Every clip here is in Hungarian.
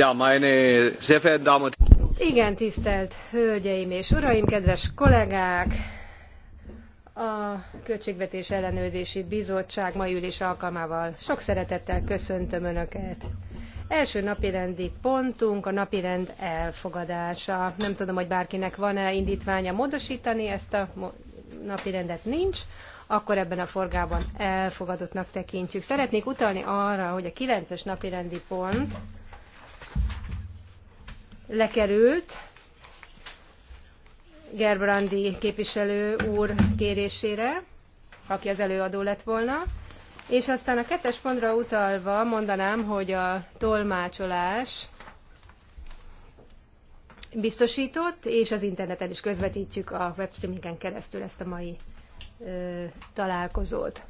Ja, Igen, tisztelt Hölgyeim és Uraim, kedves kollégák! A Költségvetés Ellenőrzési Bizottság mai ülés alkalmával sok szeretettel köszöntöm Önöket. Első napirendi pontunk a napirend elfogadása. Nem tudom, hogy bárkinek van-e indítványa módosítani, ezt a napirendet nincs akkor ebben a forgában elfogadottnak tekintjük. Szeretnék utalni arra, hogy a 9-es napirendi pont lekerült Gerbrandi képviselő úr kérésére, aki az előadó lett volna. És aztán a kettes pontra utalva mondanám, hogy a tolmácsolás biztosított, és az interneten is közvetítjük a webstreamingen keresztül ezt a mai ö, találkozót.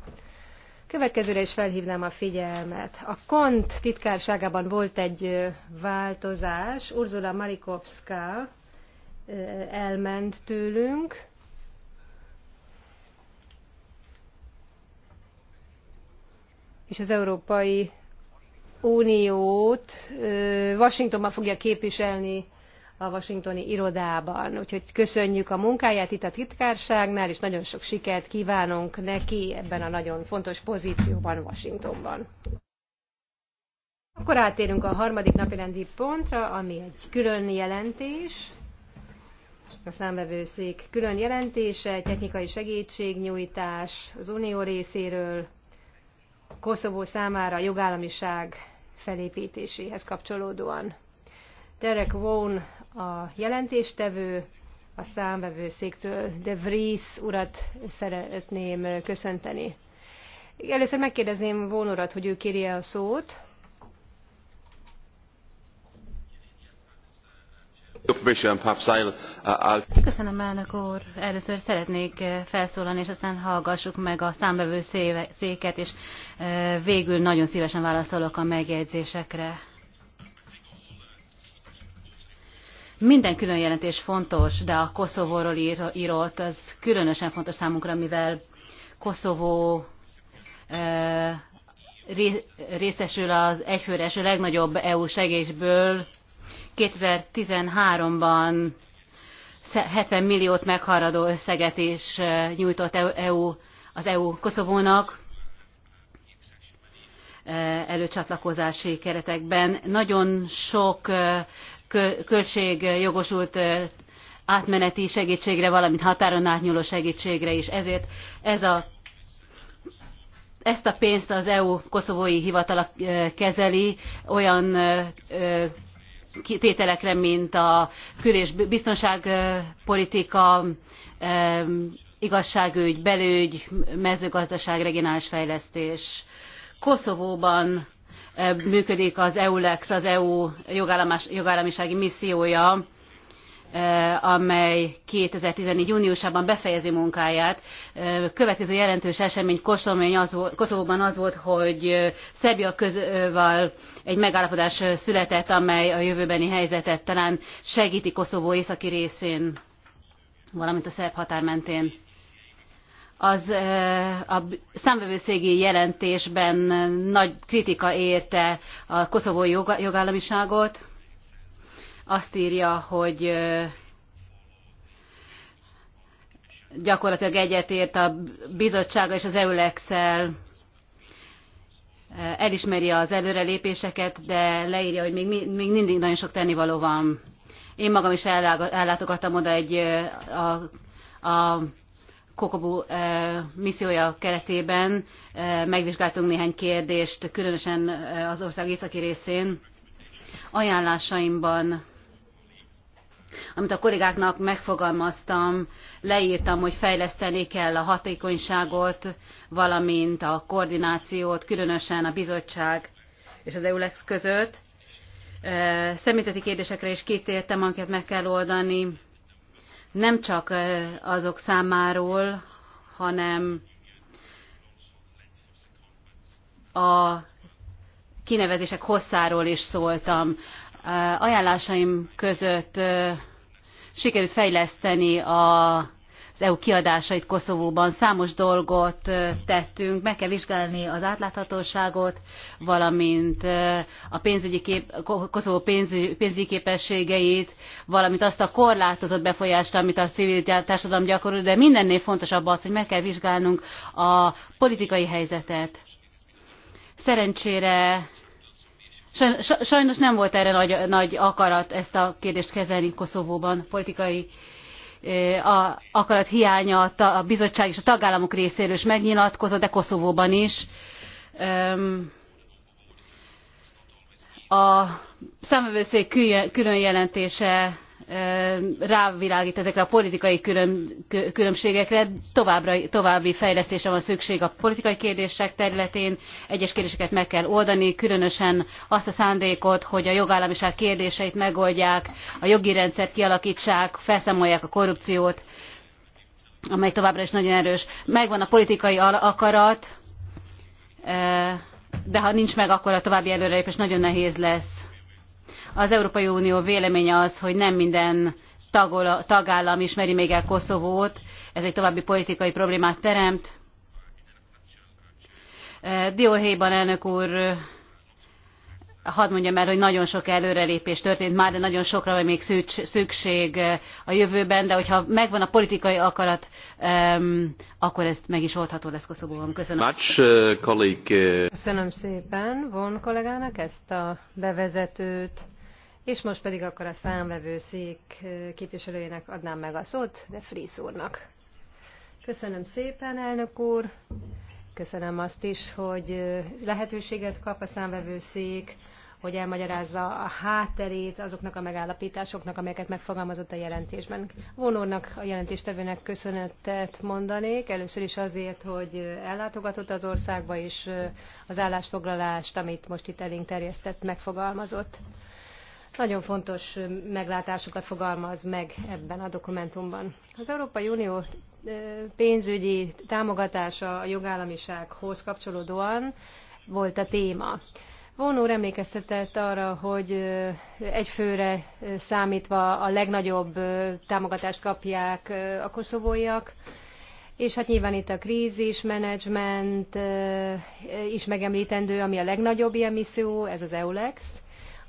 Következőre is felhívnám a figyelmet. A KONT titkárságában volt egy változás. Urzula Marikovska elment tőlünk. És az Európai Uniót Washingtonban fogja képviselni a washingtoni irodában. Úgyhogy köszönjük a munkáját itt a titkárságnál, és nagyon sok sikert kívánunk neki ebben a nagyon fontos pozícióban Washingtonban. Akkor átérünk a harmadik napirendi pontra, ami egy külön jelentés, a számvevőszék külön jelentése, technikai segítségnyújtás az unió részéről, Koszovó számára jogállamiság felépítéséhez kapcsolódóan. Derek Vaughan a jelentéstevő, a számvevőszéktől De Vries urat szeretném köszönteni. Először megkérdezném Vónorat, hogy ő kérje a szót. Köszönöm, elnök úr. Először szeretnék felszólalni, és aztán hallgassuk meg a számbevő széket, és eh, végül nagyon szívesen válaszolok a megjegyzésekre. Minden külön jelentés fontos, de a Koszovóról írott az különösen fontos számunkra, mivel Koszovó e, részesül az egyfőre eső legnagyobb EU segésből. 2013-ban 70 milliót megharadó összeget is e, nyújtott EU, e az EU Koszovónak előcsatlakozási keretekben. Nagyon sok költségjogosult átmeneti segítségre, valamint határon átnyúló segítségre is. Ezért ez a, ezt a pénzt az EU koszovói hivatala kezeli olyan tételekre, mint a kül- és biztonságpolitika, igazságügy, belügy, mezőgazdaság, regionális fejlesztés. Koszovóban E, működik az EULEX, az EU jogállamisági missziója, e, amely 2014. júniusában befejezi munkáját. E, következő jelentős esemény Koszovóban az volt, Koszovóban az volt hogy Szerbia közöval egy megállapodás született, amely a jövőbeni helyzetet talán segíti Koszovó északi részén, valamint a szerb határ mentén az a számvevőszégi jelentésben nagy kritika érte a koszovói jogállamiságot. Azt írja, hogy gyakorlatilag egyetért a bizottsága és az EULEX-el elismeri az előrelépéseket, de leírja, hogy még, még mindig nagyon sok tennivaló van. Én magam is ellátogattam oda egy a, a Kokobu eh, missziója keretében eh, megvizsgáltunk néhány kérdést, különösen eh, az ország északi részén. Ajánlásaimban, amit a kollégáknak megfogalmaztam, leírtam, hogy fejleszteni kell a hatékonyságot, valamint a koordinációt, különösen a bizottság és az EULEX között. Személyzeti kérdésekre is kitértem, amiket meg kell oldani nem csak azok számáról, hanem a kinevezések hosszáról is szóltam. Ajánlásaim között sikerült fejleszteni a EU kiadásait Koszovóban. Számos dolgot tettünk, meg kell vizsgálni az átláthatóságot, valamint a pénzügyi kép, Koszovó pénzügyi, pénzügyi képességeit, valamint azt a korlátozott befolyást, amit a civil társadalom gyakorol, de mindennél fontosabb az, hogy meg kell vizsgálnunk a politikai helyzetet. Szerencsére sajnos nem volt erre nagy, nagy akarat ezt a kérdést kezelni Koszovóban politikai a akarat hiánya a bizottság és a tagállamok részéről is megnyilatkozott, de Koszovóban is. A számövőszék külön jelentése rávilágít ezekre a politikai különbségekre. Továbbra, további fejlesztésre van szükség a politikai kérdések területén. Egyes kérdéseket meg kell oldani, különösen azt a szándékot, hogy a jogállamiság kérdéseit megoldják, a jogi rendszert kialakítsák, felszámolják a korrupciót, amely továbbra is nagyon erős. Megvan a politikai akarat, de ha nincs meg, akkor a további előrelépés nagyon nehéz lesz az Európai Unió véleménye az, hogy nem minden tagállam ismeri még el Koszovót, ez egy további politikai problémát teremt. Dióhéjban elnök úr, hadd mondjam el, hogy nagyon sok előrelépés történt már, de nagyon sokra van még szükség a jövőben, de hogyha megvan a politikai akarat, akkor ezt meg is oldható lesz Koszovóban. Köszönöm. Köszönöm szépen von kollégának ezt a bevezetőt. És most pedig akkor a számvevőszék képviselőjének adnám meg a szót, de Frisz úrnak. Köszönöm szépen, elnök úr. Köszönöm azt is, hogy lehetőséget kap a számvevőszék, hogy elmagyarázza a hátterét azoknak a megállapításoknak, amelyeket megfogalmazott a jelentésben. Vonornak, a jelentéstevőnek köszönetet mondanék, először is azért, hogy ellátogatott az országba, és az állásfoglalást, amit most itt elénk terjesztett, megfogalmazott nagyon fontos meglátásokat fogalmaz meg ebben a dokumentumban. Az Európai Unió pénzügyi támogatása a jogállamisághoz kapcsolódóan volt a téma. Vonór emlékeztetett arra, hogy egy főre számítva a legnagyobb támogatást kapják a koszovóiak, és hát nyilván itt a krízis menedzsment is megemlítendő, ami a legnagyobb ilyen misszió, ez az EULEX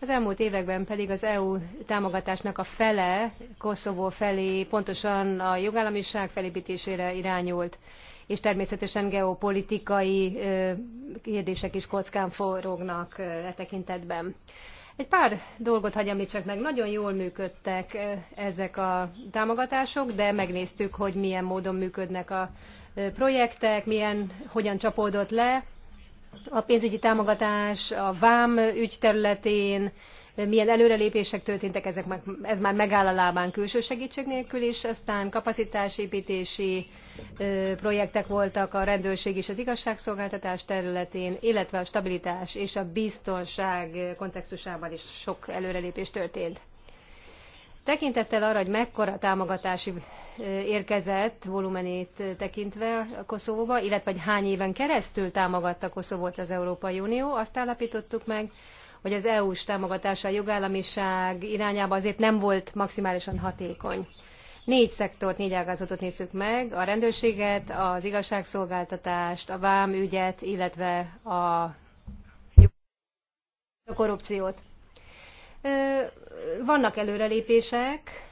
az elmúlt években pedig az EU támogatásnak a fele Koszovó felé pontosan a jogállamiság felépítésére irányult, és természetesen geopolitikai kérdések is kockán forognak e tekintetben. Egy pár dolgot hagyj említsek meg. Nagyon jól működtek ezek a támogatások, de megnéztük, hogy milyen módon működnek a projektek, milyen, hogyan csapódott le a pénzügyi támogatás, a vám ügy területén, milyen előrelépések történtek, ezek meg? ez már megáll a lábán külső segítség nélkül is, aztán kapacitásépítési projektek voltak a rendőrség és az igazságszolgáltatás területén, illetve a stabilitás és a biztonság kontextusában is sok előrelépés történt. Tekintettel arra, hogy mekkora támogatási érkezett volumenét tekintve a Koszovóba, illetve hogy hány éven keresztül támogatta Koszovót az Európai Unió, azt állapítottuk meg, hogy az EU-s támogatása a jogállamiság irányába azért nem volt maximálisan hatékony. Négy szektort, négy ágazatot nézzük meg, a rendőrséget, az igazságszolgáltatást, a vámügyet, illetve a, a korrupciót. Vannak előrelépések,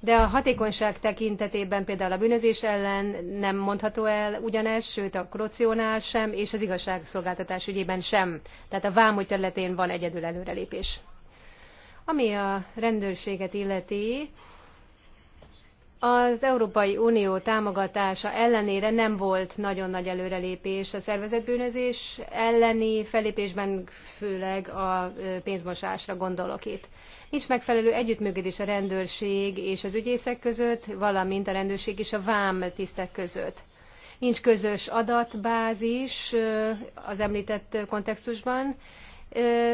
de a hatékonyság tekintetében például a bűnözés ellen nem mondható el ugyanez, sőt a korrupciónál sem, és az igazságszolgáltatás ügyében sem. Tehát a vámügy területén van egyedül előrelépés. Ami a rendőrséget illeti, az Európai Unió támogatása ellenére nem volt nagyon nagy előrelépés a szervezetbűnözés elleni felépésben, főleg a pénzmosásra gondolok itt. Nincs megfelelő együttműködés a rendőrség és az ügyészek között, valamint a rendőrség és a vám tisztek között. Nincs közös adatbázis az említett kontextusban,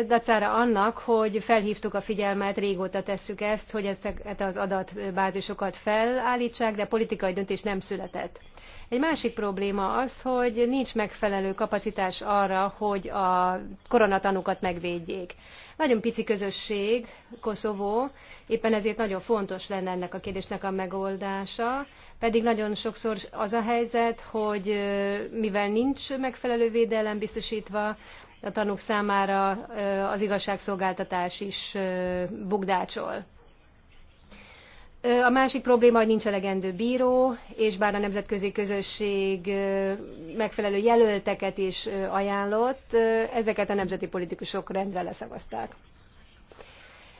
dacára annak, hogy felhívtuk a figyelmet, régóta tesszük ezt, hogy ezeket az adatbázisokat felállítsák, de politikai döntés nem született. Egy másik probléma az, hogy nincs megfelelő kapacitás arra, hogy a koronatanúkat megvédjék. Nagyon pici közösség Koszovó, éppen ezért nagyon fontos lenne ennek a kérdésnek a megoldása, pedig nagyon sokszor az a helyzet, hogy mivel nincs megfelelő védelem biztosítva, a tanúk számára az igazságszolgáltatás is bugdácsol. A másik probléma, hogy nincs elegendő bíró, és bár a nemzetközi közösség megfelelő jelölteket is ajánlott, ezeket a nemzeti politikusok rendre leszavazták.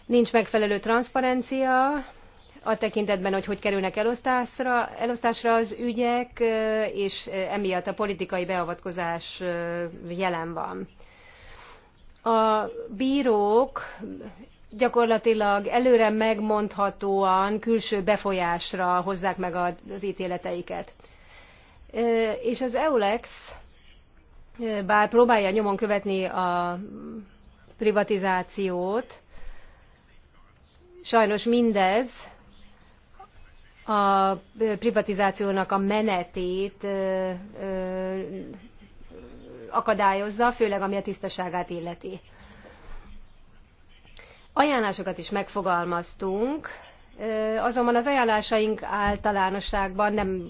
Nincs megfelelő transzparencia a tekintetben, hogy hogy kerülnek elosztásra, elosztásra az ügyek, és emiatt a politikai beavatkozás jelen van a bírók gyakorlatilag előre megmondhatóan külső befolyásra hozzák meg az ítéleteiket. És az EULEX, bár próbálja nyomon követni a privatizációt, sajnos mindez a privatizációnak a menetét akadályozza, főleg ami a tisztaságát illeti. Ajánlásokat is megfogalmaztunk, azonban az ajánlásaink általánosságban nem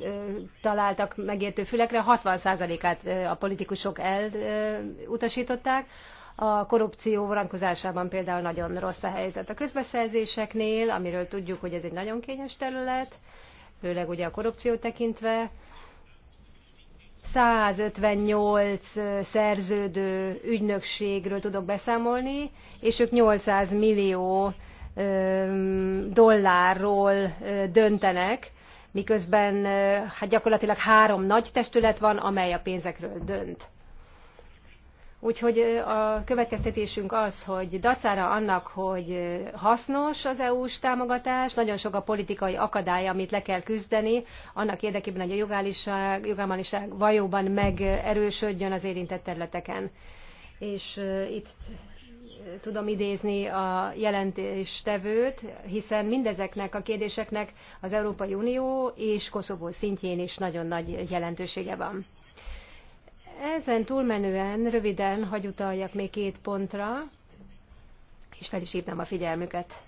találtak megértő fülekre, 60%-át a politikusok elutasították, a korrupció vonatkozásában például nagyon rossz a helyzet a közbeszerzéseknél, amiről tudjuk, hogy ez egy nagyon kényes terület, főleg ugye a korrupció tekintve, 158 szerződő ügynökségről tudok beszámolni, és ők 800 millió dollárról döntenek, miközben hát gyakorlatilag három nagy testület van, amely a pénzekről dönt. Úgyhogy a következtetésünk az, hogy dacára annak, hogy hasznos az EU-s támogatás, nagyon sok a politikai akadály, amit le kell küzdeni, annak érdekében, hogy a jogállamiság valóban megerősödjön az érintett területeken. És itt tudom idézni a jelentéstevőt, hiszen mindezeknek a kérdéseknek az Európai Unió és Koszovó szintjén is nagyon nagy jelentősége van. Ezen túlmenően röviden utaljak még két pontra, és fel is hívnám a figyelmüket.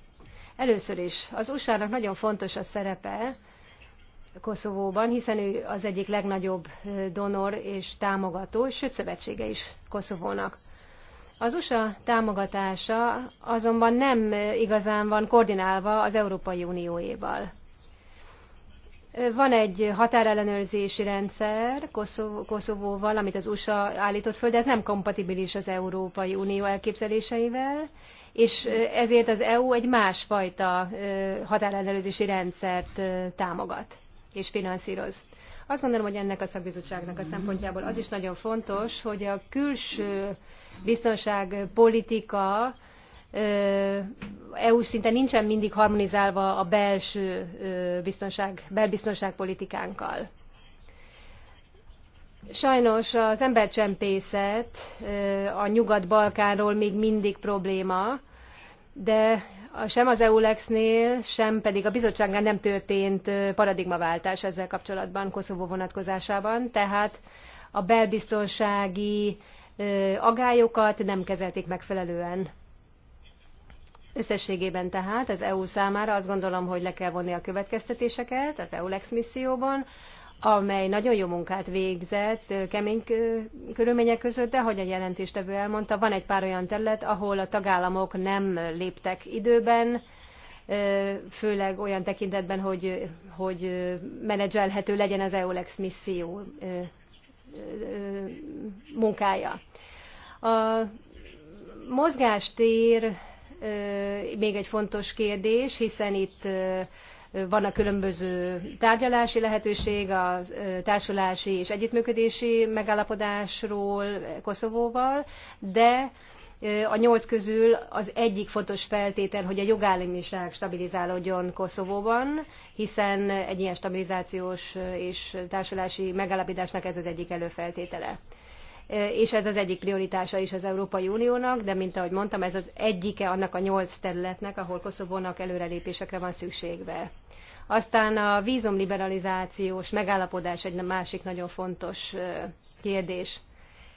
Először is, az USA-nak nagyon fontos a szerepe Koszovóban, hiszen ő az egyik legnagyobb donor és támogató, sőt szövetsége is Koszovónak. Az USA támogatása azonban nem igazán van koordinálva az Európai Unióéval. Van egy határellenőrzési rendszer Koszovóval, amit az USA állított föl, de ez nem kompatibilis az Európai Unió elképzeléseivel, és ezért az EU egy másfajta határellenőrzési rendszert támogat és finanszíroz. Azt gondolom, hogy ennek a szakbizottságnak a szempontjából az is nagyon fontos, hogy a külső biztonságpolitika EU szinten nincsen mindig harmonizálva a belső biztonság, belbiztonságpolitikánkkal. Sajnos az embercsempészet a Nyugat-Balkánról még mindig probléma, de sem az EULEX-nél, sem pedig a bizottságnál nem történt paradigmaváltás ezzel kapcsolatban Koszovó vonatkozásában, tehát a belbiztonsági agályokat nem kezelték megfelelően. Összességében tehát az EU számára azt gondolom, hogy le kell vonni a következtetéseket az EULEX misszióban, amely nagyon jó munkát végzett kemény körülmények között, de hogy a jelentéstevő elmondta, van egy pár olyan terület, ahol a tagállamok nem léptek időben, főleg olyan tekintetben, hogy, hogy menedzselhető legyen az EULEX misszió munkája. A mozgástér még egy fontos kérdés, hiszen itt van a különböző tárgyalási lehetőség a társulási és együttműködési megállapodásról Koszovóval, de a nyolc közül az egyik fontos feltétel, hogy a jogállamiság stabilizálódjon Koszovóban, hiszen egy ilyen stabilizációs és társulási megállapításnak ez az egyik előfeltétele. Eh, és ez az egyik prioritása is az Európai Uniónak, de mint ahogy mondtam, ez az egyike annak a nyolc területnek, ahol Koszovónak előrelépésekre van szükségbe. Aztán a vízumliberalizációs megállapodás egy másik nagyon fontos eh, kérdés.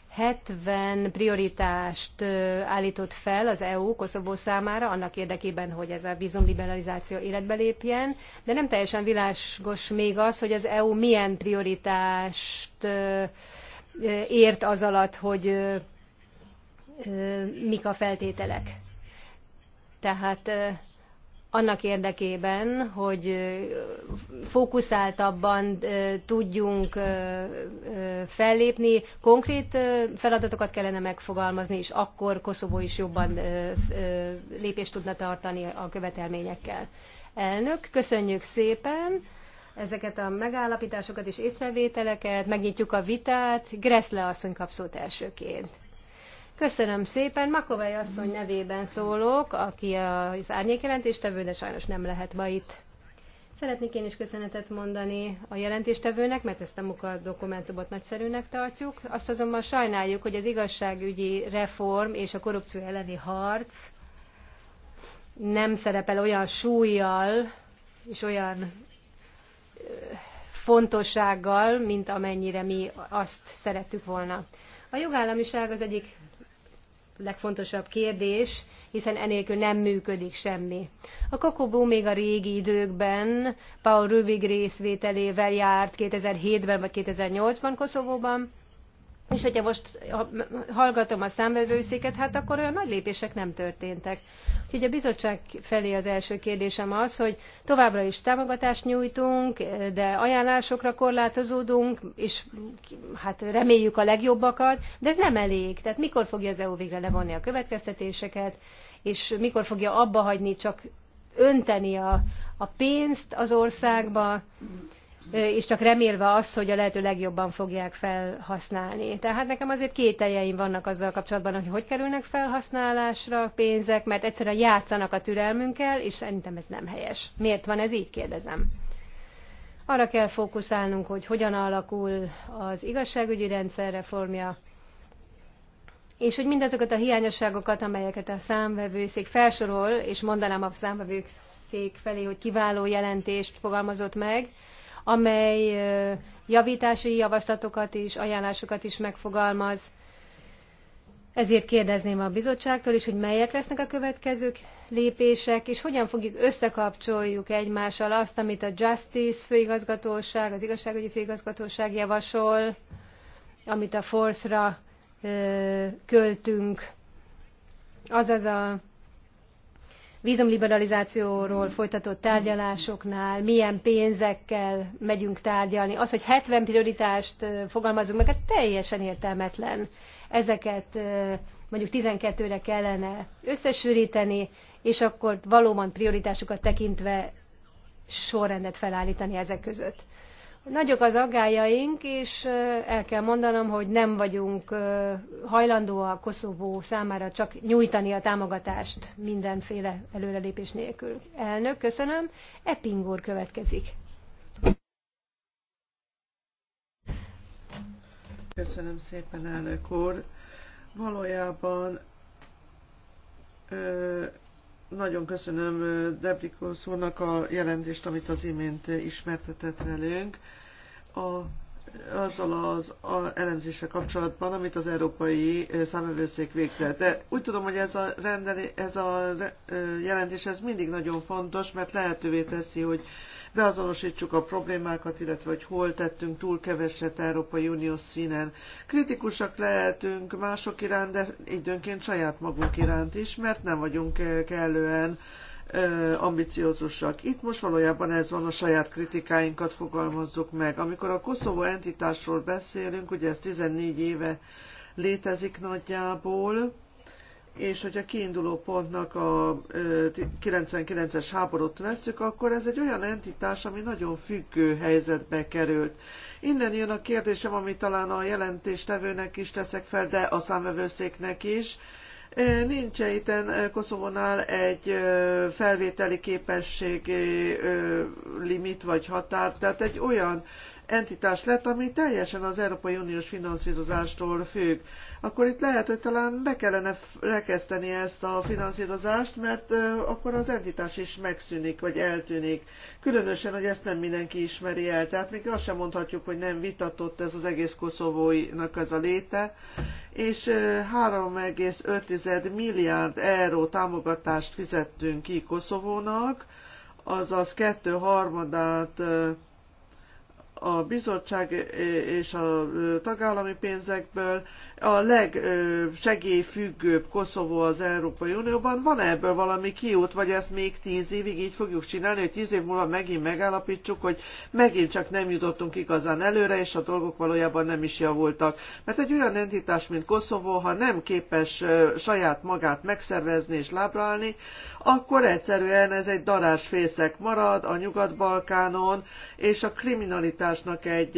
70 prioritást eh, állított fel az EU Koszovó számára annak érdekében, hogy ez a vízumliberalizáció életbe lépjen, de nem teljesen világos még az, hogy az EU milyen prioritást ért az alatt, hogy mik a feltételek. Tehát annak érdekében, hogy fókuszáltabban tudjunk fellépni, konkrét feladatokat kellene megfogalmazni, és akkor Koszovó is jobban lépést tudna tartani a követelményekkel. Elnök, köszönjük szépen! ezeket a megállapításokat és észrevételeket, megnyitjuk a vitát. Greszle asszony kap szót elsőként. Köszönöm szépen. Makovai asszony nevében szólok, aki az árnyékjelentéstevő, de sajnos nem lehet ma itt. Szeretnék én is köszönetet mondani a jelentéstevőnek, mert ezt a munka dokumentumot nagyszerűnek tartjuk. Azt azonban sajnáljuk, hogy az igazságügyi reform és a korrupció elleni harc nem szerepel olyan súlyjal és olyan fontossággal, mint amennyire mi azt szerettük volna. A jogállamiság az egyik legfontosabb kérdés, hiszen enélkül nem működik semmi. A Kokobó még a régi időkben Paul Rubig részvételével járt 2007-ben vagy 2008-ban Koszovóban, és hogyha most hallgatom a számvevőszéket, hát akkor olyan nagy lépések nem történtek. Úgyhogy a bizottság felé az első kérdésem az, hogy továbbra is támogatást nyújtunk, de ajánlásokra korlátozódunk, és hát reméljük a legjobbakat, de ez nem elég. Tehát mikor fogja az EU végre levonni a következtetéseket, és mikor fogja abba hagyni csak önteni a, a pénzt az országba, és csak remélve azt, hogy a lehető legjobban fogják felhasználni. Tehát nekem azért kételjeim vannak azzal kapcsolatban, hogy hogy kerülnek felhasználásra a pénzek, mert egyszerűen játszanak a türelmünkkel, és szerintem ez nem helyes. Miért van ez így, kérdezem. Arra kell fókuszálnunk, hogy hogyan alakul az igazságügyi rendszer reformja, és hogy mindazokat a hiányosságokat, amelyeket a számvevőszék felsorol, és mondanám a számvevőszék felé, hogy kiváló jelentést fogalmazott meg, amely javítási javaslatokat is, ajánlásokat is megfogalmaz. Ezért kérdezném a bizottságtól is, hogy melyek lesznek a következő lépések, és hogyan fogjuk összekapcsoljuk egymással azt, amit a Justice főigazgatóság, az igazságügyi főigazgatóság javasol, amit a Force-ra költünk, azaz a vízumliberalizációról folytatott tárgyalásoknál milyen pénzekkel megyünk tárgyalni. Az, hogy 70 prioritást fogalmazunk meg, hát teljesen értelmetlen. Ezeket mondjuk 12-re kellene összesűríteni, és akkor valóban prioritásukat tekintve sorrendet felállítani ezek között. Nagyok az aggájaink, és el kell mondanom, hogy nem vagyunk hajlandó a Koszovó számára csak nyújtani a támogatást mindenféle előrelépés nélkül. Elnök, köszönöm. Epping úr következik. Köszönöm szépen, elnök úr. Valójában nagyon köszönöm Debrikos úrnak a jelentést, amit az imént ismertetett velünk. A azzal az elemzése kapcsolatban, amit az Európai Számövőszék végzett. De úgy tudom, hogy ez a, rendeli, ez a jelentés ez mindig nagyon fontos, mert lehetővé teszi, hogy beazonosítsuk a problémákat, illetve hogy hol tettünk túl keveset Európai Uniós színen. Kritikusak lehetünk mások iránt, de időnként saját magunk iránt is, mert nem vagyunk kellően ambiciózusak. Itt most valójában ez van, a saját kritikáinkat fogalmazzuk meg. Amikor a Koszovó entitásról beszélünk, ugye ez 14 éve létezik nagyjából, és hogyha kiinduló pontnak a 99-es háborút veszük, akkor ez egy olyan entitás, ami nagyon függő helyzetbe került. Innen jön a kérdésem, amit talán a jelentéstevőnek is teszek fel, de a számvevőszéknek is. Nincs -e itten Koszovonál egy felvételi képességi limit vagy határ, tehát egy olyan entitás lett, ami teljesen az Európai Uniós finanszírozástól függ. Akkor itt lehet, hogy talán be kellene rekeszteni ezt a finanszírozást, mert akkor az entitás is megszűnik, vagy eltűnik. Különösen, hogy ezt nem mindenki ismeri el. Tehát még azt sem mondhatjuk, hogy nem vitatott ez az egész koszovóinak ez a léte, és 3,5 milliárd euró támogatást fizettünk ki Koszovónak, azaz kettő harmadát a bizottság és a tagállami pénzekből a legsegélyfüggőbb Koszovó az Európai Unióban. Van -e ebből valami kiút, vagy ezt még tíz évig így fogjuk csinálni, hogy tíz év múlva megint megállapítsuk, hogy megint csak nem jutottunk igazán előre, és a dolgok valójában nem is javultak. Mert egy olyan entitás, mint Koszovó, ha nem képes saját magát megszervezni és állni, akkor egyszerűen ez egy darás fészek marad a Nyugat-Balkánon, és a kriminalitásnak egy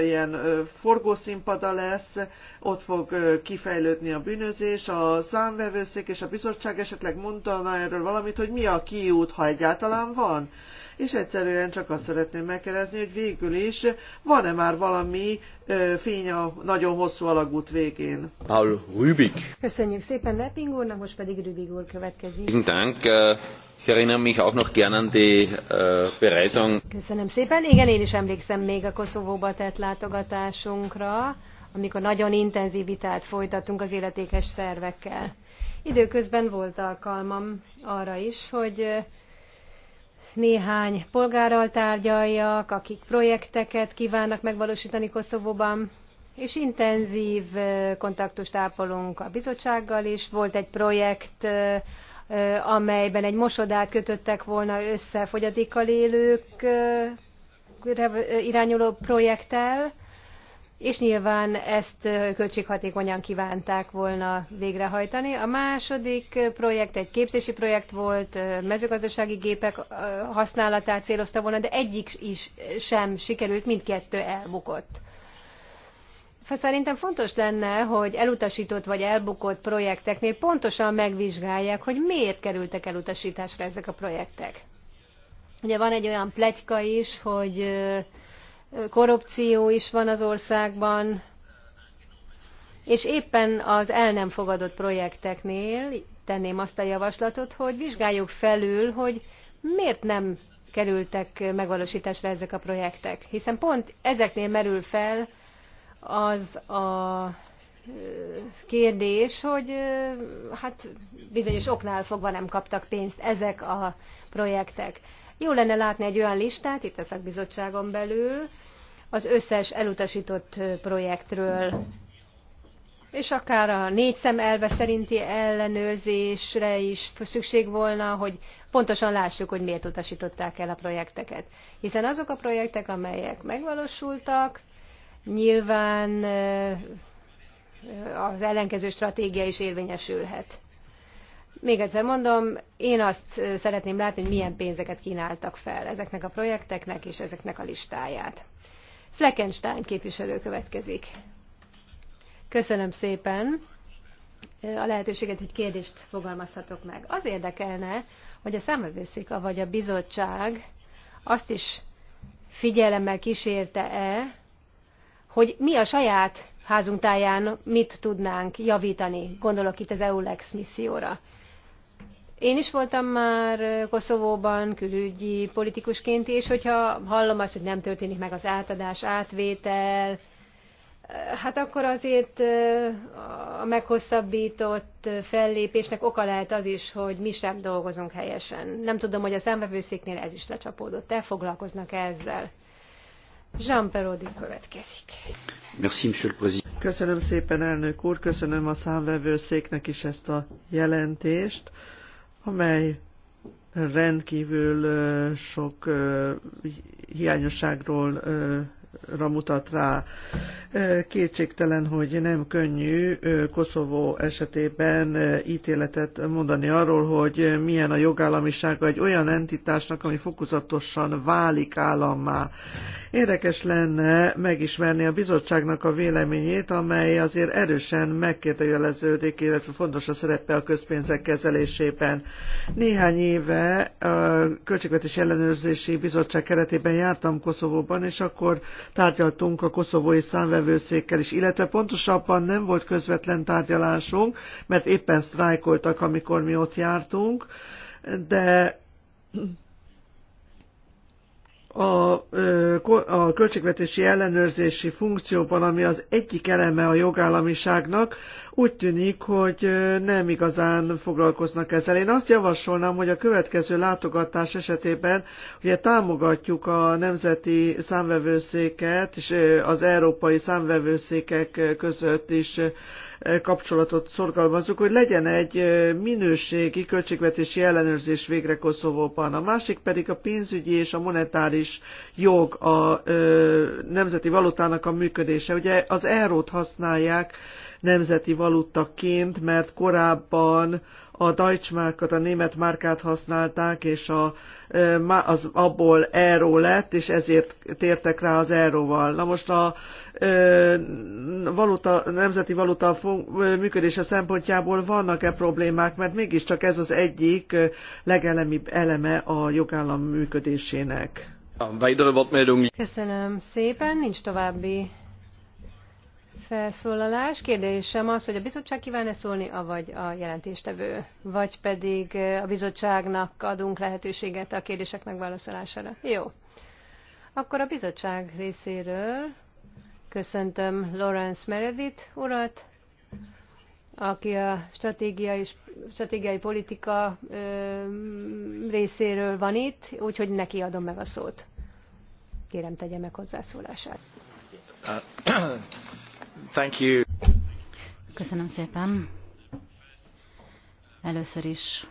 ilyen forgószínpada lesz, ott fog kifejlődni a bűnözés, a számvevőszék és a bizottság esetleg mondana erről valamit, hogy mi a kiút, ha egyáltalán van és egyszerűen csak azt szeretném megkérdezni, hogy végül is van-e már valami fény a nagyon hosszú alagút végén. Paul Rübig. Köszönjük szépen Lepping úrnak, most pedig Rübig úr következik. Dank. Äh, ich erinnere mich auch noch an die äh, Bereisung. Köszönöm szépen. Igen, én is emlékszem még a Koszovóba tett látogatásunkra, amikor nagyon intenzív vitát folytattunk az életékes szervekkel. Időközben volt alkalmam arra is, hogy néhány polgárral tárgyaljak, akik projekteket kívánnak megvalósítani Koszovóban, és intenzív kontaktust ápolunk a bizottsággal is. Volt egy projekt, amelyben egy mosodát kötöttek volna össze fogyatékkal élők irányuló projekttel, és nyilván ezt költséghatékonyan kívánták volna végrehajtani. A második projekt egy képzési projekt volt, mezőgazdasági gépek használatát célozta volna, de egyik is sem sikerült, mindkettő elbukott. Szerintem fontos lenne, hogy elutasított vagy elbukott projekteknél pontosan megvizsgálják, hogy miért kerültek elutasításra ezek a projektek. Ugye van egy olyan pletyka is, hogy korrupció is van az országban, és éppen az el nem fogadott projekteknél tenném azt a javaslatot, hogy vizsgáljuk felül, hogy miért nem kerültek megvalósításra ezek a projektek. Hiszen pont ezeknél merül fel az a kérdés, hogy hát bizonyos oknál fogva nem kaptak pénzt ezek a projektek. Jó lenne látni egy olyan listát itt a szakbizottságon belül az összes elutasított projektről, és akár a négy szem elve szerinti ellenőrzésre is szükség volna, hogy pontosan lássuk, hogy miért utasították el a projekteket. Hiszen azok a projektek, amelyek megvalósultak, nyilván az ellenkező stratégia is érvényesülhet. Még egyszer mondom, én azt szeretném látni, hogy milyen pénzeket kínáltak fel ezeknek a projekteknek és ezeknek a listáját. Fleckenstein képviselő következik. Köszönöm szépen a lehetőséget, hogy kérdést fogalmazhatok meg. Az érdekelne, hogy a számövőszik, vagy a bizottság azt is figyelemmel kísérte-e, hogy mi a saját házunk táján mit tudnánk javítani, gondolok itt az EULEX misszióra. Én is voltam már Koszovóban külügyi politikusként, és hogyha hallom azt, hogy nem történik meg az átadás, átvétel, hát akkor azért a meghosszabbított fellépésnek oka lehet az is, hogy mi sem dolgozunk helyesen. Nem tudom, hogy a számbevőszéknél ez is lecsapódott. El foglalkoznak -e ezzel? Jean Perodi következik. Merci, Köszönöm szépen, elnök úr, köszönöm a számvevőszéknek is ezt a jelentést amely rendkívül sok hiányosságról mutat rá. Kétségtelen, hogy nem könnyű Koszovó esetében ítéletet mondani arról, hogy milyen a jogállamisága egy olyan entitásnak, ami fokozatosan válik állammá. Érdekes lenne megismerni a bizottságnak a véleményét, amely azért erősen megkérdőjeleződik, illetve fontos a szerepe a közpénzek kezelésében. Néhány éve a Költségvetés Ellenőrzési Bizottság keretében jártam Koszovóban, és akkor tárgyaltunk a koszovói számvevőszékkel is, illetve pontosabban nem volt közvetlen tárgyalásunk, mert éppen sztrájkoltak, amikor mi ott jártunk, de a, a költségvetési ellenőrzési funkcióban, ami az egyik eleme a jogállamiságnak, úgy tűnik, hogy nem igazán foglalkoznak ezzel. Én azt javasolnám, hogy a következő látogatás esetében ugye támogatjuk a nemzeti számvevőszéket, és az európai számvevőszékek között is kapcsolatot szorgalmazzuk, hogy legyen egy minőségi költségvetési ellenőrzés végre Koszovóban. A másik pedig a pénzügyi és a monetáris jog a nemzeti valutának a működése. Ugye az eurót használják, nemzeti valutaként, mert korábban a Deutsche a német márkát használták, és a, az abból euró lett, és ezért tértek rá az euróval. Na most a valuta, nemzeti valuta működése szempontjából vannak-e problémák, mert mégiscsak ez az egyik legelemibb eleme a jogállam működésének. Köszönöm szépen, nincs további felszólalás. Kérdésem az, hogy a bizottság kíván-e szólni, avagy a jelentéstevő, vagy pedig a bizottságnak adunk lehetőséget a kérdések megválaszolására. Jó. Akkor a bizottság részéről köszöntöm Lawrence Meredith urat, aki a stratégiai, stratégiai politika ö, részéről van itt, úgyhogy neki adom meg a szót. Kérem, tegye meg hozzászólását. Köszönöm szépen. Először is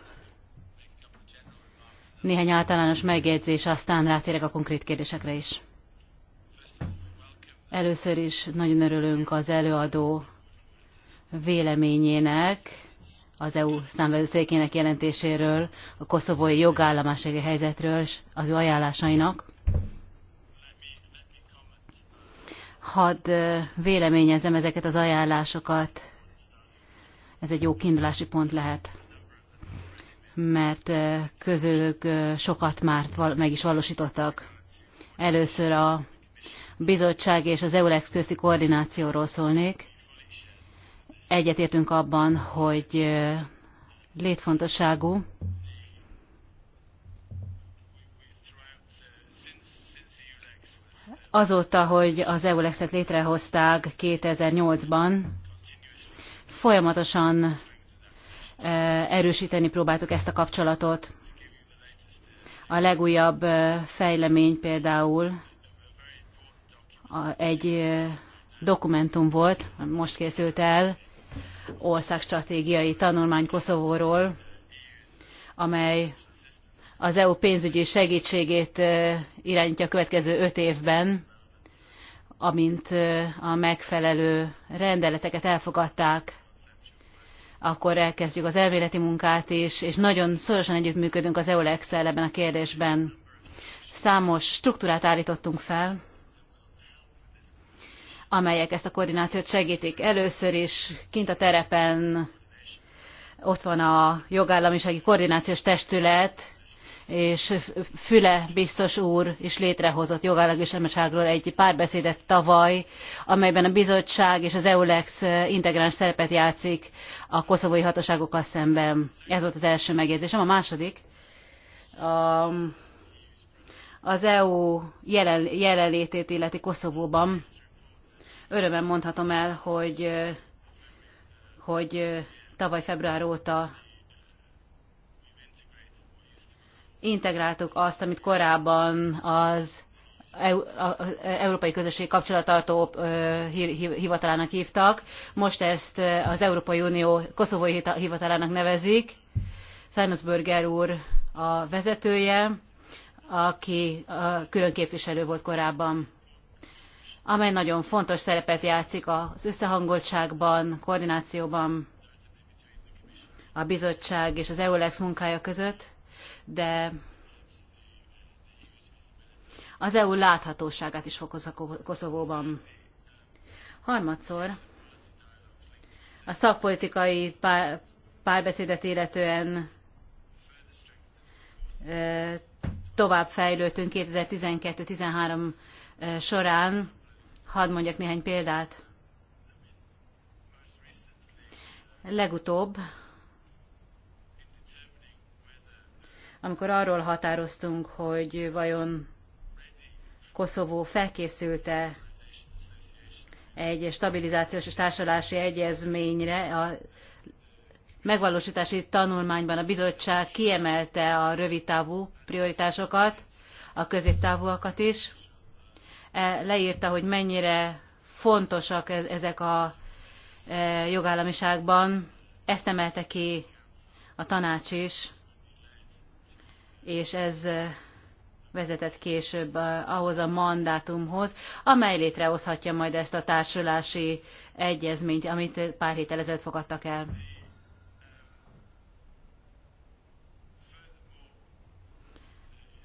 néhány általános megjegyzés, aztán rátérek a konkrét kérdésekre is. Először is nagyon örülünk az előadó véleményének, az EU számvevőszékének jelentéséről, a koszovói jogállamasági helyzetről és az ő ajánlásainak. hadd véleményezem ezeket az ajánlásokat. Ez egy jó kiindulási pont lehet, mert közülük sokat már meg is valósítottak. Először a bizottság és az EULEX közti koordinációról szólnék. Egyetértünk abban, hogy létfontosságú, Azóta, hogy az EULEX-et létrehozták 2008-ban, folyamatosan e, erősíteni próbáltuk ezt a kapcsolatot. A legújabb e, fejlemény például egy e, dokumentum volt, most készült el, országstratégiai tanulmány Koszovóról, amely az EU pénzügyi segítségét irányítja a következő öt évben, amint a megfelelő rendeleteket elfogadták, akkor elkezdjük az elméleti munkát is, és nagyon szorosan együttműködünk az EULEX-el ebben a kérdésben. Számos struktúrát állítottunk fel, amelyek ezt a koordinációt segítik. Először is kint a terepen ott van a jogállamisági koordinációs testület, és Füle biztos úr is létrehozott jogállamiságról egy párbeszédet tavaly, amelyben a bizottság és az EULEX integráns szerepet játszik a koszovói hatóságokkal szemben. Ez volt az első megjegyzésem. A második, a, az EU jelen, jelenlétét illeti Koszovóban. Örömmel mondhatom el, hogy, hogy tavaly február óta integráltuk azt, amit korábban az Európai Közösség kapcsolatartó hivatalának hívtak. Most ezt az Európai Unió koszovói hivatalának nevezik. Börger úr a vezetője, aki külön képviselő volt korábban amely nagyon fontos szerepet játszik az összehangoltságban, koordinációban a bizottság és az EULEX munkája között de az EU láthatóságát is fokozza Koszovóban. Harmadszor a szakpolitikai párbeszédet illetően tovább fejlődtünk 2012-13 során. Hadd mondjak néhány példát. Legutóbb amikor arról határoztunk, hogy vajon Koszovó felkészülte egy stabilizációs és társadalási egyezményre. A megvalósítási tanulmányban a bizottság kiemelte a rövidtávú prioritásokat, a középtávúakat is. E, leírta, hogy mennyire fontosak e, ezek a e, jogállamiságban. Ezt emelte ki a tanács is és ez eh, vezetett később eh, ahhoz a mandátumhoz, amely létrehozhatja majd ezt a társulási egyezményt, amit pár héttel ezelőtt fogadtak el.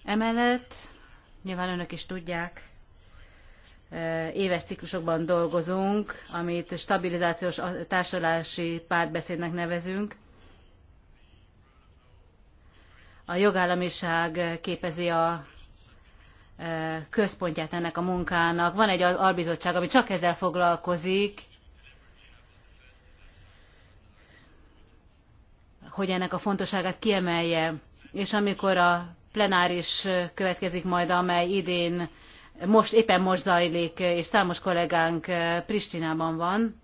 Emellett, nyilván önök is tudják, eh, éves ciklusokban dolgozunk, amit stabilizációs társulási párbeszédnek nevezünk, a jogállamiság képezi a e, központját ennek a munkának. Van egy albizottság, ami csak ezzel foglalkozik, hogy ennek a fontosságát kiemelje. És amikor a plenáris következik majd, amely idén most éppen most zajlik, és számos kollégánk e, Pristinában van,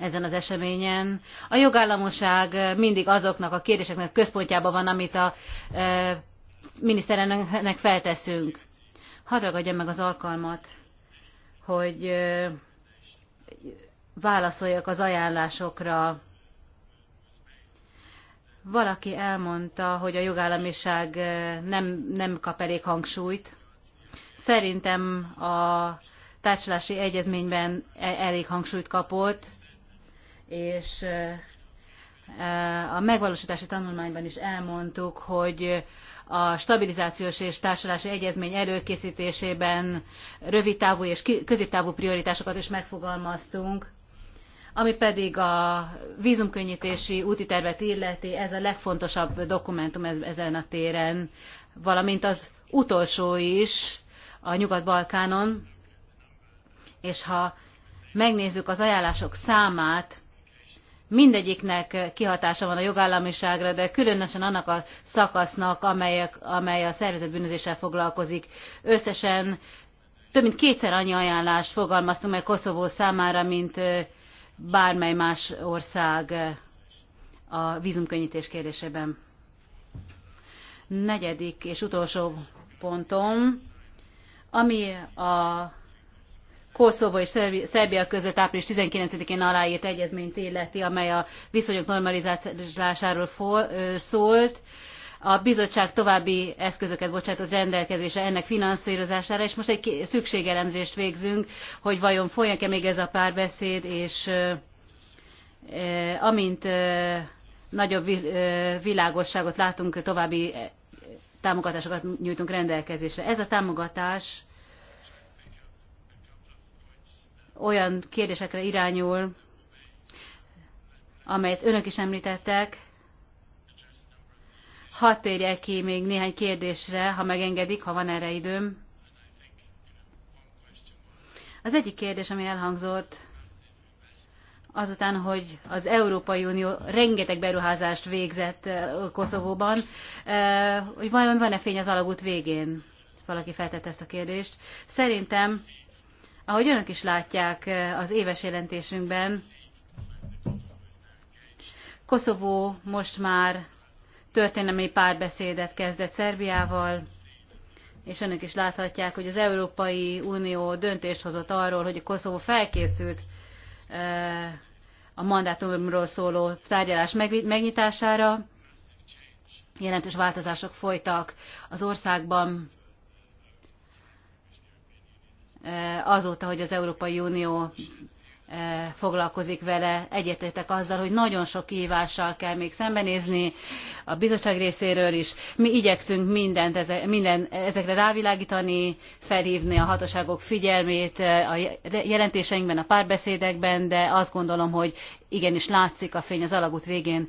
ezen az eseményen. A jogállamoság mindig azoknak a kérdéseknek központjában van, amit a e, miniszterelnöknek felteszünk. Hadd ragadjam meg az alkalmat, hogy e, válaszoljak az ajánlásokra. Valaki elmondta, hogy a jogállamiság e, nem, nem kap elég hangsúlyt. Szerintem a társulási egyezményben elég hangsúlyt kapott, és a megvalósítási tanulmányban is elmondtuk, hogy a stabilizációs és társulási egyezmény előkészítésében rövidtávú és középtávú prioritásokat is megfogalmaztunk, ami pedig a vízumkönnyítési úti tervet illeti, ez a legfontosabb dokumentum ezen a téren, valamint az utolsó is a Nyugat-Balkánon, és ha megnézzük az ajánlások számát, mindegyiknek kihatása van a jogállamiságra, de különösen annak a szakasznak, amelyek, amely a szervezetbűnözéssel foglalkozik. Összesen több mint kétszer annyi ajánlást fogalmaztunk meg Koszovó számára, mint bármely más ország a vízumkönnyítés kérdésében. Negyedik és utolsó pontom, ami a Koszovó és Szerbia között április 19-én aláírt egyezményt illeti, amely a viszonyok normalizálásáról szólt. A bizottság további eszközöket bocsátott rendelkezésre ennek finanszírozására, és most egy szükségelemzést végzünk, hogy vajon folyik-e még ez a párbeszéd, és amint nagyobb világosságot látunk, további támogatásokat nyújtunk rendelkezésre. Ez a támogatás olyan kérdésekre irányul, amelyet önök is említettek. Hadd térjek ki még néhány kérdésre, ha megengedik, ha van erre időm. Az egyik kérdés, ami elhangzott, azután, hogy az Európai Unió rengeteg beruházást végzett eh, Koszovóban, eh, hogy vajon van-e fény az alagút végén? Valaki feltette ezt a kérdést. Szerintem ahogy önök is látják eh, az éves jelentésünkben, Koszovó most már történelmi párbeszédet kezdett Szerbiával, és önök is láthatják, hogy az Európai Unió döntést hozott arról, hogy a Koszovó felkészült eh, a mandátumról szóló tárgyalás megnyitására. Jelentős változások folytak az országban Eh, azóta, hogy az Európai Unió eh, foglalkozik vele, egyetértek azzal, hogy nagyon sok kihívással kell még szembenézni a bizottság részéről is. Mi igyekszünk mindent eze, minden, ezekre rávilágítani, felhívni a hatóságok figyelmét eh, a jelentéseinkben, a párbeszédekben, de azt gondolom, hogy igenis látszik a fény az alagút végén,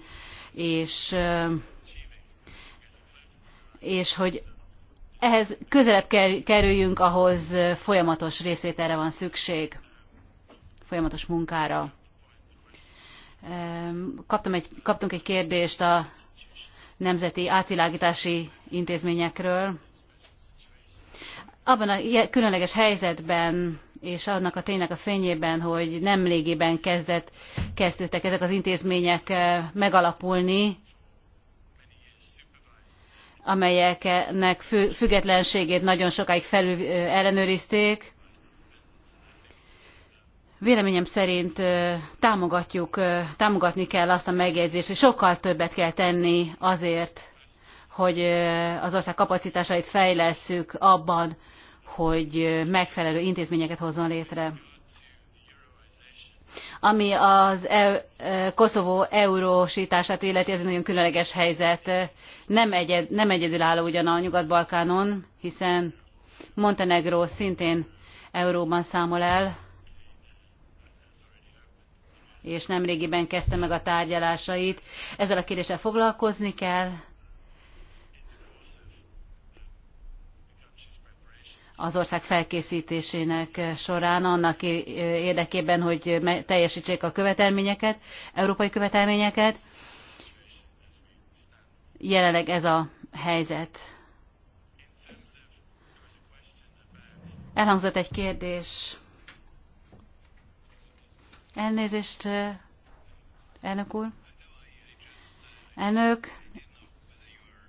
és, és hogy ehhez közelebb kerüljünk, ahhoz folyamatos részvételre van szükség, folyamatos munkára. Kaptam egy, kaptunk egy kérdést a nemzeti átvilágítási intézményekről. Abban a különleges helyzetben és annak a tényleg a fényében, hogy nem légében kezdődtek ezek az intézmények megalapulni, amelyeknek függetlenségét nagyon sokáig felül ellenőrizték. Véleményem szerint támogatjuk, támogatni kell azt a megjegyzést, hogy sokkal többet kell tenni azért, hogy az ország kapacitásait fejlesszük abban, hogy megfelelő intézményeket hozzon létre. Ami az e, e Koszovó eurósítását illeti, ez egy nagyon különleges helyzet. Nem, egyed, nem egyedülálló ugyan a Nyugat-Balkánon, hiszen Montenegro szintén euróban számol el, és nemrégiben kezdte meg a tárgyalásait. Ezzel a kérdéssel foglalkozni kell, az ország felkészítésének során annak érdekében, hogy teljesítsék a követelményeket, európai követelményeket. Jelenleg ez a helyzet. Elhangzott egy kérdés. Elnézést, eh, elnök úr. Elnök,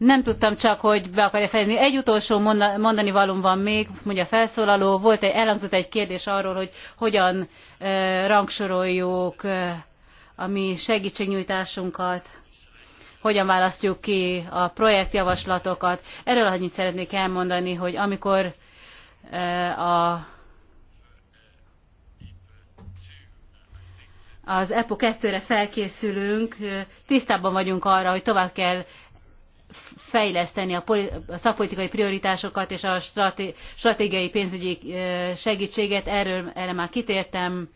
nem tudtam csak, hogy be akarja fejezni. Egy utolsó mondani van még, mondja a felszólaló. Volt egy, elhangzott egy kérdés arról, hogy hogyan rangsoroljuk e, a mi segítségnyújtásunkat, hogyan választjuk ki a projektjavaslatokat. Erről annyit szeretnék elmondani, hogy amikor a az EPO 2-re felkészülünk, tisztában vagyunk arra, hogy tovább kell fejleszteni a szakpolitikai prioritásokat és a stratégiai pénzügyi segítséget. Erről erre már kitértem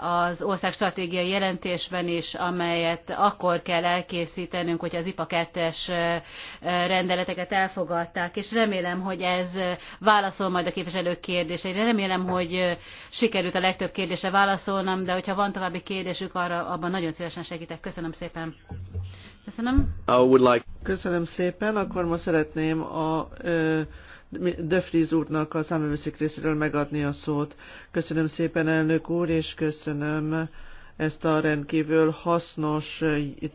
az ország stratégiai jelentésben is, amelyet akkor kell elkészítenünk, hogy az IPA 2-es rendeleteket elfogadták, és remélem, hogy ez válaszol majd a képviselők kérdéseire. Remélem, hogy sikerült a legtöbb kérdésre válaszolnom, de hogyha van további kérdésük, arra abban nagyon szívesen segítek. Köszönöm szépen. Köszönöm. I would like... Köszönöm szépen. Akkor most szeretném a De Vries úrnak a számövőszik részéről megadni a szót. Köszönöm szépen, elnök úr, és köszönöm ezt a rendkívül hasznos,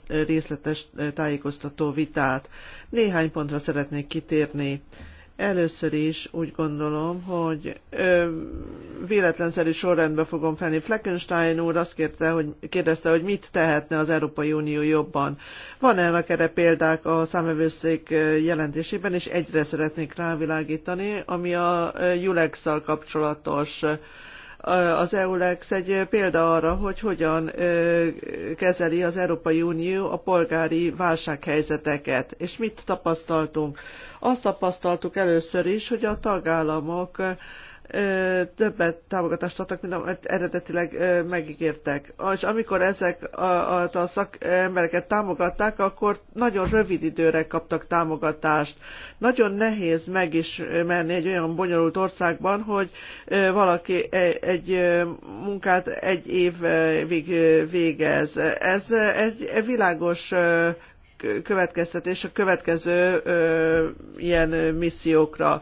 részletes tájékoztató vitát. Néhány pontra szeretnék kitérni. Először is úgy gondolom, hogy ö, véletlenszerű sorrendbe fogom felni. Fleckenstein úr azt kérte, hogy, kérdezte, hogy mit tehetne az Európai Unió jobban. Van ennek erre példák a számövőszék jelentésében, és egyre szeretnék rávilágítani, ami a Julex-szal kapcsolatos. Ö, az EULEX egy példa arra, hogy hogyan kezeli az Európai Unió a polgári válsághelyzeteket. És mit tapasztaltunk? Azt tapasztaltuk először is, hogy a tagállamok többet támogatást adtak, mint amit eredetileg megígértek. És amikor ezek a, a, a szakembereket támogatták, akkor nagyon rövid időre kaptak támogatást. Nagyon nehéz megismerni egy olyan bonyolult országban, hogy valaki e, egy munkát egy évig végez. Ez egy világos következtetés a következő ö, ilyen missziókra.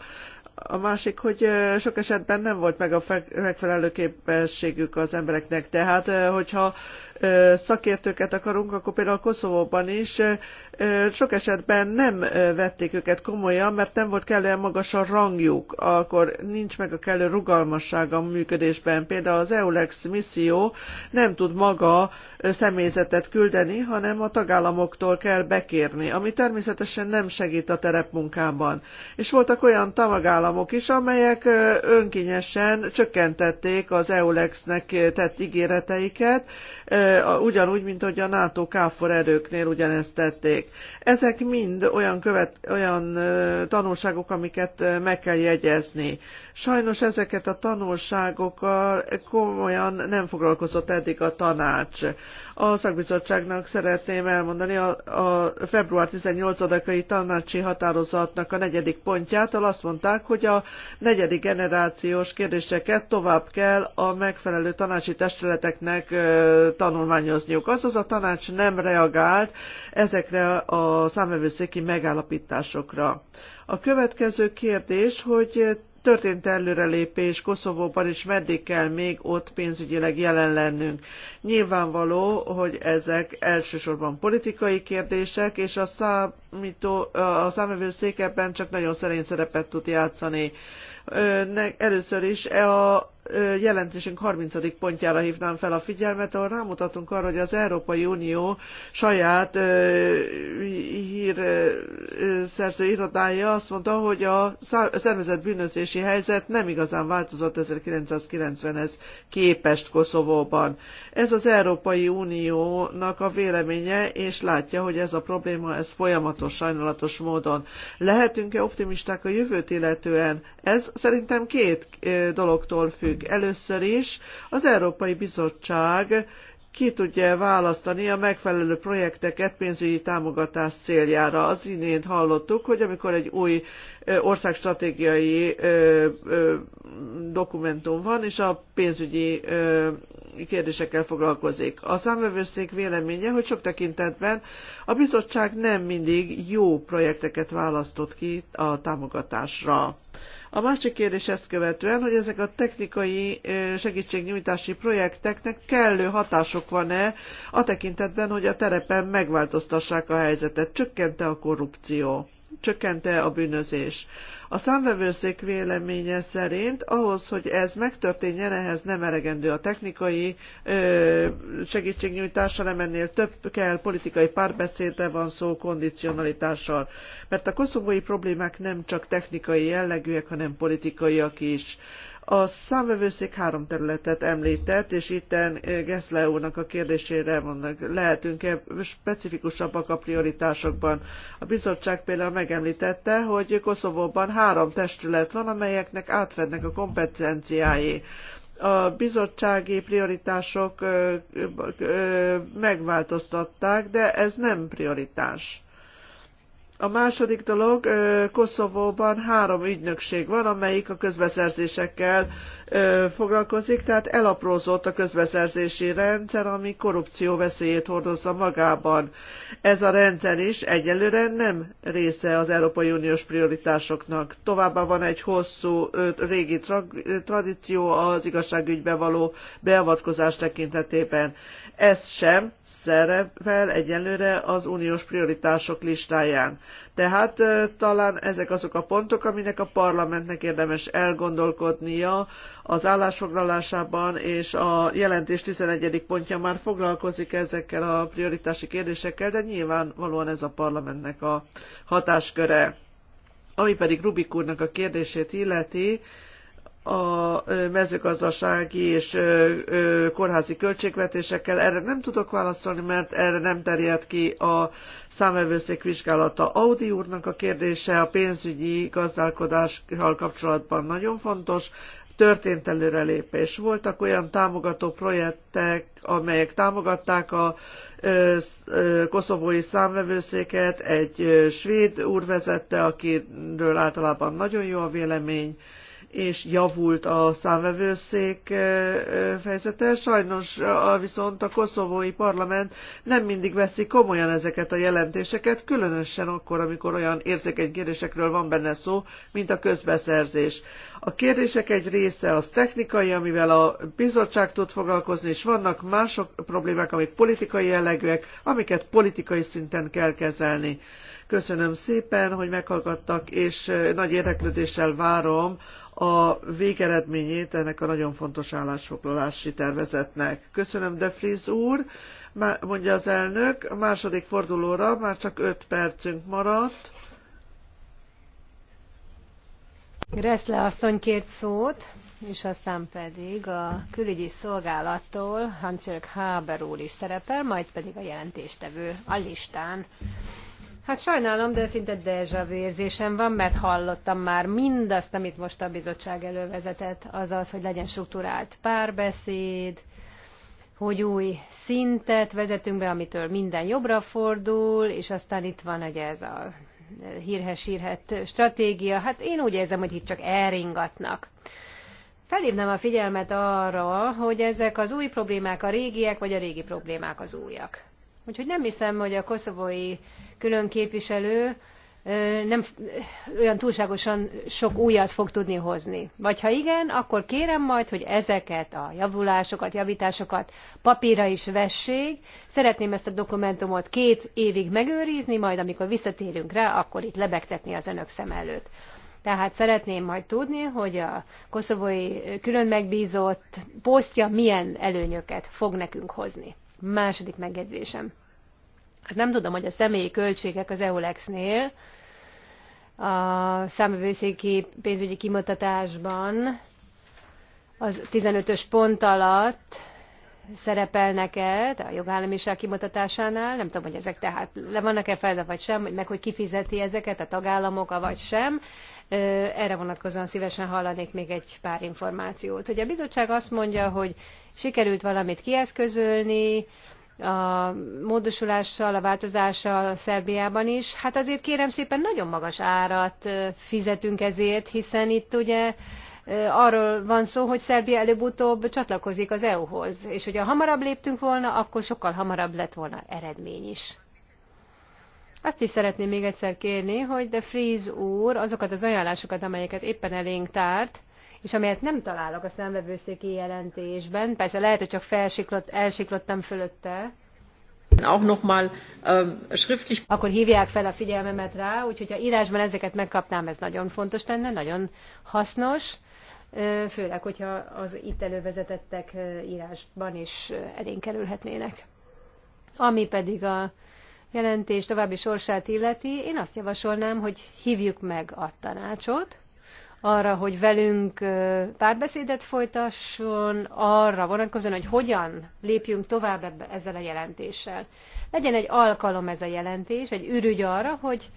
A másik, hogy sok esetben nem volt meg a megfelelő képességük az embereknek, tehát hogyha szakértőket akarunk, akkor például Koszovóban is sok esetben nem vették őket komolyan, mert nem volt kellően magas a rangjuk, akkor nincs meg a kellő rugalmassága a működésben. Például az EULEX misszió nem tud maga személyzetet küldeni, hanem a tagállamoktól kell bekérni, ami természetesen nem segít a terepmunkában. És voltak olyan tagállamok is, amelyek önkényesen csökkentették az EULEX-nek tett ígéreteiket, ugyanúgy, mint hogy a NATO KFOR erőknél ugyanezt tették. Ezek mind olyan, követ, olyan tanulságok, amiket meg kell jegyezni. Sajnos ezeket a tanulságokkal komolyan nem foglalkozott eddig a tanács. A szakbizottságnak szeretném elmondani a, a február 18-ai tanácsi határozatnak a negyedik pontját, ahol azt mondták, hogy a negyedik generációs kérdéseket tovább kell a megfelelő tanácsi testületeknek tanulmányozniuk. Azaz a tanács nem reagált ezekre a számövőszéki megállapításokra. A következő kérdés, hogy történt előrelépés Koszovóban, és meddig kell még ott pénzügyileg jelen lennünk. Nyilvánvaló, hogy ezek elsősorban politikai kérdések, és a, számító, a számövőszék ebben csak nagyon szerény szerepet tud játszani. Először is e a jelentésünk 30. pontjára hívnám fel a figyelmet, ahol rámutatunk arra, hogy az Európai Unió saját hírszerző irodája azt mondta, hogy a szervezet bűnözési helyzet nem igazán változott 1990-hez képest Koszovóban. Ez az Európai Uniónak a véleménye, és látja, hogy ez a probléma ez folyamatos, sajnálatos módon. Lehetünk-e optimisták a jövőt illetően? Ez szerintem két dologtól függ függ. Először is az Európai Bizottság ki tudja választani a megfelelő projekteket pénzügyi támogatás céljára. Az inént hallottuk, hogy amikor egy új országstratégiai dokumentum van, és a pénzügyi kérdésekkel foglalkozik. A számövőszék véleménye, hogy sok tekintetben a bizottság nem mindig jó projekteket választott ki a támogatásra. A másik kérdés ezt követően, hogy ezek a technikai segítségnyújtási projekteknek kellő hatások van-e a tekintetben, hogy a terepen megváltoztassák a helyzetet, csökkente a korrupció csökkente a bűnözés. A számvevőszék véleménye szerint ahhoz, hogy ez megtörténjen, ehhez nem elegendő a technikai ö, segítségnyújtása, nem ennél több kell, politikai párbeszédre van szó kondicionalitással. Mert a koszovói problémák nem csak technikai jellegűek, hanem politikaiak is. A számvevőszék három területet említett, és itten eh, Geszle úrnak a kérdésére mondnak, lehetünk-e specifikusabbak a prioritásokban. A bizottság például megemlítette, hogy Koszovóban három testület van, amelyeknek átfednek a kompetenciái a bizottsági prioritások eh, eh, megváltoztatták, de ez nem prioritás. A második dolog, Koszovóban három ügynökség van, amelyik a közbeszerzésekkel foglalkozik, tehát elaprózott a közbeszerzési rendszer, ami korrupció veszélyét hordozza magában. Ez a rendszer is egyelőre nem része az Európai Uniós prioritásoknak. Továbbá van egy hosszú régi tra tradíció az igazságügybe való beavatkozás tekintetében. Ez sem szerepel egyelőre az uniós prioritások listáján. Tehát talán ezek azok a pontok, aminek a parlamentnek érdemes elgondolkodnia az állásfoglalásában, és a jelentés 11. pontja már foglalkozik ezekkel a prioritási kérdésekkel, de nyilvánvalóan ez a parlamentnek a hatásköre. Ami pedig Rubik úrnak a kérdését illeti, a mezőgazdasági és kórházi költségvetésekkel. Erre nem tudok válaszolni, mert erre nem terjed ki a számvevőszék vizsgálata. Audi úrnak a kérdése a pénzügyi gazdálkodással kapcsolatban nagyon fontos. Történt előrelépés. Voltak olyan támogató projektek, amelyek támogatták a koszovói számvevőszéket. Egy svéd úr vezette, akiről általában nagyon jó a vélemény és javult a számvevőszék fejezete. Sajnos viszont a koszovói parlament nem mindig veszi komolyan ezeket a jelentéseket, különösen akkor, amikor olyan érzékeny kérdésekről van benne szó, mint a közbeszerzés. A kérdések egy része az technikai, amivel a bizottság tud foglalkozni, és vannak mások problémák, amik politikai jellegűek, amiket politikai szinten kell kezelni. Köszönöm szépen, hogy meghallgattak, és nagy érdeklődéssel várom a végeredményét ennek a nagyon fontos állásfoglalási tervezetnek. Köszönöm, De Fries úr, mondja az elnök. A második fordulóra már csak öt percünk maradt. Greszle asszony két szót, és aztán pedig a külügyi szolgálattól Hans-Jörg Haber úr is szerepel, majd pedig a jelentéstevő a listán. Hát sajnálom, de szinte vu érzésem van, mert hallottam már mindazt, amit most a bizottság elővezetett, azaz, hogy legyen struktúrált párbeszéd, hogy új szintet vezetünk be, amitől minden jobbra fordul, és aztán itt van ugye ez a hírhes hírhet stratégia. Hát én úgy érzem, hogy itt csak elringatnak. Felhívnám a figyelmet arra, hogy ezek az új problémák a régiek, vagy a régi problémák az újak. Úgyhogy nem hiszem, hogy a koszovói külön képviselő nem olyan túlságosan sok újat fog tudni hozni. Vagy ha igen, akkor kérem majd, hogy ezeket a javulásokat, javításokat papírra is vessék. Szeretném ezt a dokumentumot két évig megőrizni, majd amikor visszatérünk rá, akkor itt lebegtetni az önök szem előtt. Tehát szeretném majd tudni, hogy a koszovói külön megbízott posztja milyen előnyöket fog nekünk hozni. Második megjegyzésem. Hát nem tudom, hogy a személyi költségek az EULEX-nél, a számövőszéki pénzügyi kimutatásban az 15-ös pont alatt szerepelnek-e, de a jogállamiság kimutatásánál, nem tudom, hogy ezek tehát le vannak-e felve vagy sem, meg hogy kifizeti ezeket a tagállamok, vagy sem. Erre vonatkozóan szívesen hallanék még egy pár információt. Hogy a bizottság azt mondja, hogy sikerült valamit kieszközölni, a módosulással, a változással Szerbiában is, hát azért kérem szépen nagyon magas árat fizetünk ezért, hiszen itt ugye arról van szó, hogy Szerbia előbb-utóbb csatlakozik az EU-hoz, és hogyha hamarabb léptünk volna, akkor sokkal hamarabb lett volna eredmény is. Azt is szeretném még egyszer kérni, hogy de Fríz úr azokat az ajánlásokat, amelyeket éppen elénk tárt, és amelyet nem találok a szemvevőszéki jelentésben, persze lehet, hogy csak felsiklott, elsiklottam fölötte, auch noch mal, uh, schriftlich... Akkor hívják fel a figyelmemet rá, úgyhogy ha írásban ezeket megkapnám, ez nagyon fontos lenne, nagyon hasznos, főleg, hogyha az itt elővezetettek írásban is elénk kerülhetnének. Ami pedig a jelentés további sorsát illeti, én azt javasolnám, hogy hívjuk meg a tanácsot, arra, hogy velünk párbeszédet folytasson, arra vonatkozóan, hogy hogyan lépjünk tovább ezzel a jelentéssel. Legyen egy alkalom ez a jelentés, egy ürügy arra, hogy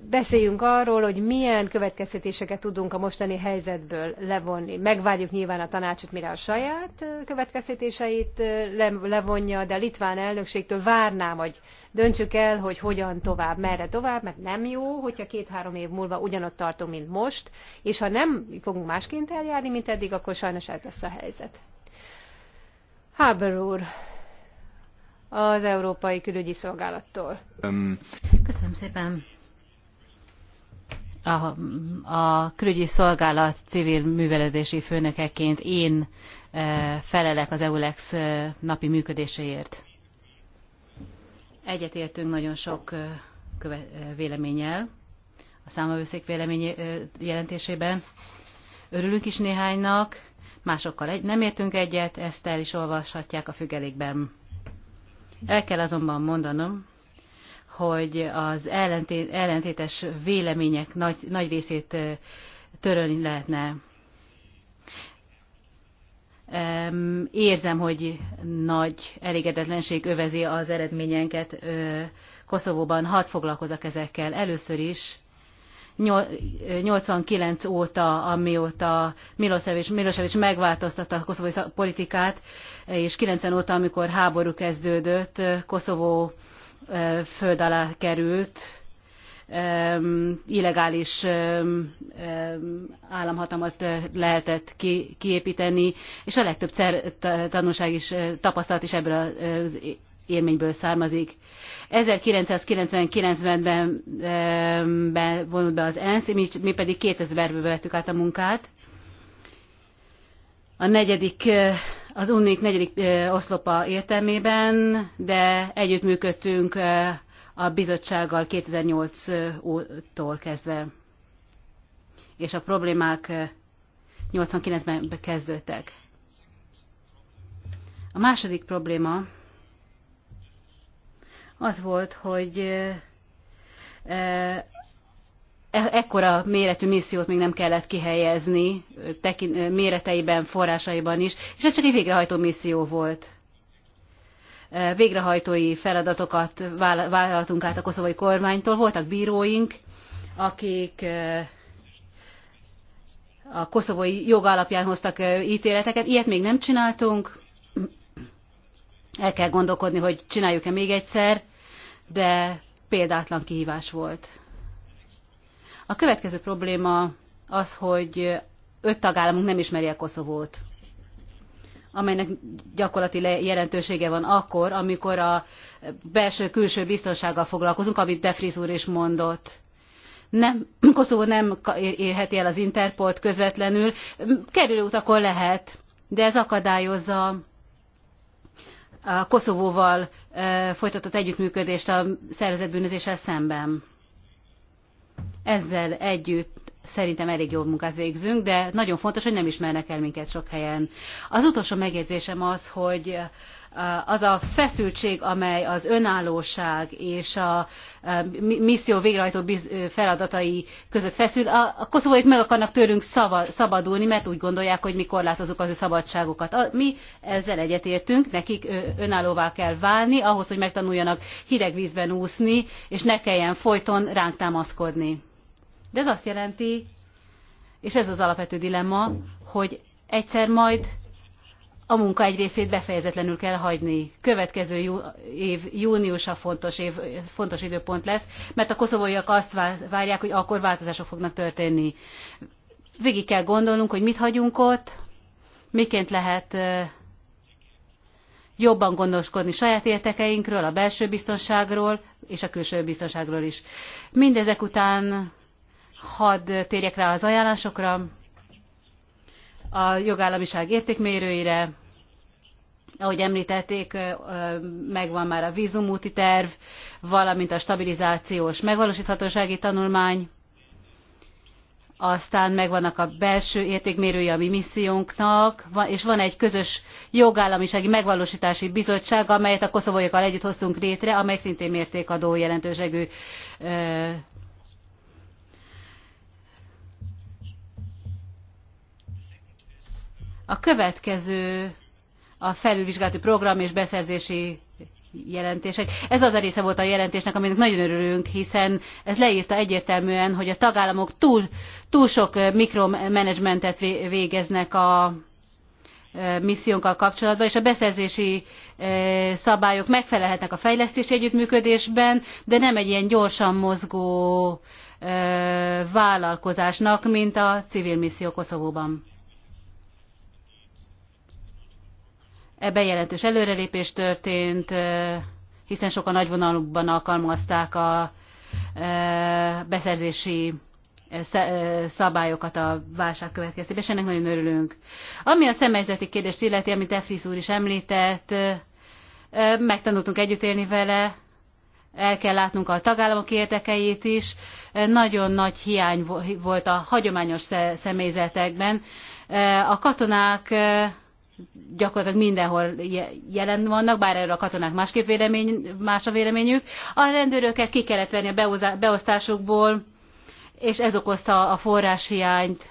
beszéljünk arról, hogy milyen következtetéseket tudunk a mostani helyzetből levonni. Megvárjuk nyilván a tanácsot, mire a saját következtetéseit levonja, de a litván elnökségtől várnám, hogy döntsük el, hogy hogyan tovább, merre tovább, mert nem jó, hogyha két-három év múlva ugyanott tartunk, mint most, és ha nem fogunk másként eljárni, mint eddig, akkor sajnos ez lesz a helyzet. Haber úr, az Európai Külügyi Szolgálattól. Köszönöm szépen a, a külügyi szolgálat civil műveledési főnökeként én e, felelek az EULEX e, napi működéséért. Egyetértünk nagyon sok e, köve, véleménnyel a számavőszék vélemény jelentésében. Örülünk is néhánynak, másokkal egy, nem értünk egyet, ezt el is olvashatják a függelékben. El kell azonban mondanom, hogy az ellentétes vélemények nagy, nagy részét törölni lehetne. Érzem, hogy nagy elégedetlenség övezi az eredményenket. Koszovóban hat foglalkozak ezekkel. Először is 89 óta, amióta Milosevic, Milosevic megváltoztatta a koszovói politikát, és 90 óta, amikor háború kezdődött, Koszovó föld alá került, illegális államhatalmat lehetett kiépíteni, és a legtöbb tanulság is, tapasztalat is ebből az élményből származik. 1999-ben vonult be az ENSZ, mi, mi pedig 2000-ben vettük át a munkát. A negyedik az unik negyedik oszlopa értelmében, de együttműködtünk a bizottsággal 2008-tól kezdve, és a problémák 89-ben kezdődtek. A második probléma az volt, hogy E, ekkora méretű missziót még nem kellett kihelyezni, tekin, méreteiben, forrásaiban is, és ez csak egy végrehajtó misszió volt. E, végrehajtói feladatokat vállaltunk át a koszovai kormánytól, voltak bíróink, akik a koszovói jog alapján hoztak ítéleteket. Ilyet még nem csináltunk. El kell gondolkodni, hogy csináljuk-e még egyszer, de példátlan kihívás volt. A következő probléma az, hogy öt tagállamunk nem ismeri a Koszovót, amelynek gyakorlati jelentősége van akkor, amikor a belső-külső biztonsággal foglalkozunk, amit Defriz úr is mondott nem, Koszovó nem érheti el az Interpolt közvetlenül, kerülőutakon lehet, de ez akadályozza a Koszovóval folytatott együttműködést a szervezetbűnözéssel szemben. Ezzel együtt szerintem elég jó munkát végzünk, de nagyon fontos, hogy nem ismernek el minket sok helyen. Az utolsó megjegyzésem az, hogy eh, az a feszültség, amely az önállóság és a eh, misszió végrehajtó eh, feladatai között feszül, a koszovóit meg akarnak tőlünk szabadulni, mert úgy gondolják, hogy mi korlátozunk az ő szabadságokat. Mi ezzel egyetértünk, nekik önállóvá kell válni, ahhoz, hogy megtanuljanak hideg vízben úszni, és ne kelljen folyton ránk támaszkodni de ez azt jelenti, és ez az alapvető dilemma, hogy egyszer majd a munka egy részét befejezetlenül kell hagyni. Következő jú, év júniusa fontos, év, fontos időpont lesz, mert a koszovóiak azt várják, hogy akkor változások fognak történni. Végig kell gondolnunk, hogy mit hagyunk ott, miként lehet jobban gondoskodni saját értekeinkről, a belső biztonságról és a külső biztonságról is. Mindezek után Hadd térjek rá az ajánlásokra, a jogállamiság értékmérőire, ahogy említették, megvan már a vízumúti terv, valamint a stabilizációs megvalósíthatósági tanulmány, aztán megvannak a belső értékmérői a mi missziónknak, és van egy közös jogállamisági megvalósítási bizottság, amelyet a koszovóiakkal együtt hoztunk létre, amely szintén mértékadó jelentőségű A következő a felülvizsgálati program és beszerzési jelentések. Ez az a része volt a jelentésnek, aminek nagyon örülünk, hiszen ez leírta egyértelműen, hogy a tagállamok túl, túl sok eh, mikromanagementet végeznek a eh, missziónkkal kapcsolatban, és a beszerzési eh, szabályok megfelelhetnek a fejlesztési együttműködésben, de nem egy ilyen gyorsan mozgó vállalkozásnak, mint a civil misszió Koszovóban. Ebben jelentős előrelépés történt, hiszen sokan nagyvonalúban alkalmazták a beszerzési szabályokat a válság következtében, és ennek nagyon örülünk. Ami a személyzeti kérdést illeti, amit Efris úr is említett, megtanultunk együtt élni vele, el kell látnunk a tagállamok érdekeit is. Nagyon nagy hiány volt a hagyományos személyzetekben. A katonák gyakorlatilag mindenhol jelen vannak, bár erről a katonák másképp vélemény, más a véleményük. A rendőröket ki kellett venni a beosztásukból, és ez okozta a forráshiányt.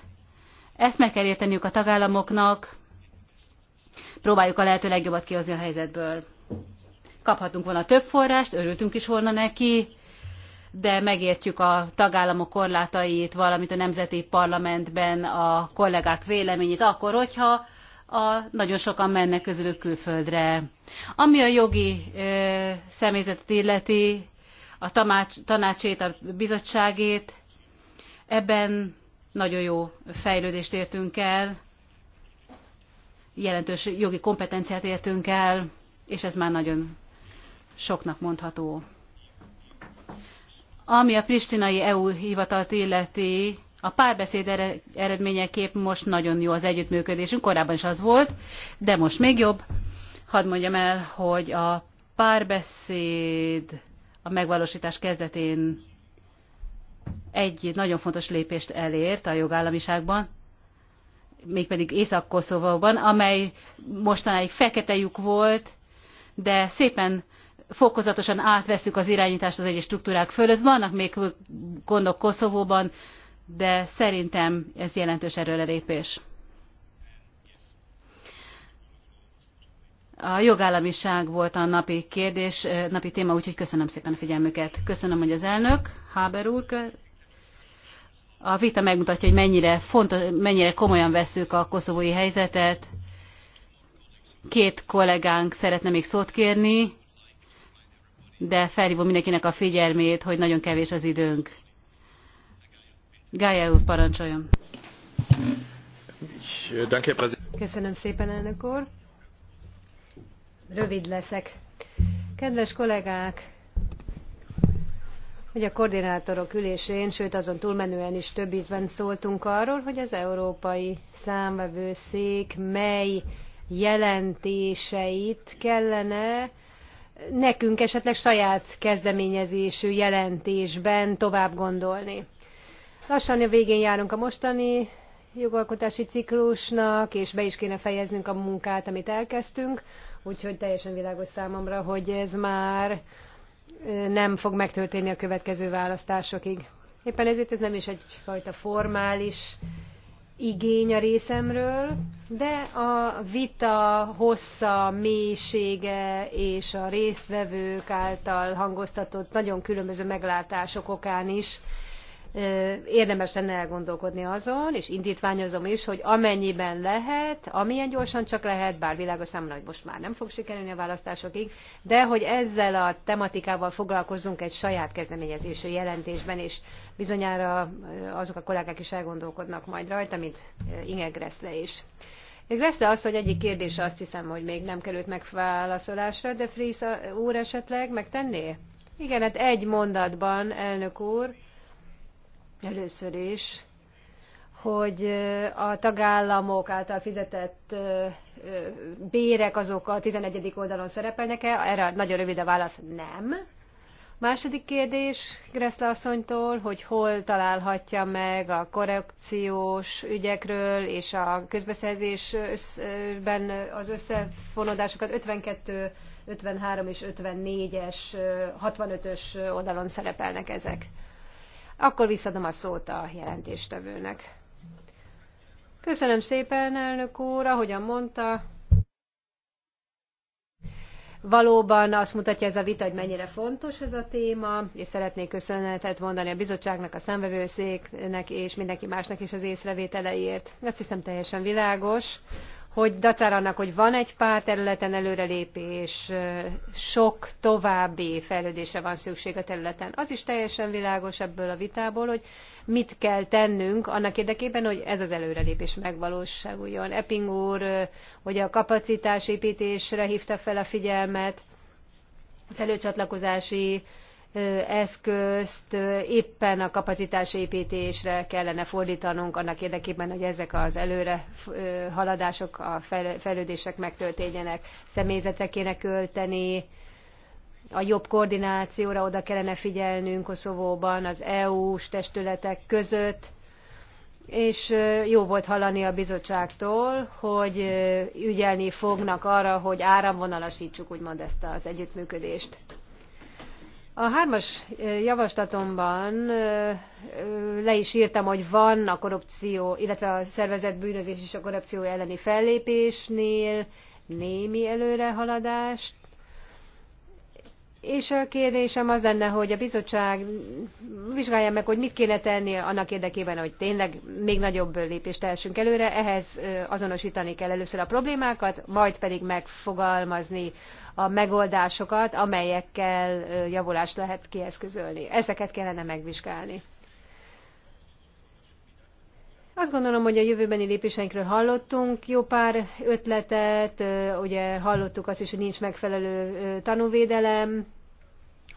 Ezt meg kell érteniük a tagállamoknak. Próbáljuk a lehető legjobbat kihozni a helyzetből. Kaphatunk volna több forrást, örültünk is volna neki, de megértjük a tagállamok korlátait, valamint a nemzeti parlamentben a kollégák véleményét, akkor, hogyha a, nagyon sokan mennek közülük külföldre. Ami a jogi ö, személyzetet illeti, a tamács, tanácsét, a bizottságét, ebben nagyon jó fejlődést értünk el, jelentős jogi kompetenciát értünk el, és ez már nagyon soknak mondható. Ami a pristinai EU hivatalt illeti, a párbeszéd eredményeképp most nagyon jó az együttműködésünk, korábban is az volt, de most még jobb. Hadd mondjam el, hogy a párbeszéd a megvalósítás kezdetén egy nagyon fontos lépést elért a jogállamiságban, mégpedig Észak-Koszovóban, amely mostanáig fekete lyuk volt, de szépen fokozatosan átveszük az irányítást az egyes struktúrák fölött. Vannak még gondok Koszovóban, de szerintem ez jelentős erőrelépés. A jogállamiság volt a napi kérdés, napi téma, úgyhogy köszönöm szépen a figyelmüket. Köszönöm, hogy az elnök, Háber úr, a vita megmutatja, hogy mennyire, fontos, mennyire komolyan veszük a koszovói helyzetet. Két kollégánk szeretne még szót kérni, de felhívom mindenkinek a figyelmét, hogy nagyon kevés az időnk. Gája úr, szépen, Rövid leszek. Kedves kollégák, hogy a koordinátorok ülésén, sőt azon túlmenően is több zben szóltunk arról, hogy az Európai Számvevőszék mely jelentéseit kellene nekünk esetleg saját kezdeményezésű jelentésben tovább gondolni. Lassan a végén járunk a mostani jogalkotási ciklusnak, és be is kéne fejeznünk a munkát, amit elkezdtünk, úgyhogy teljesen világos számomra, hogy ez már nem fog megtörténni a következő választásokig. Éppen ezért ez nem is egyfajta formális igény a részemről, de a vita hossza, mélysége és a részvevők által hangoztatott nagyon különböző meglátások okán is érdemes lenne elgondolkodni azon, és indítványozom is, hogy amennyiben lehet, amilyen gyorsan csak lehet, bár világos számomra, hogy most már nem fog sikerülni a választásokig, de hogy ezzel a tematikával foglalkozzunk egy saját kezdeményezésű jelentésben, és bizonyára azok a kollégák is elgondolkodnak majd rajta, mint Inge Gressle is. Gressle az, hogy egyik kérdése azt hiszem, hogy még nem került megválaszolásra, de Frisz úr esetleg megtenné? Igen, hát egy mondatban, elnök úr, Először is, hogy a tagállamok által fizetett bérek azok a 11. oldalon szerepelnek-e? Erre nagyon rövid a válasz, nem. Második kérdés Greszle asszonytól, hogy hol találhatja meg a korrekciós ügyekről és a közbeszerzésben az összefonódásokat 52, 53 és 54-es, 65-ös oldalon szerepelnek ezek. Akkor visszadom a szót a jelentéstevőnek. Köszönöm szépen, elnök úr, ahogyan mondta. Valóban azt mutatja ez a vita, hogy mennyire fontos ez a téma, és szeretnék köszönetet mondani a bizottságnak, a szemvevőszéknek és mindenki másnak is az észrevételeiért. Azt hiszem teljesen világos, hogy dacára annak, hogy van egy pár területen előrelépés, sok további fejlődésre van szükség a területen. Az is teljesen világos ebből a vitából, hogy mit kell tennünk annak érdekében, hogy ez az előrelépés megvalósuljon. Epping úr, hogy a kapacitásépítésre hívta fel a figyelmet, az előcsatlakozási eszközt éppen a kapacitásépítésre kellene fordítanunk annak érdekében, hogy ezek az előre haladások, a fejlődések megtörténjenek. Személyzetre kéne költeni, a jobb koordinációra oda kellene figyelnünk Koszovóban az EU-s testületek között, és jó volt hallani a bizottságtól, hogy ügyelni fognak arra, hogy áramvonalasítsuk úgymond ezt az együttműködést. A hármas javaslatomban le is írtam, hogy van a korrupció, illetve a szervezett bűnözés és a korrupció elleni fellépésnél némi előrehaladás, és a kérdésem az lenne, hogy a bizottság vizsgálja meg, hogy mit kéne tenni annak érdekében, hogy tényleg még nagyobb lépést tehessünk előre. Ehhez azonosítani kell először a problémákat, majd pedig megfogalmazni a megoldásokat, amelyekkel javulást lehet kieszközölni. Ezeket kellene megvizsgálni. Azt gondolom, hogy a jövőbeni lépéseinkről hallottunk jó pár ötletet, ugye hallottuk azt is, hogy nincs megfelelő tanúvédelem,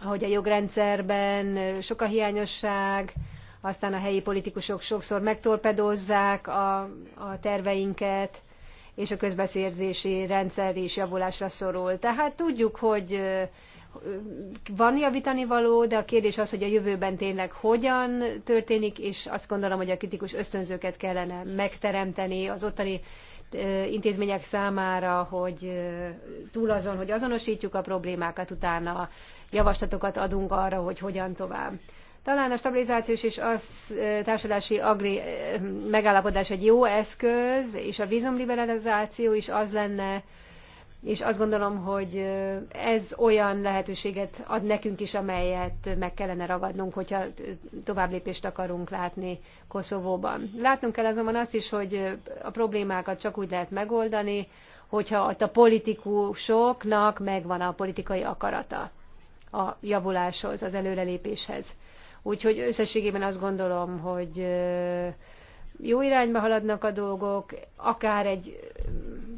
hogy a jogrendszerben sok a hiányosság, aztán a helyi politikusok sokszor megtorpedozzák a, a terveinket, és a közbeszerzési rendszer is javulásra szorul. Tehát tudjuk, hogy van javítani való, de a kérdés az, hogy a jövőben tényleg hogyan történik, és azt gondolom, hogy a kritikus ösztönzőket kellene megteremteni az ottani intézmények számára, hogy túl azon, hogy azonosítjuk a problémákat, utána javaslatokat adunk arra, hogy hogyan tovább. Talán a stabilizációs és az társulási agri megállapodás egy jó eszköz, és a vízumliberalizáció is az lenne, és azt gondolom, hogy ez olyan lehetőséget ad nekünk is, amelyet meg kellene ragadnunk, hogyha tovább lépést akarunk látni Koszovóban. Látnunk kell azonban azt is, hogy a problémákat csak úgy lehet megoldani, hogyha ott a politikusoknak megvan a politikai akarata a javuláshoz, az előrelépéshez. Úgyhogy összességében azt gondolom, hogy jó irányba haladnak a dolgok, akár egy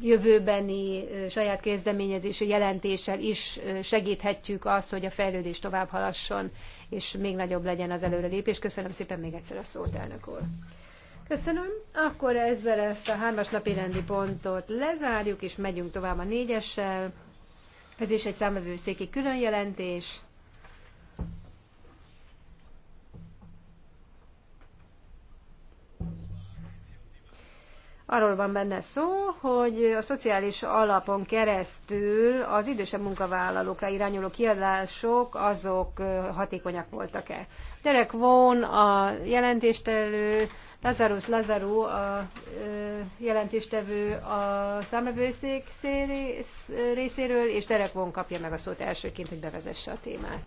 jövőbeni saját kezdeményezési jelentéssel is segíthetjük azt, hogy a fejlődés tovább halasson, és még nagyobb legyen az előrelépés. Köszönöm szépen még egyszer a szót, elnök úr. Köszönöm. Akkor ezzel ezt a hármas napi rendi pontot lezárjuk, és megyünk tovább a négyessel. Ez is egy számvevőszéki jelentés. Arról van benne szó, hogy a szociális alapon keresztül az idősebb munkavállalókra irányuló kiadások azok hatékonyak voltak-e. Derek Vaughan a jelentéstelő, Lazarus Lazaru a jelentéstevő a számövőszék részéről, és Derek Vaughan kapja meg a szót elsőként, hogy bevezesse a témát.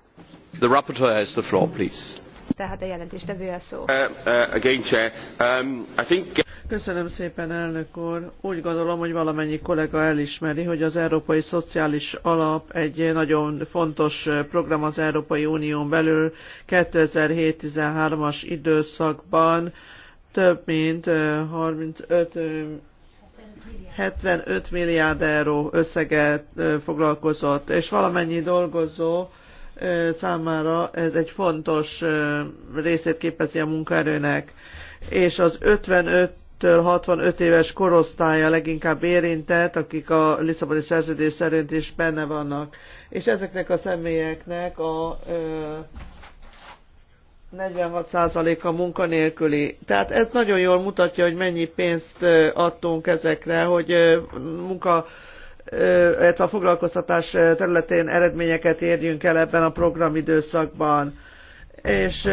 The rapporteur has the floor, please. Tehát a jelentéstevő a szó. Uh, uh, again, chair. Um, I think... Köszönöm szépen, elnök úr. Úgy gondolom, hogy valamennyi kollega elismeri, hogy az Európai Szociális Alap egy nagyon fontos program az Európai Unión belül 2007-13-as időszakban több mint 35 75 milliárd euró összeget foglalkozott, és valamennyi dolgozó számára ez egy fontos részét képezi a munkaerőnek és az 55 től 65 éves korosztálya leginkább érintett, akik a Lisszaboni szerződés szerint is benne vannak. És ezeknek a személyeknek a ö, 46%-a munkanélküli. Tehát ez nagyon jól mutatja, hogy mennyi pénzt adtunk ezekre, hogy munka illetve a foglalkoztatás területén eredményeket érjünk el ebben a programidőszakban és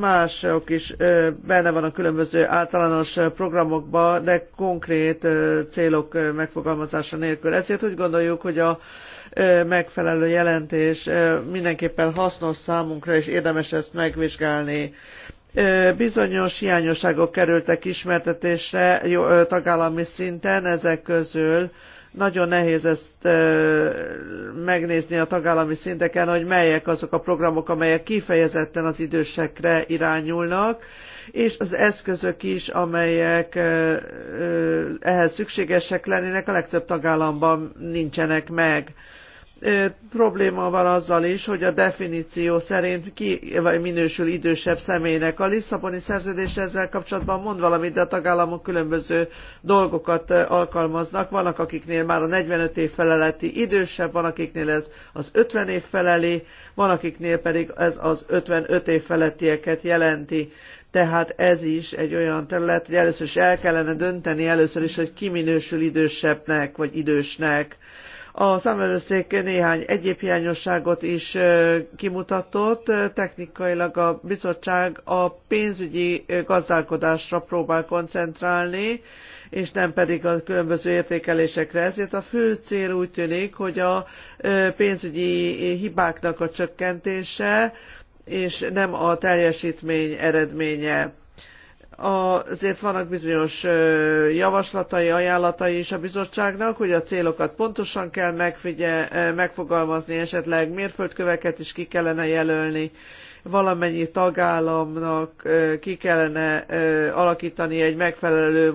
mások is benne van a különböző általános programokban, de konkrét célok megfogalmazása nélkül. Ezért úgy gondoljuk, hogy a megfelelő jelentés mindenképpen hasznos számunkra, és érdemes ezt megvizsgálni. Bizonyos hiányosságok kerültek ismertetésre tagállami szinten, ezek közül nagyon nehéz ezt megnézni a tagállami szinteken, hogy melyek azok a programok, amelyek kifejezetten az idősekre irányulnak, és az eszközök is, amelyek ehhez szükségesek lennének, a legtöbb tagállamban nincsenek meg probléma van azzal is, hogy a definíció szerint ki vagy minősül idősebb személynek. A Lisszaboni szerződés ezzel kapcsolatban mond valamit, de a tagállamok különböző dolgokat alkalmaznak. Vannak, akiknél már a 45 év feleleti idősebb, van, akiknél ez az 50 év feleli, van, akiknél pedig ez az 55 év felettieket jelenti. Tehát ez is egy olyan terület, hogy először is el kellene dönteni először is, hogy ki minősül idősebbnek, vagy idősnek a számvevőszék néhány egyéb hiányosságot is kimutatott. Technikailag a bizottság a pénzügyi gazdálkodásra próbál koncentrálni, és nem pedig a különböző értékelésekre. Ezért a fő cél úgy tűnik, hogy a pénzügyi hibáknak a csökkentése, és nem a teljesítmény eredménye azért vannak bizonyos javaslatai, ajánlatai is a bizottságnak, hogy a célokat pontosan kell megfigye, megfogalmazni, esetleg mérföldköveket is ki kellene jelölni valamennyi tagállamnak ki kellene alakítani egy megfelelő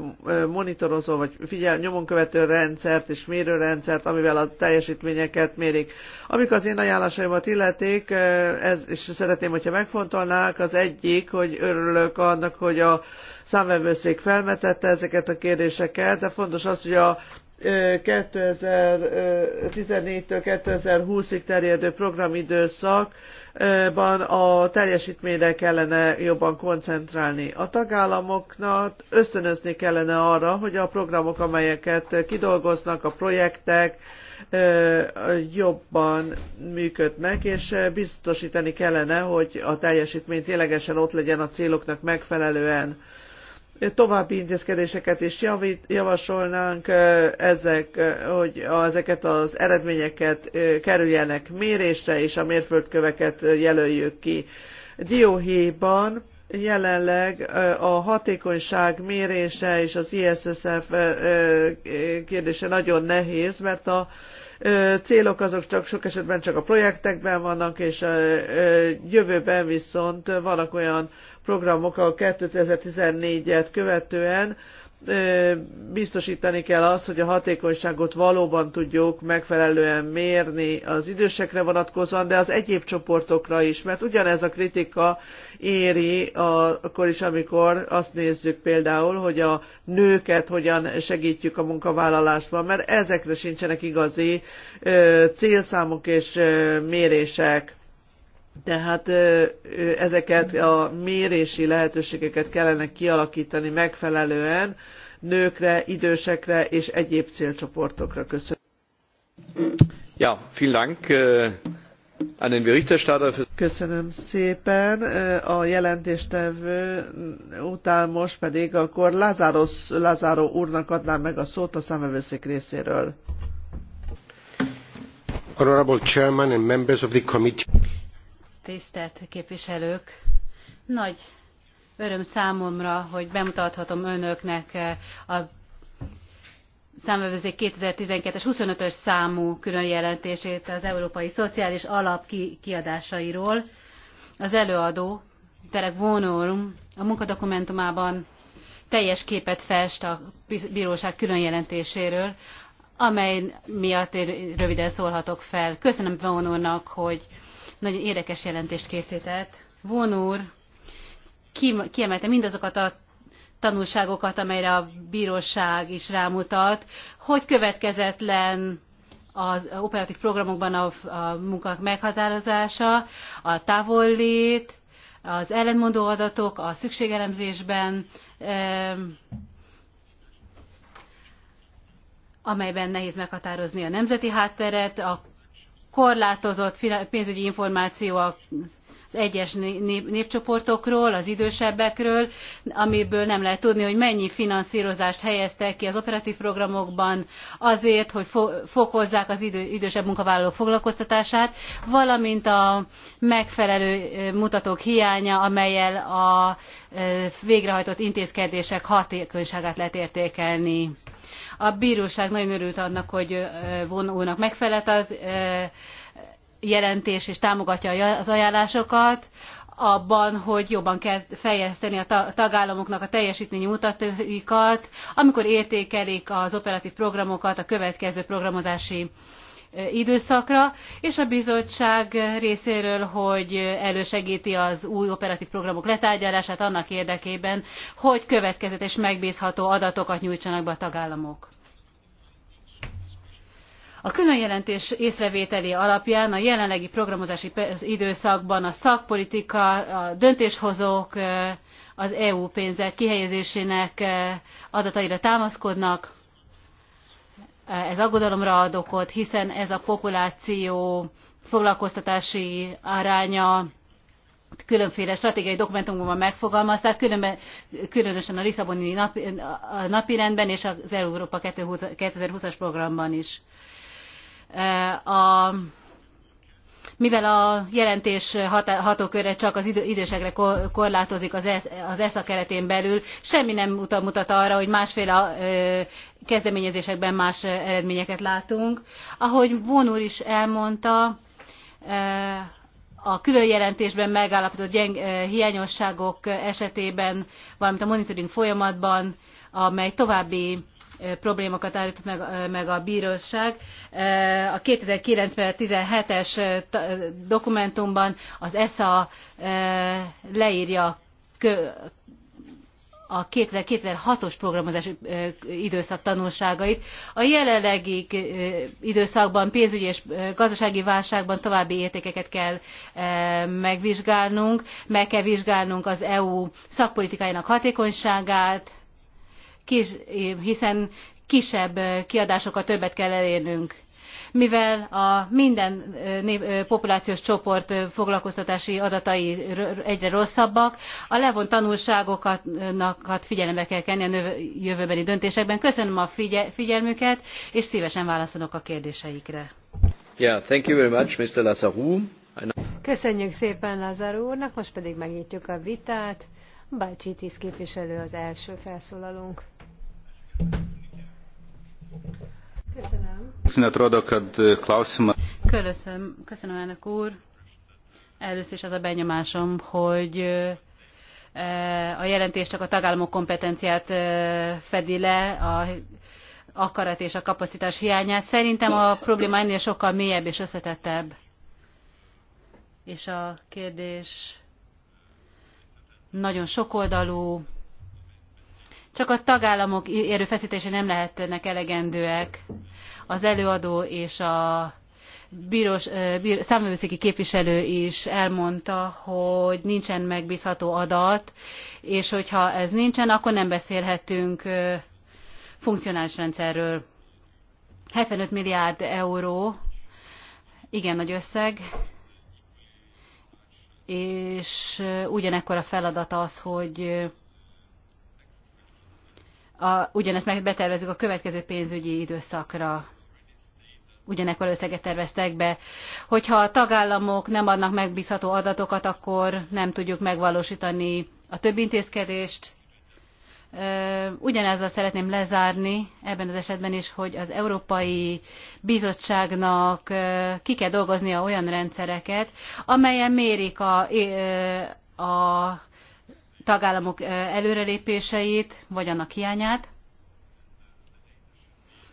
monitorozó vagy figyel, nyomonkövető rendszert és mérőrendszert, amivel a teljesítményeket mérik. Amik az én ajánlásaimat illeték, ez, és szeretném, hogyha megfontolnák, az egyik, hogy örülök annak, hogy a számvevőszék felmetette ezeket a kérdéseket, de fontos az, hogy a 2014-től 2020-ig terjedő programidőszak ban a teljesítményre kellene jobban koncentrálni. A tagállamoknak ösztönözni kellene arra, hogy a programok, amelyeket kidolgoznak, a projektek jobban működnek, és biztosítani kellene, hogy a teljesítmény ténylegesen ott legyen a céloknak megfelelően További intézkedéseket is javasolnánk ezek, hogy ezeket az eredményeket kerüljenek mérésre, és a mérföldköveket jelöljük ki. Dióhéjban jelenleg a hatékonyság mérése és az ISSF kérdése nagyon nehéz, mert a célok azok csak sok esetben csak a projektekben vannak, és a jövőben viszont vannak olyan programok, ahol 2014-et követően biztosítani kell azt, hogy a hatékonyságot valóban tudjuk megfelelően mérni az idősekre vonatkozóan, de az egyéb csoportokra is, mert ugyanez a kritika éri, a, akkor is, amikor azt nézzük például, hogy a nőket hogyan segítjük a munkavállalásban, mert ezekre sincsenek igazi célszámok és mérések. Tehát ezeket a mérési lehetőségeket kellene kialakítani megfelelően nőkre, idősekre és egyéb célcsoportokra. Köszönöm. Ja, vielen Dank. Äh, Köszönöm szépen. A jelentéstevő után most pedig akkor Lázáros, Lázáró úrnak adnám meg a szót a szemevőszék részéről. Honorable Chairman and members of the committee. Tisztelt képviselők! Nagy öröm számomra, hogy bemutathatom önöknek a számvevőszék 2012-es 25-ös számú külön jelentését az Európai Szociális Alap kiadásairól. Az előadó, Derek Vonorum, a munkadokumentumában teljes képet fest a bíróság külön jelentéséről, amely miatt én röviden szólhatok fel. Köszönöm Vonurnak, hogy nagyon érdekes jelentést készített. Vonur kiemelte mindazokat a tanulságokat, amelyre a bíróság is rámutat, hogy következetlen az operatív programokban a, a munkák meghatározása, a távollét, az ellenmondó adatok a szükségelemzésben, amelyben nehéz meghatározni a nemzeti hátteret, a korlátozott pénzügyi információ a egyes népcsoportokról, az idősebbekről, amiből nem lehet tudni, hogy mennyi finanszírozást helyeztek ki az operatív programokban azért, hogy fokozzák az idő, idősebb munkavállalók foglalkoztatását, valamint a megfelelő mutatók hiánya, amelyel a végrehajtott intézkedések hatékonyságát lehet értékelni. A bíróság nagyon örült annak, hogy vonulnak megfelelt az jelentés és támogatja az ajánlásokat abban, hogy jobban kell fejleszteni a tagállamoknak a teljesítményi mutatóikat, amikor értékelik az operatív programokat a következő programozási időszakra, és a bizottság részéről, hogy elősegíti az új operatív programok letárgyalását annak érdekében, hogy következetes megbízható adatokat nyújtsanak be a tagállamok. A külön jelentés észrevételi alapján a jelenlegi programozási időszakban a szakpolitika, a döntéshozók az EU pénzek kihelyezésének adataira támaszkodnak. Ez aggodalomra ad okot, hiszen ez a populáció foglalkoztatási aránya különféle stratégiai dokumentumokban megfogalmazták, különben, különösen a Lisszaboni napi napirendben és az Európa 2020-as programban is. Eh, a mivel a jelentés hatókörre csak az idősekre korlátozik az esza keretén belül semmi nem mutat arra hogy másféle eh, kezdeményezésekben más eh, eredményeket látunk. ahogy vaughan úr is elmondta a külön jelentésben megállapított hiányosságok esetében valamint a monitoring folyamatban amely további problémákat állított meg, meg a bíróság. A 2009-17-es dokumentumban az ESA leírja a 2006-os programozás időszak tanulságait. A jelenlegi időszakban pénzügyi és gazdasági válságban további értékeket kell megvizsgálnunk, meg kell vizsgálnunk az EU szakpolitikájának hatékonyságát, kis, hiszen kisebb kiadásokat többet kell elérnünk. Mivel a minden populációs csoport foglalkoztatási adatai egyre rosszabbak, a levont tanulságokat figyelembe kell kenni a jövőbeni döntésekben. Köszönöm a figyelmüket, és szívesen válaszolok a kérdéseikre. Yeah, thank you very much, Mr. Lazaru. Köszönjük szépen Lazaru, úrnak, most pedig megnyitjuk a vitát. Bácsi tisztképviselő az első felszólalónk. Köszönöm. Köszönöm, köszönöm elnök úr. Először is az a benyomásom, hogy a jelentés csak a tagállamok kompetenciát fedi le, a akarat és a kapacitás hiányát. Szerintem a probléma ennél sokkal mélyebb és összetettebb. És a kérdés nagyon sokoldalú, csak a tagállamok erőfeszítése nem lehetnek elegendőek. Az előadó és a bírós, bíró, számövőszéki képviselő is elmondta, hogy nincsen megbízható adat, és hogyha ez nincsen, akkor nem beszélhetünk funkcionális rendszerről. 75 milliárd euró, igen nagy összeg, és ugyanekkor a feladat az, hogy a, ugyanezt meg betervezzük a következő pénzügyi időszakra. Ugyanekkor összeget terveztek be. Hogyha a tagállamok nem adnak megbízható adatokat, akkor nem tudjuk megvalósítani a több intézkedést. Ugyanezzel szeretném lezárni ebben az esetben is, hogy az Európai Bizottságnak ki kell dolgoznia olyan rendszereket, amelyen mérik a, a tagállamok előrelépéseit, vagy annak hiányát,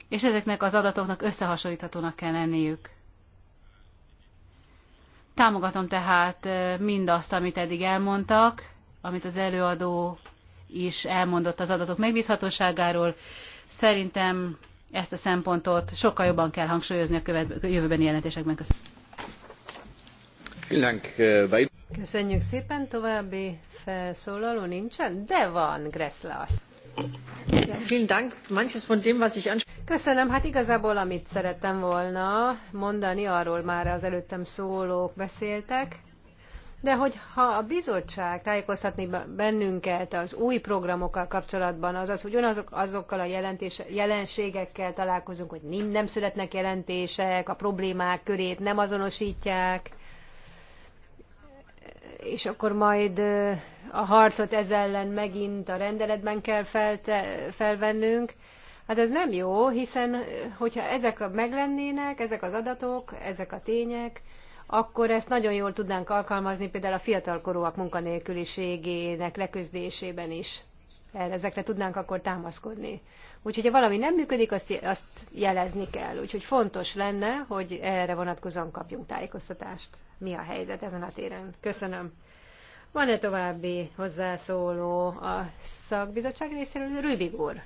és ezeknek az adatoknak összehasonlíthatónak kell lenniük. Támogatom tehát mindazt, amit eddig elmondtak, amit az előadó is elmondott az adatok megbízhatóságáról. Szerintem ezt a szempontot sokkal jobban kell hangsúlyozni a követ, jövőbeni jelentésekben. Köszönöm. Köszönjük szépen, további felszólaló nincsen, de van Gressle Köszönöm, hát igazából amit szerettem volna mondani, arról már az előttem szólók beszéltek, de hogyha a bizottság tájékoztatni bennünket az új programokkal kapcsolatban, azaz, hogy azok, azokkal a jelentés, jelenségekkel találkozunk, hogy nem, nem születnek jelentések, a problémák körét nem azonosítják, és akkor majd a harcot ez ellen megint a rendeletben kell felte, felvennünk. Hát ez nem jó, hiszen hogyha ezek meglennének, ezek az adatok, ezek a tények, akkor ezt nagyon jól tudnánk alkalmazni például a fiatalkorúak munkanélküliségének leküzdésében is. Ezekre tudnánk akkor támaszkodni. Úgyhogy ha valami nem működik, azt, azt jelezni kell. Úgyhogy fontos lenne, hogy erre vonatkozóan kapjunk tájékoztatást. Mi a helyzet ezen a téren? Köszönöm. Van-e további hozzászóló a szakbizottság részéről? Rübig úr.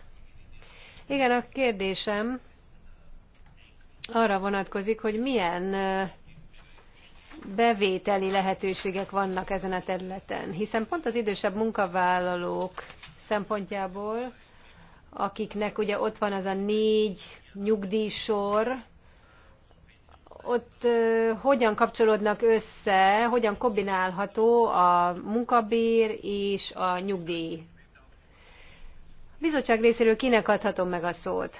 Igen, a kérdésem arra vonatkozik, hogy milyen bevételi lehetőségek vannak ezen a területen, hiszen pont az idősebb munkavállalók szempontjából akiknek ugye ott van az a négy nyugdíjsor, ott hogyan kapcsolódnak össze, hogyan kombinálható a munkabér és a nyugdíj. A bizottság részéről kinek adhatom meg a szót?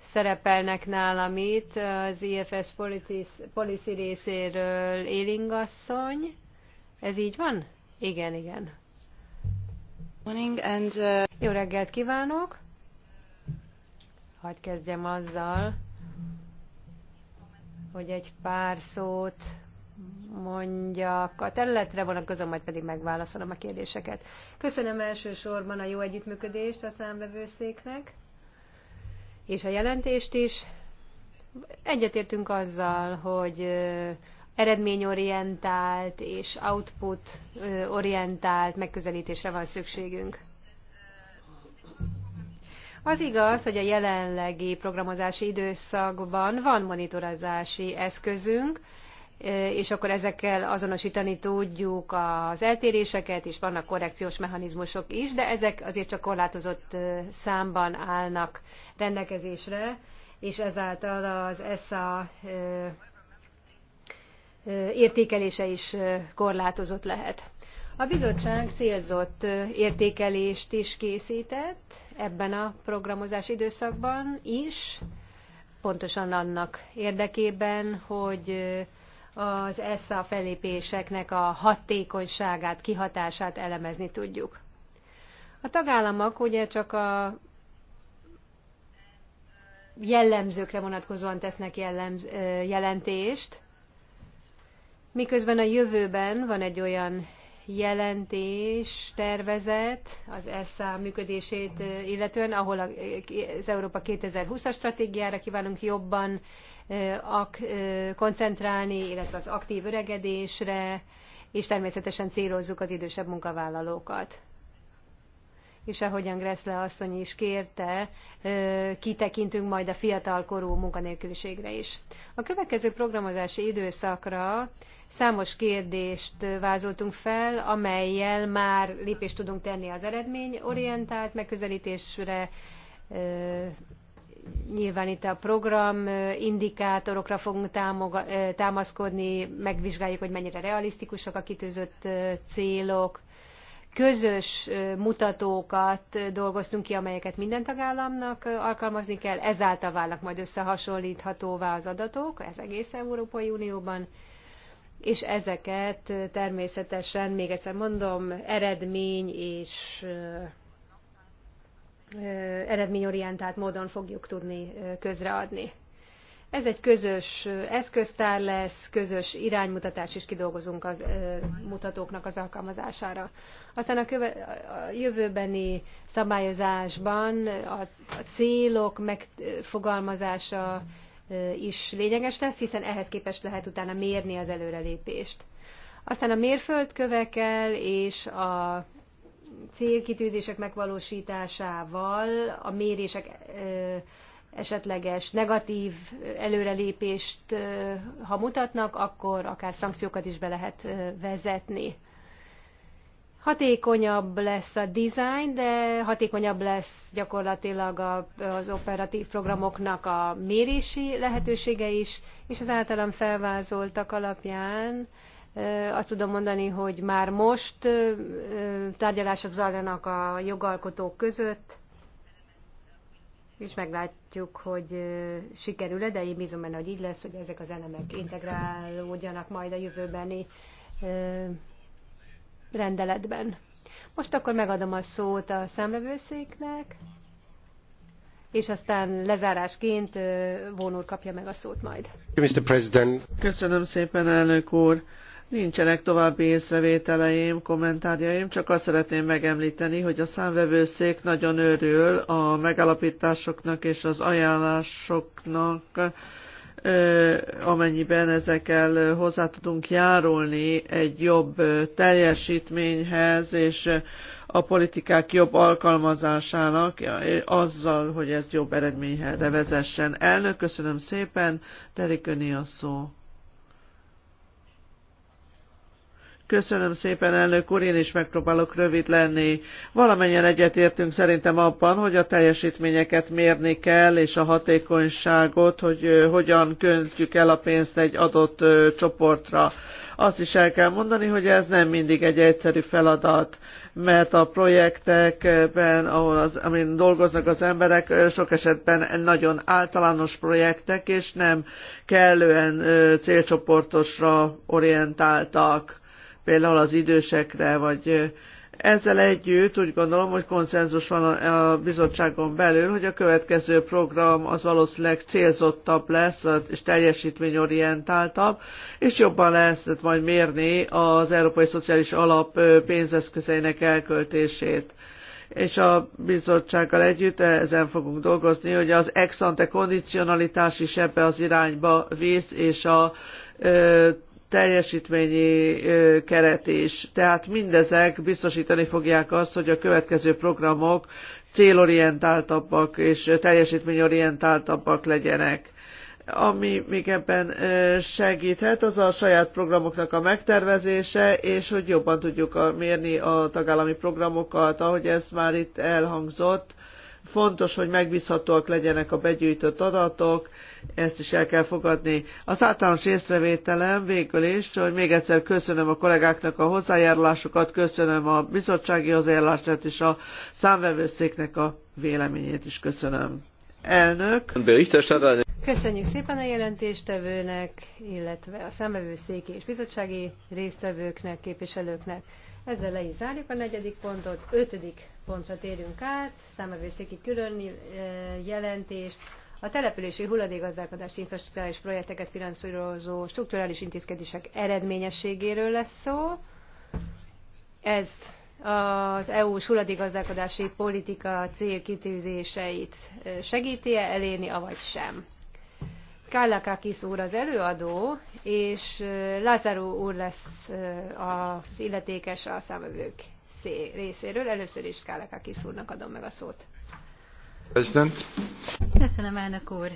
Szerepelnek nálam itt az IFS Politis, Policy részéről Élingasszony. Ez így van? Igen, igen. Morning and, uh... Jó reggelt kívánok! Hadd kezdjem azzal, hogy egy pár szót mondjak a területre vonatkozom, majd pedig megválaszolom a kérdéseket. Köszönöm elsősorban a jó együttműködést a számvevőszéknek, és a jelentést is. Egyetértünk azzal, hogy eredményorientált és output orientált megközelítésre van szükségünk. Az igaz, hogy a jelenlegi programozási időszakban van monitorozási eszközünk, e, és akkor ezekkel azonosítani tudjuk az eltéréseket, és vannak korrekciós mechanizmusok is, de ezek azért csak korlátozott e, számban állnak rendelkezésre, és ezáltal az ESA e, értékelése is korlátozott lehet. A bizottság célzott értékelést is készített ebben a programozás időszakban is, pontosan annak érdekében, hogy az ESZA felépéseknek a hatékonyságát, kihatását elemezni tudjuk. A tagállamok ugye csak a jellemzőkre vonatkozóan tesznek jellemz, jelentést, miközben a jövőben van egy olyan jelentés tervezet az ESZA működését illetően, ahol az Európa 2020-as stratégiára kívánunk jobban koncentrálni, illetve az aktív öregedésre, és természetesen célozzuk az idősebb munkavállalókat és ahogyan Greszle asszony is kérte, kitekintünk majd a fiatalkorú munkanélküliségre is. A következő programozási időszakra számos kérdést vázoltunk fel, amelyel már lépést tudunk tenni az eredményorientált megközelítésre, Nyilván itt a program indikátorokra fogunk támog, támaszkodni, megvizsgáljuk, hogy mennyire realisztikusak a kitűzött célok, közös mutatókat dolgoztunk ki, amelyeket minden tagállamnak alkalmazni kell, ezáltal válnak majd összehasonlíthatóvá az adatok, ez egész Európai Unióban, és ezeket természetesen, még egyszer mondom, eredmény és eredményorientált módon fogjuk tudni közreadni. Ez egy közös eszköztár lesz, közös iránymutatás is kidolgozunk az ö, mutatóknak az alkalmazására. Aztán a, köve, a jövőbeni szabályozásban a, a célok megfogalmazása ö, is lényeges lesz, hiszen ehhez képest lehet utána mérni az előrelépést. Aztán a mérföldkövekkel és a célkitűzések megvalósításával a mérések. Ö, esetleges negatív előrelépést, ha mutatnak, akkor akár szankciókat is be lehet vezetni. Hatékonyabb lesz a design, de hatékonyabb lesz gyakorlatilag az operatív programoknak a mérési lehetősége is, és az általam felvázoltak alapján azt tudom mondani, hogy már most tárgyalások zajlanak a jogalkotók között, és meglátjuk, hogy sikerül-e, de én bízom benne, hogy így lesz, hogy ezek az elemek integrálódjanak majd a jövőbeni rendeletben. Most akkor megadom a szót a számvevőszéknek, és aztán lezárásként Vón kapja meg a szót majd. Köszönöm szépen, elnök úr! Nincsenek további észrevételeim, kommentárjaim, csak azt szeretném megemlíteni, hogy a számvevőszék nagyon örül a megalapításoknak és az ajánlásoknak, amennyiben ezekkel hozzá tudunk járulni egy jobb teljesítményhez és a politikák jobb alkalmazásának, azzal, hogy ez jobb eredményhez vezessen. Elnök, köszönöm szépen, Terik a szó. Köszönöm szépen, elnök úr, én is megpróbálok rövid lenni. Valamennyien egyetértünk szerintem abban, hogy a teljesítményeket mérni kell, és a hatékonyságot, hogy hogyan köntjük el a pénzt egy adott csoportra. Azt is el kell mondani, hogy ez nem mindig egy egyszerű feladat, mert a projektekben, ahol az, amin dolgoznak az emberek, sok esetben nagyon általános projektek, és nem kellően célcsoportosra orientáltak például az idősekre, vagy ezzel együtt úgy gondolom, hogy konszenzus van a bizottságon belül, hogy a következő program az valószínűleg célzottabb lesz, és teljesítményorientáltabb, és jobban lesz majd mérni az Európai Szociális Alap pénzeszközeinek elköltését és a bizottsággal együtt ezen fogunk dolgozni, hogy az ex ante kondicionalitás is ebbe az irányba visz, és a teljesítményi keret is. Tehát mindezek biztosítani fogják azt, hogy a következő programok célorientáltabbak és teljesítményorientáltabbak legyenek ami még ebben segíthet, az a saját programoknak a megtervezése, és hogy jobban tudjuk mérni a tagállami programokat, ahogy ez már itt elhangzott, Fontos, hogy megbízhatóak legyenek a begyűjtött adatok, ezt is el kell fogadni. Az általános észrevételem végül is, hogy még egyszer köszönöm a kollégáknak a hozzájárulásokat, köszönöm a bizottsági hozzájárulását és a számvevőszéknek a véleményét is köszönöm. Elnök. Köszönjük szépen a jelentéstevőnek, illetve a számvevőszék és bizottsági résztvevőknek, képviselőknek. Ezzel le is zárjuk a negyedik pontot, ötödik pontra térünk át, Számavőszéki külön eh, jelentés, a települési hulladékgazdálkodási infrastruktúrális projekteket finanszírozó strukturális intézkedések eredményességéről lesz szó. Ez az EU-s hulladékgazdálkodási politika célkitűzéseit eh, segíti-e elérni, avagy sem. Kállakakis úr az előadó, és Lázaro úr lesz az illetékes a számövők részéről. Először is Kállakakis úrnak adom meg a szót. President. Köszönöm, elnök úr.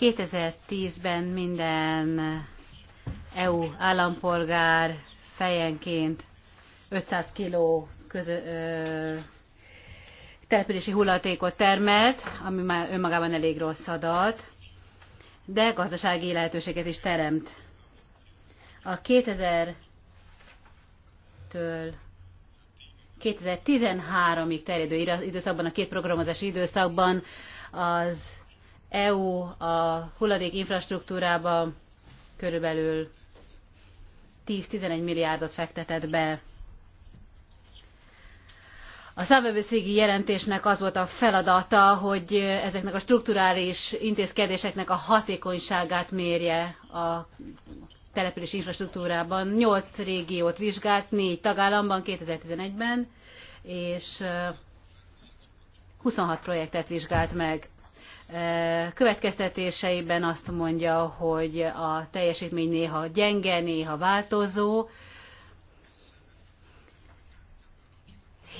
2010-ben minden EU állampolgár fejenként 500 kiló települési hulladékot termelt, ami már önmagában elég rossz adat, de gazdasági lehetőséget is teremt. A 2000-től 2013-ig terjedő időszakban, a két programozási időszakban az EU a hulladék infrastruktúrába körülbelül 10-11 milliárdot fektetett be. A számvevőszégi jelentésnek az volt a feladata, hogy ezeknek a strukturális intézkedéseknek a hatékonyságát mérje a település infrastruktúrában. Nyolc régiót vizsgált, négy tagállamban 2011-ben, és 26 projektet vizsgált meg. Következtetéseiben azt mondja, hogy a teljesítmény néha gyenge, néha változó,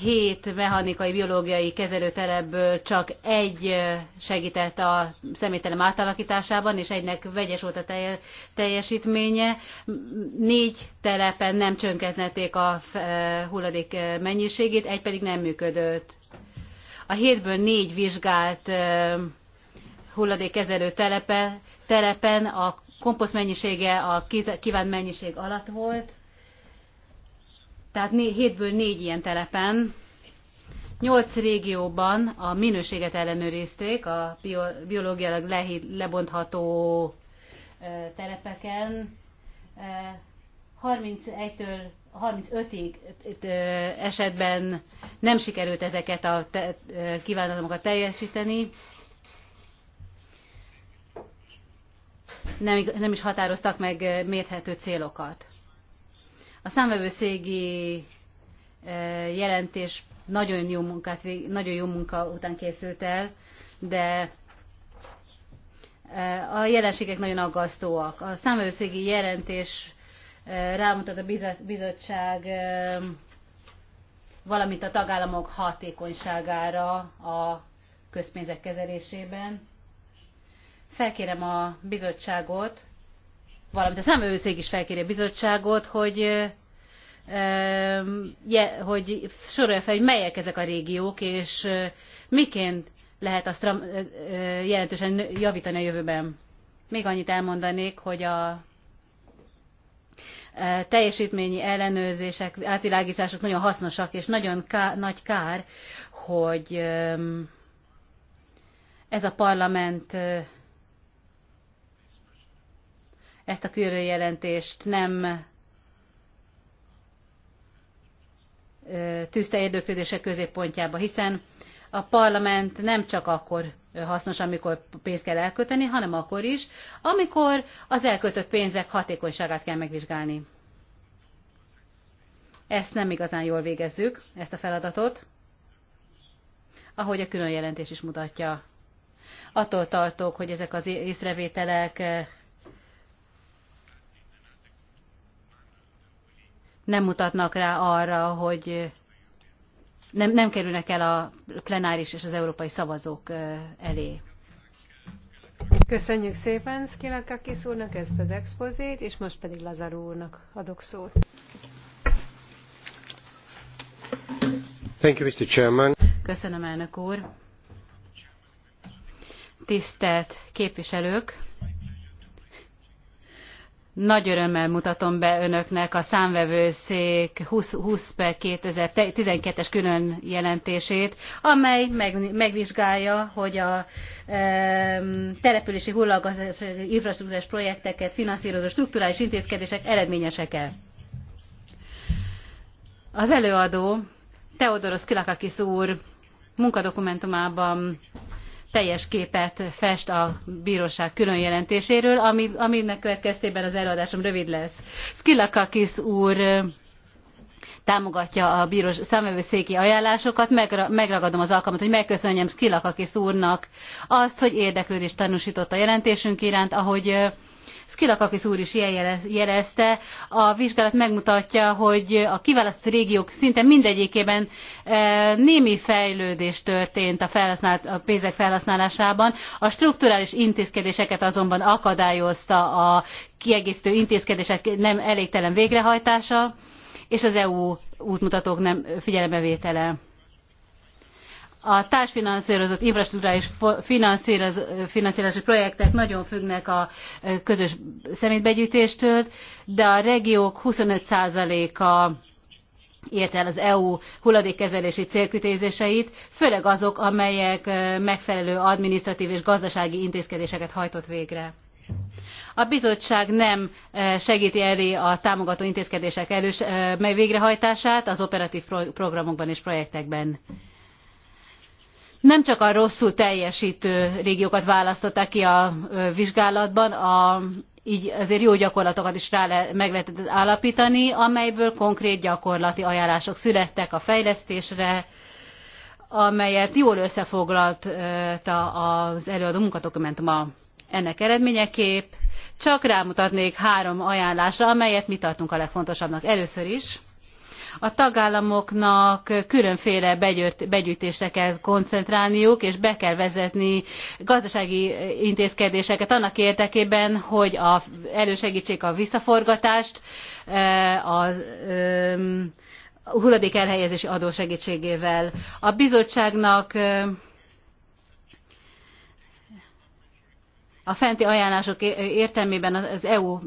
hét mechanikai, biológiai kezelőtelepből csak egy segített a személytelem átalakításában, és egynek vegyes volt a teljesítménye. Négy telepen nem csönketnették a hulladék mennyiségét, egy pedig nem működött. A hétből négy vizsgált hulladékkezelő telepe, telepen a komposzt mennyisége a kívánt mennyiség alatt volt, tehát hétből négy ilyen telepen, nyolc régióban a minőséget ellenőrizték, a biológiailag lebontható telepeken. 31-től 35-ig esetben nem sikerült ezeket a kívánatokat teljesíteni. Nem, nem is határoztak meg mérhető célokat. A számvevőszégi e, jelentés nagyon jó, munkát, nagyon jó munka után készült el, de e, a jelenségek nagyon aggasztóak. A számvevőszégi jelentés e, rámutat a bizottság valamint a tagállamok hatékonyságára a közpénzek kezelésében. Felkérem a bizottságot, valamint a számövőszék is felkéri a bizottságot, hogy hogy sorolja fel, hogy melyek ezek a régiók, és miként lehet azt jelentősen javítani a jövőben. Még annyit elmondanék, hogy a teljesítményi ellenőrzések, átvilágítások nagyon hasznosak, és nagyon ká- nagy kár, hogy ez a parlament ezt a körüljelentést nem tűzte érdeklődése középpontjába, hiszen a parlament nem csak akkor hasznos, amikor pénzt kell elkölteni, hanem akkor is, amikor az elköltött pénzek hatékonyságát kell megvizsgálni. Ezt nem igazán jól végezzük, ezt a feladatot, ahogy a külön jelentés is mutatja. Attól tartok, hogy ezek az észrevételek nem mutatnak rá arra, hogy nem, nem kerülnek el a plenáris és az európai szavazók elé. Köszönjük szépen Szkilakakis úrnak ezt az expozét, és most pedig Lazar úrnak adok szót. Thank you, Mr. Chairman. Köszönöm, elnök úr. Tisztelt képviselők! Nagy örömmel mutatom be önöknek a számvevőszék 20, per 2012-es külön jelentését, amely megvizsgálja, hogy a e, települési hullagazdasági infrastruktúrás projekteket finanszírozó strukturális intézkedések eredményesek-e. Az előadó Teodoros Kilakakis úr munkadokumentumában teljes képet fest a bíróság külön jelentéséről, ami, aminek következtében az előadásom rövid lesz. Skilakakis úr támogatja a bírós számövőszéki ajánlásokat. Megra, megragadom az alkalmat, hogy megköszönjem Skilakakis úrnak azt, hogy érdeklődést tanúsított a jelentésünk iránt, ahogy Skilakakis úr is ilyen jelezte, a vizsgálat megmutatja, hogy a kiválasztott régiók szinte mindegyikében e, némi fejlődés történt a, felhasznált, a pénzek felhasználásában. A strukturális intézkedéseket azonban akadályozta a kiegészítő intézkedések nem elégtelen végrehajtása és az EU útmutatók nem figyelembevétele a társfinanszrozott infrastrukturális finanszrozási projektek nagyon függnek a közös szemétbegyűjtéstől, de a regiók 25%-a érte el az EU hulladékkezelési célkitűzéseit főleg azok, amelyek megfelelő adminisztratív és gazdasági intézkedéseket hajtott végre. A bizottság nem segíti elé a támogató intézkedések elős, végrehajtását az operatív programokban és projektekben nem csak a rosszul teljesítő régiókat választották ki a vizsgálatban, a, így azért jó gyakorlatokat is rá le, meg lehetett állapítani, amelyből konkrét gyakorlati ajánlások születtek a fejlesztésre, amelyet jól összefoglalta az előadó munkadokumentuma. Ennek eredményeképp csak rámutatnék három ajánlásra, amelyet mi tartunk a legfontosabbnak. Először is a tagállamoknak különféle begyűjtésre kell koncentrálniuk, és be kell vezetni gazdasági intézkedéseket annak érdekében, hogy a, elősegítsék a visszaforgatást, e, e, a, hulladék elhelyezési adó segítségével. A bizottságnak e, A fenti ajánlások értelmében az EU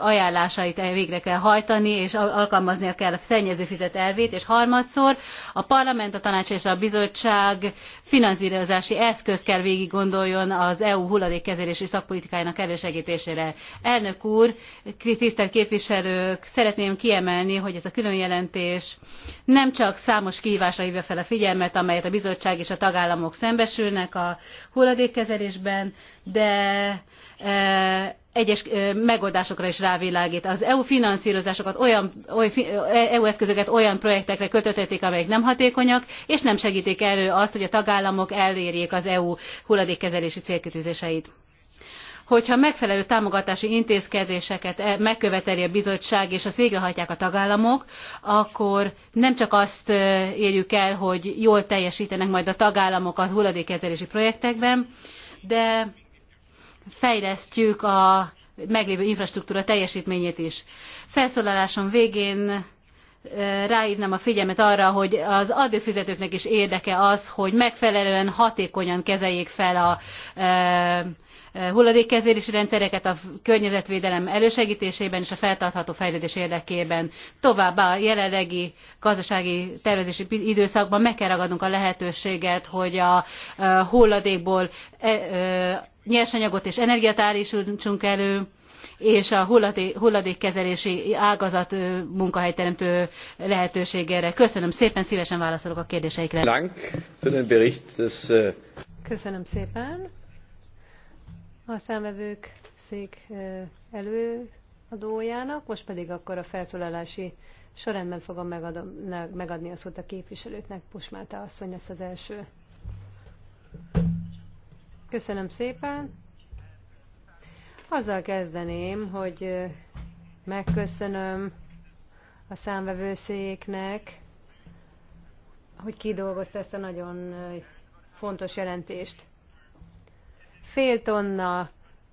ajánlásait végre kell hajtani, és alkalmaznia kell a szennyező fizet elvét, és harmadszor a parlament, a tanács és a bizottság finanszírozási eszköz kell végig gondoljon az EU hulladékkezelési szakpolitikájának elősegítésére. Elnök úr, tisztelt képviselők, szeretném kiemelni, hogy ez a külön jelentés nem csak számos kihívásra hívja fel a figyelmet, amelyet a bizottság és a tagállamok szembesülnek a hulladékkezelésben, de egyes megoldásokra is rávilágít. Az EU finanszírozásokat, olyan, EU eszközöket olyan projektekre kötötték, amelyek nem hatékonyak, és nem segítik elő azt, hogy a tagállamok elérjék az EU hulladékkezelési célkitűzéseit hogyha megfelelő támogatási intézkedéseket e, megköveteli a bizottság és azt végrehajtják a tagállamok, akkor nem csak azt érjük el, hogy jól teljesítenek majd a tagállamok a hulladékkezelési projektekben, de fejlesztjük a meglévő infrastruktúra teljesítményét is. Felszólalásom végén ráhívnám a figyelmet arra, hogy az adófizetőknek is érdeke az, hogy megfelelően hatékonyan kezeljék fel a Eh, hulladékkezelési rendszereket a környezetvédelem elősegítésében és a fenntartható fejlődés érdekében. Továbbá a jelenlegi gazdasági tervezési időszakban meg kell ragadnunk a lehetőséget, hogy a eh, hulladékból eh, nyersanyagot és energiát állítsunk elő, és a hulladékkezelési ágazat munkahelyteremtő lehetőségére. Köszönöm szépen, szívesen válaszolok a kérdéseikre. Köszönöm szépen a számvevők szék előadójának, most pedig akkor a felszólalási sorrendben fogom megadom, megadni a szót a képviselőknek. Pusmáta asszony lesz az első. Köszönöm szépen. Azzal kezdeném, hogy megköszönöm a számvevőszéknek, hogy kidolgozta ezt a nagyon fontos jelentést fél tonna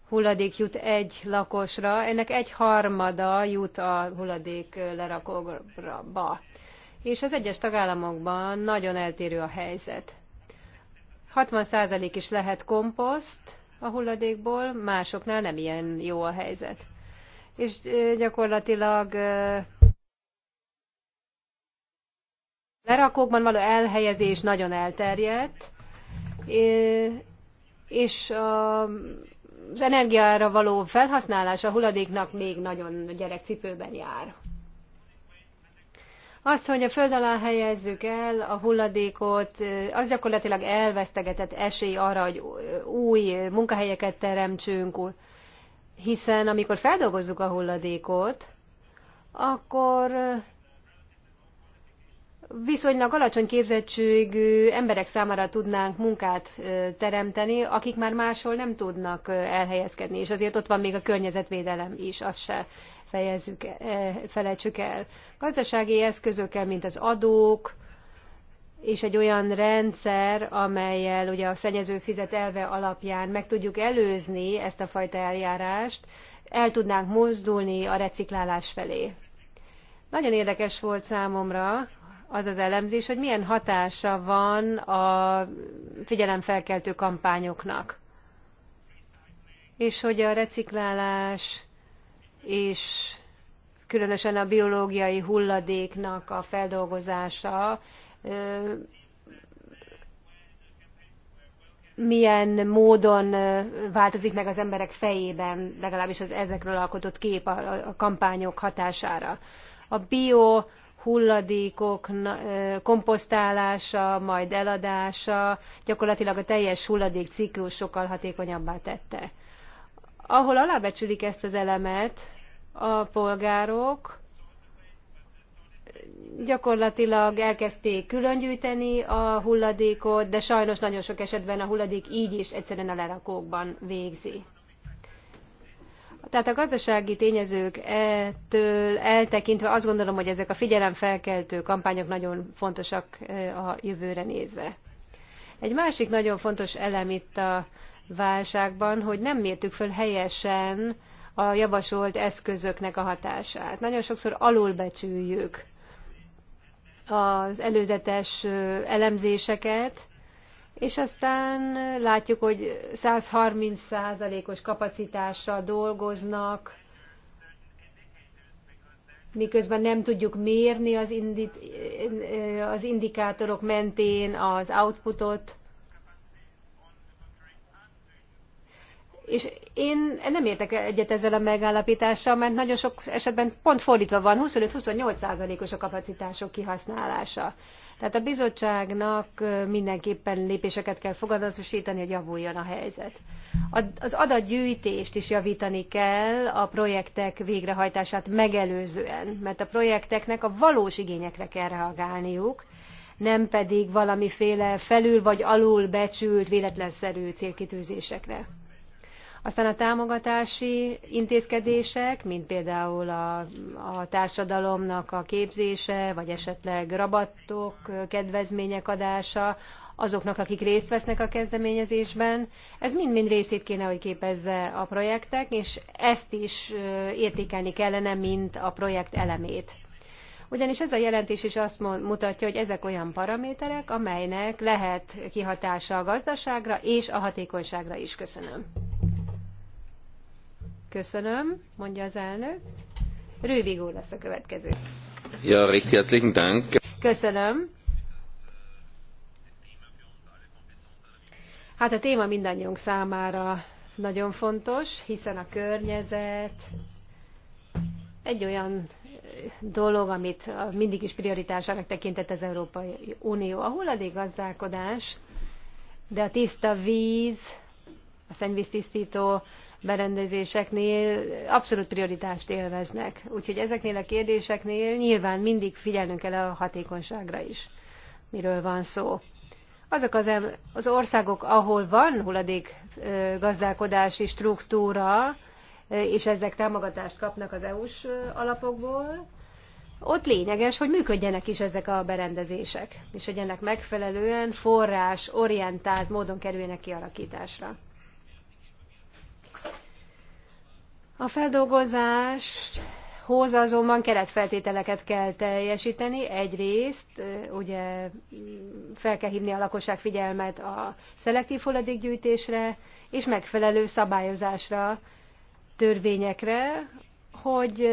hulladék jut egy lakosra, ennek egy harmada jut a hulladék lerakóba. És az egyes tagállamokban nagyon eltérő a helyzet. 60% is lehet komposzt a hulladékból, másoknál nem ilyen jó a helyzet. És gyakorlatilag lerakókban való elhelyezés nagyon elterjedt, és a, um, az energiára való felhasználás a hulladéknak még nagyon gyerekcipőben jár. Az, hogy a föld alá helyezzük el a hulladékot, eh, az gyakorlatilag elvesztegetett esély arra, hogy eh, új munkahelyeket teremtsünk, hiszen amikor feldolgozzuk a hulladékot, akkor eh, viszonylag alacsony képzettségű emberek számára tudnánk munkát teremteni, akik már máshol nem tudnak elhelyezkedni, és azért ott van még a környezetvédelem is, azt se fejezzük, e, felejtsük el. Gazdasági eszközökkel, mint az adók, és egy olyan rendszer, amelyel ugye a szennyező fizet elve alapján meg tudjuk előzni ezt a fajta eljárást, el tudnánk mozdulni a reciklálás felé. Nagyon érdekes volt számomra, az az elemzés, hogy milyen hatása van a figyelemfelkeltő kampányoknak. És hogy a reciklálás és különösen a biológiai hulladéknak a feldolgozása milyen módon változik meg az emberek fejében, legalábbis az ezekről alkotott kép a, kampányok hatására. A bio hulladékok komposztálása, majd eladása, gyakorlatilag a teljes hulladékciklus sokkal hatékonyabbá tette. Ahol alábecsülik ezt az elemet a polgárok, gyakorlatilag elkezdték különgyűjteni a hulladékot, de sajnos nagyon sok esetben a hulladék így is egyszerűen a lerakókban végzi. Tehát a gazdasági tényezőktől eltekintve azt gondolom, hogy ezek a figyelemfelkeltő kampányok nagyon fontosak eh, a jövőre nézve. Egy másik nagyon fontos elem itt a válságban, hogy nem mértük föl helyesen a javasolt eszközöknek a hatását. Nagyon sokszor alulbecsüljük az előzetes eh, elemzéseket, és aztán eh, látjuk, hogy 130%-os kapacitással dolgoznak, miközben nem tudjuk mérni az, indi, eh, az indikátorok mentén az outputot. És én nem értek egyet ezzel a megállapítással, mert nagyon sok esetben pont fordítva van, 25-28 százalékos a kapacitások kihasználása. Tehát a bizottságnak mindenképpen lépéseket kell fogadatosítani, hogy javuljon a helyzet. Az adatgyűjtést is javítani kell a projektek végrehajtását megelőzően, mert a projekteknek a valós igényekre kell reagálniuk, nem pedig valamiféle felül vagy alul becsült, véletlenszerű célkitűzésekre. Aztán a támogatási intézkedések, mint például a, a társadalomnak a képzése, vagy esetleg rabattok, kedvezmények adása, azoknak, akik részt vesznek a kezdeményezésben. Ez mind-mind részét kéne, hogy képezze a projektek, és ezt is értékelni kellene, mint a projekt elemét. Ugyanis ez a jelentés is azt mutatja, hogy ezek olyan paraméterek, amelynek lehet kihatása a gazdaságra és a hatékonyságra is. Köszönöm. Köszönöm, mondja az elnök. Rővig úr lesz a következő. Ja, recht herzlichen Dank. Köszönöm. Hát a téma mindannyiunk számára nagyon fontos, hiszen a környezet egy olyan dolog, amit mindig is prioritásának tekintett az Európai Unió. A hulladékgazdálkodás, de a tiszta víz, a szennyvíztisztító berendezéseknél abszolút prioritást élveznek. Úgyhogy ezeknél a kérdéseknél nyilván mindig figyelnünk kell a hatékonyságra is, miről van szó. Azok az, az országok, ahol van hulladék gazdálkodási struktúra, és ezek támogatást kapnak az EU-s alapokból, ott lényeges, hogy működjenek is ezek a berendezések, és hogy ennek megfelelően forrás orientált módon kerüljenek kialakításra. A feldolgozáshoz azonban keretfeltételeket kell teljesíteni. Egyrészt ugye fel kell hívni a lakosság figyelmet a szelektív hulladékgyűjtésre és megfelelő szabályozásra, törvényekre, hogy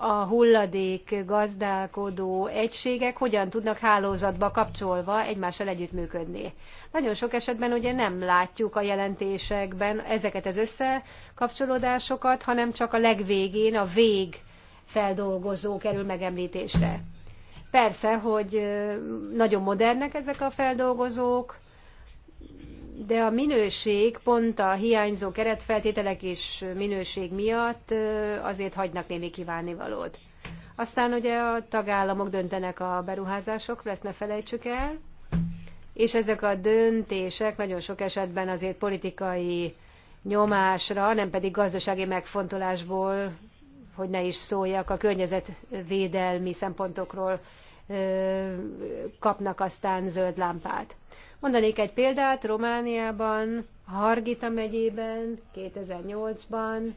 a hulladék gazdálkodó egységek hogyan tudnak hálózatba kapcsolva egymással együttműködni. Nagyon sok esetben ugye nem látjuk a jelentésekben ezeket az összekapcsolódásokat, hanem csak a legvégén a vég feldolgozó kerül megemlítésre. Persze, hogy nagyon modernek ezek a feldolgozók, de a minőség pont a hiányzó keretfeltételek és minőség miatt azért hagynak némi kívánivalót. Aztán ugye a tagállamok döntenek a beruházásokról, ezt ne felejtsük el, és ezek a döntések nagyon sok esetben azért politikai nyomásra, nem pedig gazdasági megfontolásból, hogy ne is szóljak, a környezetvédelmi szempontokról kapnak aztán zöld lámpát. Mondanék egy példát, Romániában, Hargita megyében 2008-ban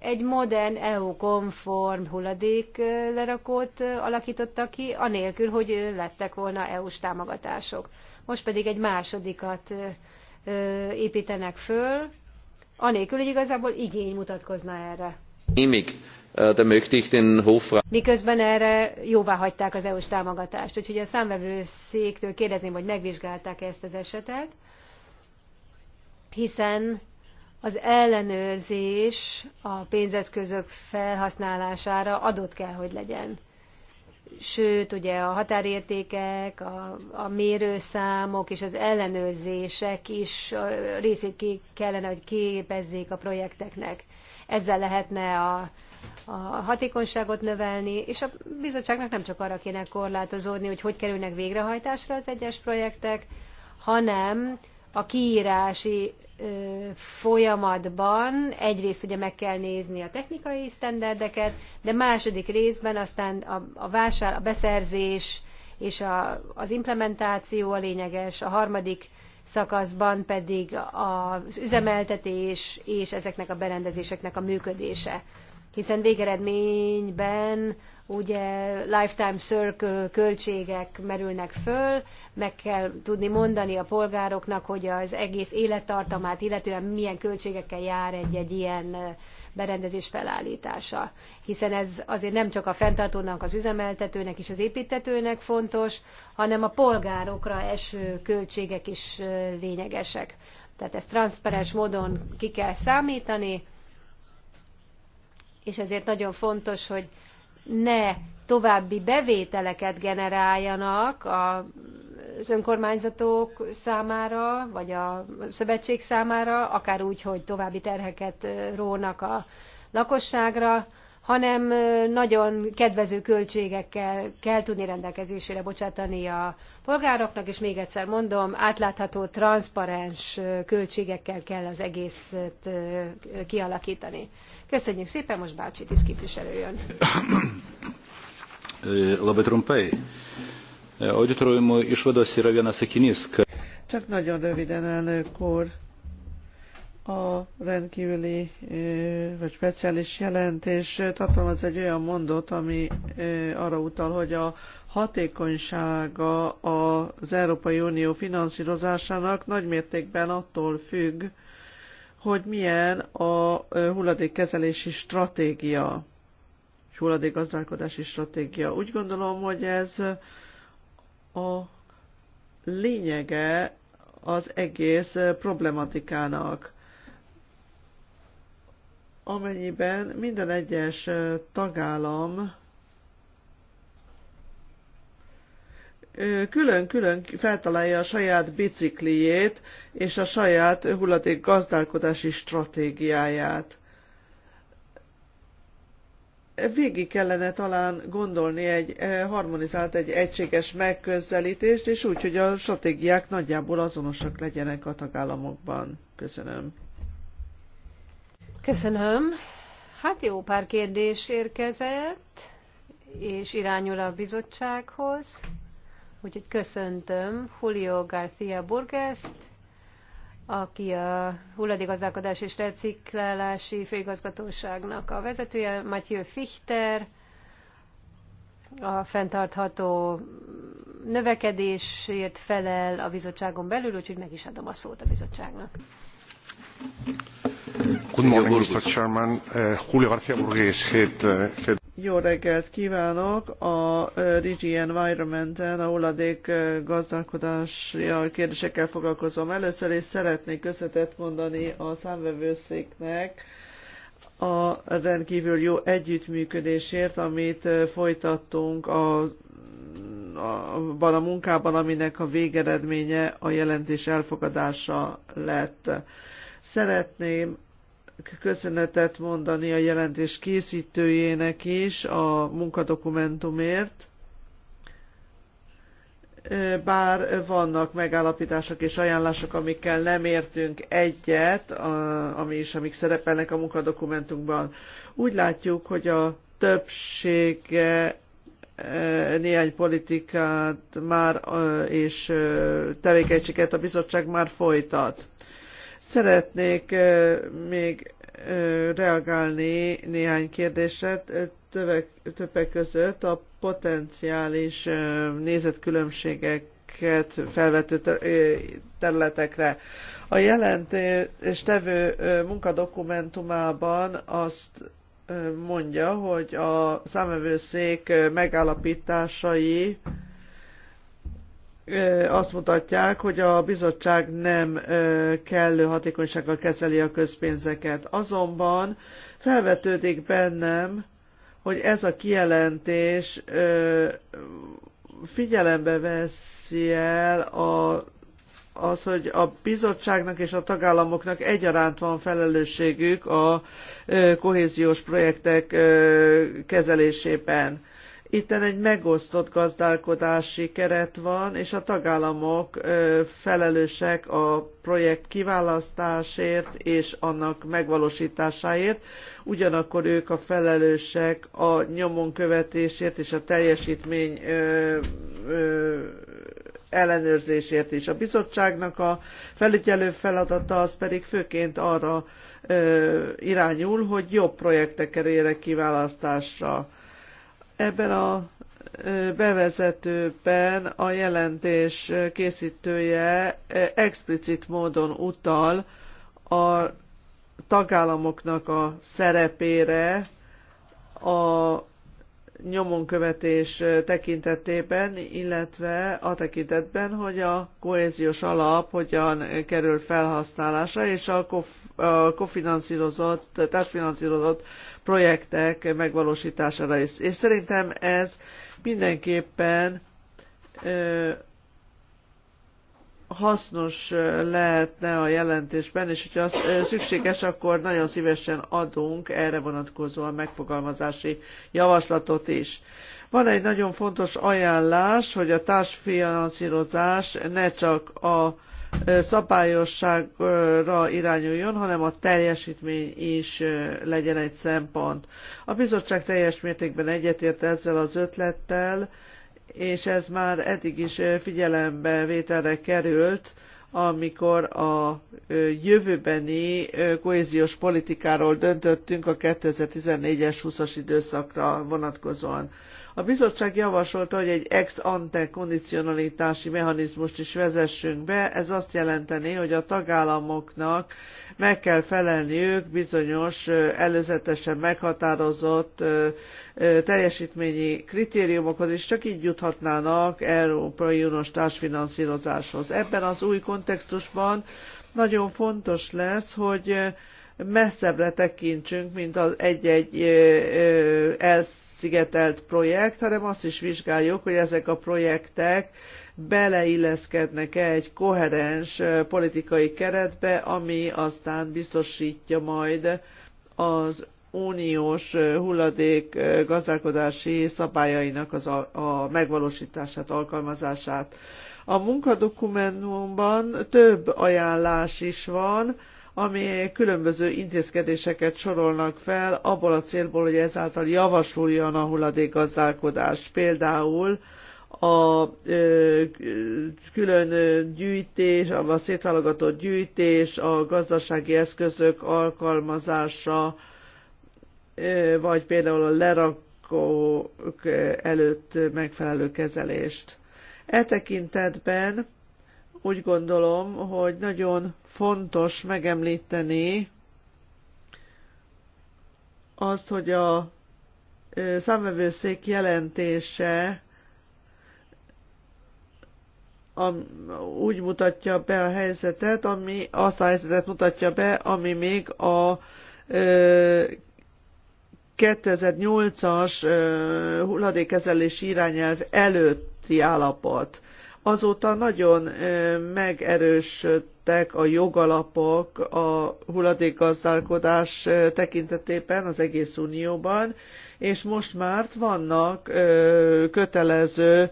egy modern EU-konform hulladék eh, lerakót eh, alakítottak ki, anélkül, hogy eh, lettek volna EU-s támogatások. Most pedig egy másodikat építenek föl, anélkül, hogy igazából igény mutatkozna erre. még Miközben erre jóváhagyták az EU-s támogatást, úgyhogy a számvevőszéktől kérdezném, hogy megvizsgálták -e ezt az esetet, hiszen az ellenőrzés a pénzeszközök felhasználására adott kell, hogy legyen. Sőt, ugye a határértékek, a, a mérőszámok és az ellenőrzések is részét kellene, hogy képezzék a projekteknek. Ezzel lehetne a a hatékonyságot növelni, és a bizottságnak nem csak arra kéne korlátozódni, hogy hogy kerülnek végrehajtásra az egyes projektek, hanem a kiírási folyamatban egyrészt ugye meg kell nézni a technikai sztenderdeket, de második részben aztán a, a vásár, a beszerzés és a, az implementáció a lényeges, a harmadik szakaszban pedig az üzemeltetés és ezeknek a berendezéseknek a működése hiszen végeredményben ugye lifetime circle költségek merülnek föl, meg kell tudni mondani a polgároknak, hogy az egész élettartamát, illetően milyen költségekkel jár egy-egy ilyen berendezés felállítása. Hiszen ez azért nem csak a fenntartónak, az üzemeltetőnek és az építetőnek fontos, hanem a polgárokra eső költségek is lényegesek. Tehát ezt transzparens módon ki kell számítani, és ezért nagyon fontos, hogy ne további bevételeket generáljanak az önkormányzatok számára, vagy a szövetség számára, akár úgy, hogy további terheket rónak a lakosságra, hanem nagyon kedvező költségekkel kell tudni rendelkezésére bocsátani a polgároknak, és még egyszer mondom, átlátható, transzparens költségekkel kell az egészet kialakítani. Köszönjük szépen, most bácsi tiszt képviselő jön. Labai trumpai. Auditorium išvados yra vienas sakinys, Csak nagyon röviden, elnök úr. A rendkívüli vagy speciális jelentés tartalmaz egy olyan mondat, ami arra utal, hogy a hatékonysága az Európai Unió finanszírozásának nagymértékben attól függ, hogy milyen a hulladékkezelési stratégia, és hulladékgazdálkodási stratégia. Úgy gondolom, hogy ez a lényege az egész problematikának amennyiben minden egyes tagállam külön-külön feltalálja a saját bicikliét és a saját hulladék gazdálkodási stratégiáját. Végig kellene talán gondolni egy harmonizált, egy egységes megközelítést, és úgy, hogy a stratégiák nagyjából azonosak legyenek a tagállamokban. Köszönöm. Köszönöm. Hát jó pár kérdés érkezett, és irányul a bizottsághoz. Úgyhogy köszöntöm Julio García Burgest, aki a hulladégazdálkodás és reciklálási főigazgatóságnak a vezetője, Mathieu Fichter, a fenntartható növekedésért felel a bizottságon belül, úgyhogy meg is adom a szót a bizottságnak. Good morning, Mr. Chairman. Uh, Julio García Burgues, head, uh, head. Jó reggelt kívánok! A Digi Environment-en a hulladék gazdálkodási kérdésekkel foglalkozom először, is szeretnék köszönetet mondani a számvevőszéknek a rendkívül jó együttműködésért, amit folytattunk a, abban a munkában, aminek a végeredménye a jelentés elfogadása lett szeretném köszönetet mondani a jelentés készítőjének is a munkadokumentumért, bár vannak megállapítások és ajánlások, amikkel nem értünk egyet, ami is, amik szerepelnek a munkadokumentumban. Úgy látjuk, hogy a többség e, néhány politikát már e, és e, tevékenységet a bizottság már folytat. Szeretnék még reagálni néhány kérdésre, többek között a potenciális nézetkülönbségeket felvető területekre. A jelentés tevő munkadokumentumában azt mondja, hogy a számövőszék megállapításai azt mutatják, hogy a bizottság nem kellő hatékonysággal kezeli a közpénzeket. Azonban felvetődik bennem, hogy ez a kijelentés figyelembe veszi el a, az, hogy a bizottságnak és a tagállamoknak egyaránt van felelősségük a kohéziós projektek kezelésében Itten egy megosztott gazdálkodási keret van, és a tagállamok felelősek a projekt kiválasztásért és annak megvalósításáért, ugyanakkor ők a felelősek a nyomon követésért és a teljesítmény ellenőrzésért is. A bizottságnak a felügyelő feladata az pedig főként arra irányul, hogy jobb projektek kerüljenek kiválasztásra Ebben a bevezetőben a jelentés készítője explicit módon utal a tagállamoknak a szerepére a nyomonkövetés tekintetében, illetve a tekintetben, hogy a kohéziós alap hogyan kerül felhasználásra, és a kofinanszírozott, társfinanszírozott projektek megvalósítására is. És szerintem ez mindenképpen hasznos lehetne a jelentésben, és hogyha az szükséges, akkor nagyon szívesen adunk erre vonatkozóan megfogalmazási javaslatot is. Van egy nagyon fontos ajánlás, hogy a társfinanszírozás ne csak a szabályosságra irányuljon, hanem a teljesítmény is legyen egy szempont. A bizottság teljes mértékben egyetért ezzel az ötlettel, és ez már eddig is figyelembe vételre került, amikor a jövőbeni kohéziós politikáról döntöttünk a 2014-es 20-as időszakra vonatkozóan. A bizottság javasolta, hogy egy ex ante kondicionalitási mechanizmust is vezessünk be. Ez azt jelenteni, hogy a tagállamoknak meg kell felelniük bizonyos előzetesen meghatározott teljesítményi kritériumokhoz, és csak így juthatnának Európai Uniós társfinanszírozáshoz. Ebben az új kontextusban nagyon fontos lesz, hogy messzebbre tekintsünk, mint az egy-egy elszigetelt projekt, hanem azt is vizsgáljuk, hogy ezek a projektek beleilleszkednek-e egy koherens politikai keretbe, ami aztán biztosítja majd az uniós hulladék gazdálkodási szabályainak az a, a megvalósítását, alkalmazását. A munkadokumentumban több ajánlás is van, Amelyek különböző intézkedéseket sorolnak fel abból a célból, hogy ezáltal javasuljon a hulladékgazdálkodás. Például a ö, külön gyűjtés, a szétválogatott gyűjtés, a gazdasági eszközök alkalmazása, ö, vagy például a lerakók előtt megfelelő kezelést. E tekintetben úgy gondolom, hogy nagyon fontos megemlíteni azt, hogy a számvevőszék jelentése a, úgy mutatja be a helyzetet, ami azt a helyzetet mutatja be, ami még a 2008-as hulladékezelési irányelv előtti állapot. Azóta nagyon megerősödtek a jogalapok a hulladékgazdálkodás tekintetében az egész unióban, és most már vannak kötelező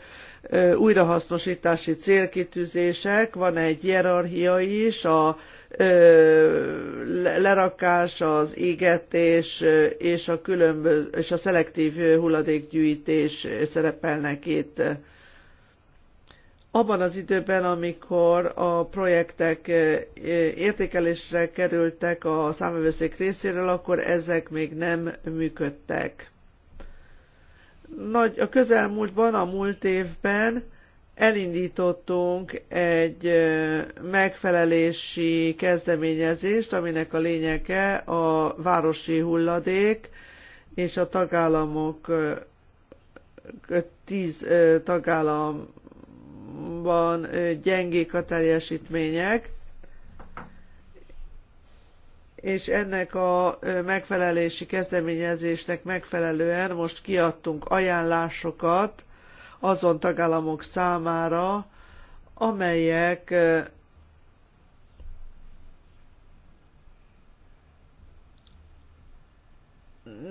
újrahasznosítási célkitűzések, van egy hierarchia is, a lerakás, az égetés és a, különböző, és a szelektív hulladékgyűjtés szerepelnek itt abban az időben, amikor a projektek eh, értékelésre kerültek a számövőszék részéről, akkor ezek még nem működtek. Nagy, a közelmúltban, a múlt évben elindítottunk egy eh, megfelelési kezdeményezést, aminek a lényege a városi hulladék és a tagállamok, eh, tíz tagállam van gyengék a teljesítmények, és ennek a megfelelési kezdeményezésnek megfelelően most kiadtunk ajánlásokat azon tagállamok számára, amelyek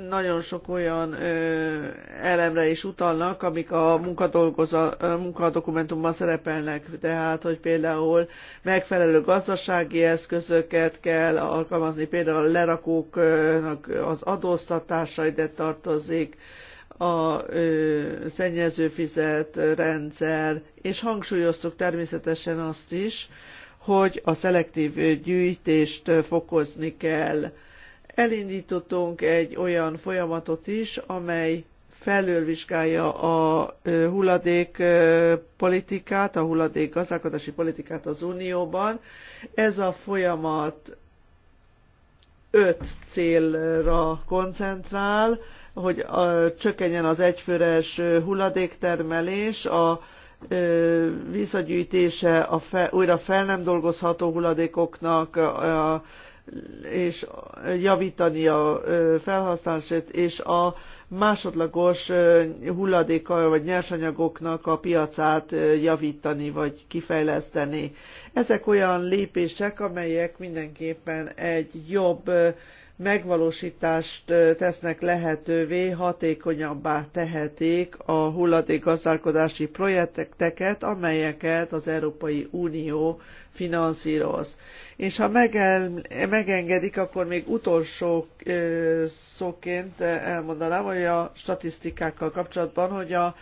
nagyon sok olyan ö, elemre is utalnak, amik a munkadokumentumban szerepelnek, tehát, hogy például megfelelő gazdasági eszközöket kell alkalmazni, például a lerakóknak az adóztatása ide tartozik, a ö, szennyező fizet rendszer, és hangsúlyoztuk természetesen azt is, hogy a szelektív gyűjtést fokozni kell elindítottunk egy olyan folyamatot is, amely felülvizsgálja a hulladék politikát, a hulladék gazdálkodási politikát az Unióban. Ez a folyamat öt célra koncentrál, hogy a, csökkenjen az egyfőres hulladéktermelés, a ö, visszagyűjtése a fe, újra fel nem dolgozható hulladékoknak, a, a és javítani a felhasználását, és a másodlagos hulladékkal vagy nyersanyagoknak a piacát javítani vagy kifejleszteni. Ezek olyan lépések, amelyek mindenképpen egy jobb megvalósítást tesznek lehetővé, hatékonyabbá tehetik a hulladékgazdálkodási projekteket, amelyeket az Európai Unió finanszíroz. És ha megengedik, akkor még utolsó szóként elmondanám, hogy a statisztikákkal kapcsolatban, hogy a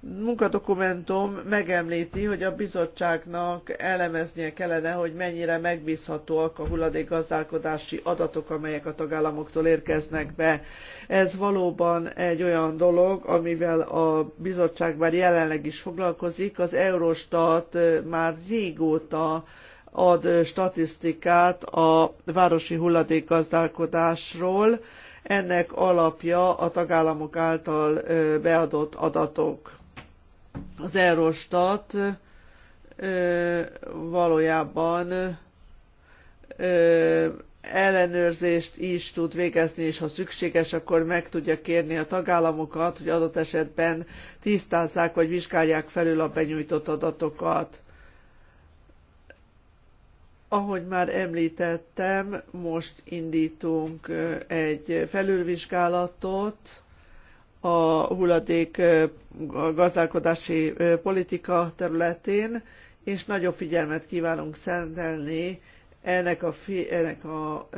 munkadokumentum megemlíti, hogy a bizottságnak elemeznie kellene, hogy mennyire megbízhatóak a hulladékgazdálkodási adatok, amelyek a tagállamoktól érkeznek be. Ez valóban egy olyan dolog, amivel a bizottság már jelenleg is foglalkozik. Az Eurostat már régóta ad statisztikát a városi hulladékgazdálkodásról, ennek alapja a tagállamok által beadott adatok az Eurostat valójában ellenőrzést is tud végezni, és ha szükséges, akkor meg tudja kérni a tagállamokat, hogy adott esetben tisztázzák vagy vizsgálják felül a benyújtott adatokat. Ahogy már említettem, most indítunk egy felülvizsgálatot, a hulladék gazdálkodási politika területén, és nagyobb figyelmet kívánunk szentelni ennek, a, ennek a,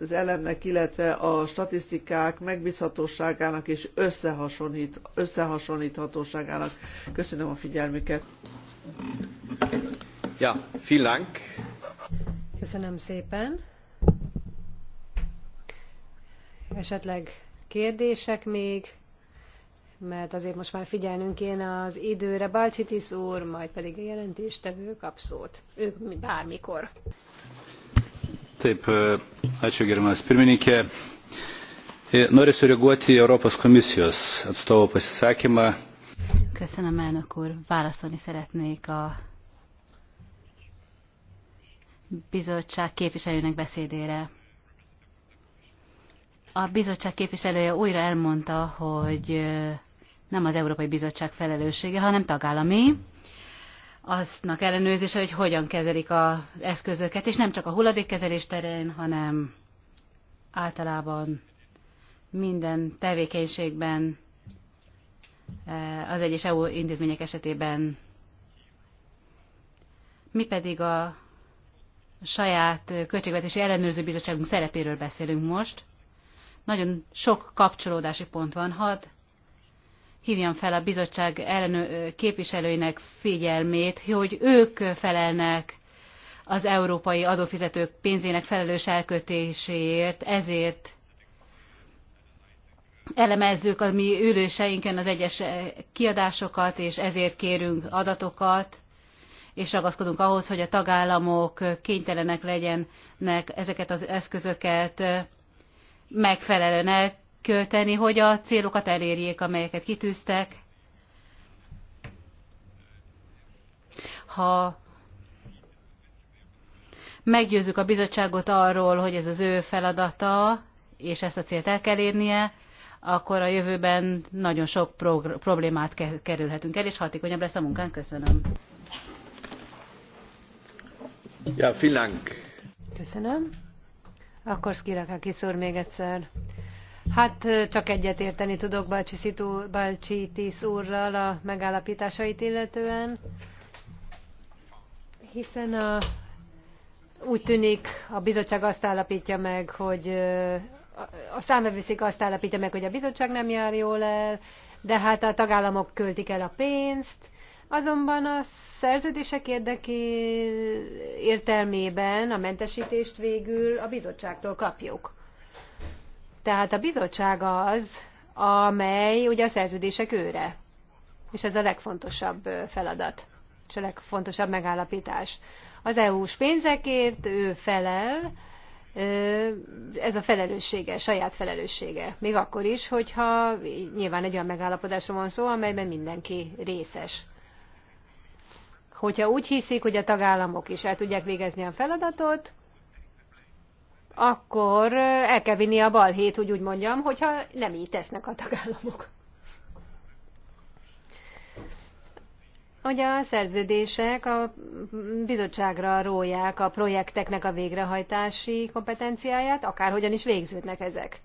az elemnek, illetve a statisztikák megbízhatóságának és összehasonlít, összehasonlíthatóságának. Köszönöm a figyelmüket. Ja, vielen Dank. Köszönöm szépen. Esetleg kérdések még? mert azért most már figyelnünk kéne az időre. Balcsitis úr, majd pedig a jelentéstevő kap szót. Ők bármikor. Taip, ačiū gerimas pirmininkė. Noriu sureaguoti į Europos komisijos atstovo pasisakymą. Köszönöm, elnök úr. Válaszolni szeretnék a bizottság képviselőnek beszédére. A bizottság képviselője újra elmondta, hogy nem az Európai Bizottság felelőssége, hanem tagállami, aztnak ellenőrzése, hogy hogyan kezelik az eszközöket, és nem csak a hulladékkezelés terén, hanem általában minden tevékenységben eh, az egyes EU intézmények esetében. Mi pedig a saját költségvetési ellenőrző bizottságunk szerepéről beszélünk most. Nagyon sok kapcsolódási pont van. Hadd hívjam fel a bizottság ellenő, képviselőinek figyelmét, hogy ők felelnek az európai adófizetők pénzének felelős elkötéséért, ezért elemezzük a mi ülőseinken az egyes kiadásokat, és ezért kérünk adatokat, és ragaszkodunk ahhoz, hogy a tagállamok kénytelenek legyenek ezeket az eszközöket megfelelően költeni, hogy a célokat elérjék, amelyeket kitűztek. Ha meggyőzzük a bizottságot arról, hogy ez az ő feladata, és ezt a célt el kell érnie, akkor a jövőben nagyon sok problémát kerülhetünk el, és hatékonyabb lesz a munkánk. Köszönöm. Ja, vielen Köszönöm. Akkor Szkirakakis úr még egyszer. Hát csak egyetérteni tudok Balcsitis úrral a megállapításait illetően, hiszen a, úgy tűnik a bizottság azt állapítja meg, hogy a számvevőszék azt állapítja meg, hogy a bizottság nem jár jól el, de hát a tagállamok költik el a pénzt, Azonban a szerződések érdeké értelmében a mentesítést végül a bizottságtól kapjuk. Tehát a bizottság az, amely ugye a szerződések őre. És ez a legfontosabb feladat, és a legfontosabb megállapítás. Az EU-s pénzekért ő felel, ez a felelőssége, saját felelőssége. Még akkor is, hogyha nyilván egy olyan megállapodásról van szó, amelyben mindenki részes. Hogyha úgy hiszik, hogy a tagállamok is el tudják végezni a feladatot, akkor el kell vinni a balhét, hogy úgy mondjam, hogyha nem így tesznek a tagállamok. Ugye a szerződések a bizottságra róják a projekteknek a végrehajtási kompetenciáját, akárhogyan is végződnek ezek.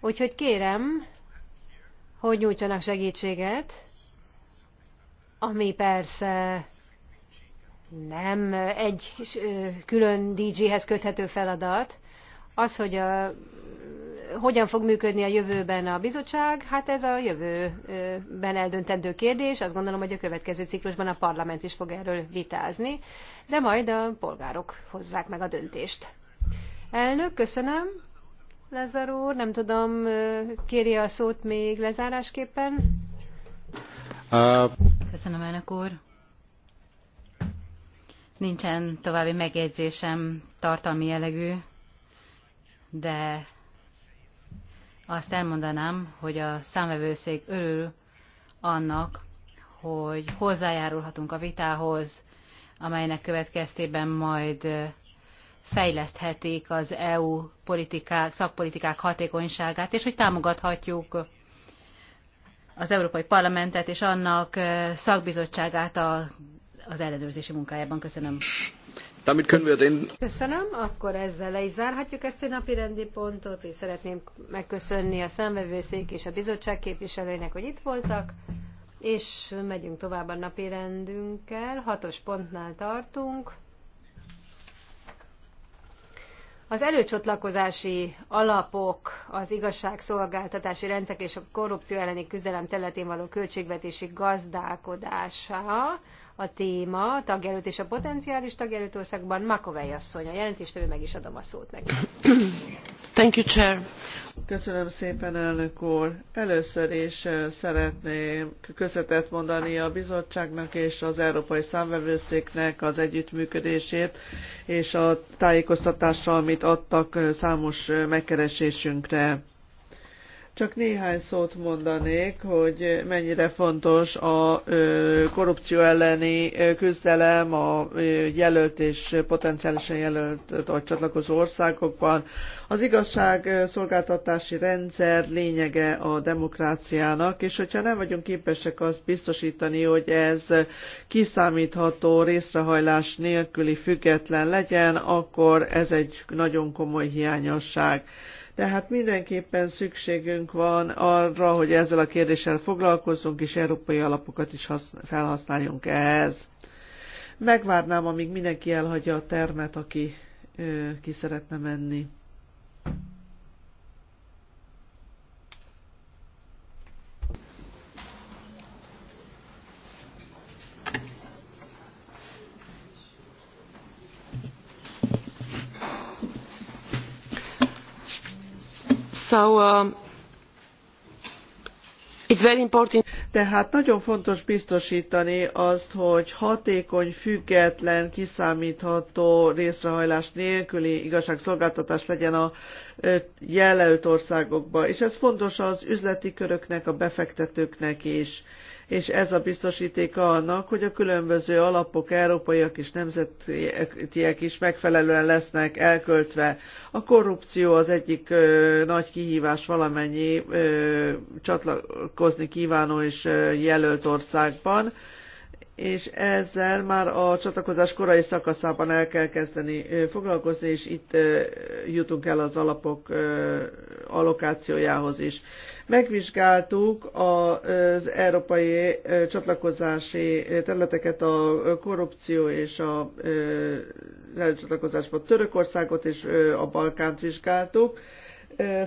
Úgyhogy kérem, hogy nyújtsanak segítséget, ami persze nem egy külön dj hez köthető feladat. Az, hogy a, hogyan fog működni a jövőben a bizottság, hát ez a jövőben eldöntendő kérdés. Azt gondolom, hogy a következő ciklusban a parlament is fog erről vitázni, de majd a polgárok hozzák meg a döntést. Elnök, köszönöm. Lázár úr, nem tudom, kéri a szót még lezárásképpen? Uh... Köszönöm, elnök úr. Nincsen további megjegyzésem tartalmi jellegű, de azt elmondanám, hogy a számvevőszék örül annak, hogy hozzájárulhatunk a vitához, amelynek következtében majd fejleszthetik az EU politikák, szakpolitikák hatékonyságát, és hogy támogathatjuk az Európai Parlamentet és annak szakbizottságát a az ellenőrzési munkájában. Köszönöm. Damit können wir den... Köszönöm, akkor ezzel le is zárhatjuk ezt a napi rendi pontot, és szeretném megköszönni a számvevőszék és a bizottság képviselőinek, hogy itt voltak, és megyünk tovább a napi rendünkkel. Hatos pontnál tartunk. Az előcsatlakozási alapok, az igazságszolgáltatási rendszer és a korrupció elleni küzdelem területén való költségvetési gazdálkodása a téma, tagjelölt és a potenciális tagjelölt országban. Makovej asszony, a jelentéstől meg is adom a szót neki. Thank you, Chair. Köszönöm szépen, elnök úr. Először is szeretném köszönetet mondani a bizottságnak és az Európai Számvevőszéknek az együttműködését és a tájékoztatásra, amit adtak számos megkeresésünkre. Csak néhány szót mondanék, hogy mennyire fontos a korrupció elleni küzdelem a jelölt és potenciálisan jelölt vagy csatlakozó országokban. Az igazságszolgáltatási rendszer lényege a demokráciának, és hogyha nem vagyunk képesek azt biztosítani, hogy ez kiszámítható részrehajlás nélküli független legyen, akkor ez egy nagyon komoly hiányosság. Tehát mindenképpen szükségünk van arra, hogy ezzel a kérdéssel foglalkozzunk, és európai alapokat is felhasználjunk ehhez. Megvárnám, amíg mindenki elhagyja a termet, aki ö, ki szeretne menni. Um, Tehát nagyon fontos biztosítani azt, hogy hatékony, független, kiszámítható részrehajlás nélküli igazságszolgáltatás legyen a jelölt országokban. És ez fontos az üzleti köröknek, a befektetőknek is és ez a biztosítéka annak, hogy a különböző alapok, európaiak és nemzetiek is megfelelően lesznek elköltve. A korrupció az egyik ö, nagy kihívás valamennyi ö, csatlakozni kívánó és ö, jelölt országban, és ezzel már a csatlakozás korai szakaszában el kell kezdeni foglalkozni, és itt jutunk el az alapok allokációjához is. Megvizsgáltuk az európai csatlakozási területeket, a korrupció és a csatlakozásban Törökországot és a Balkánt vizsgáltuk,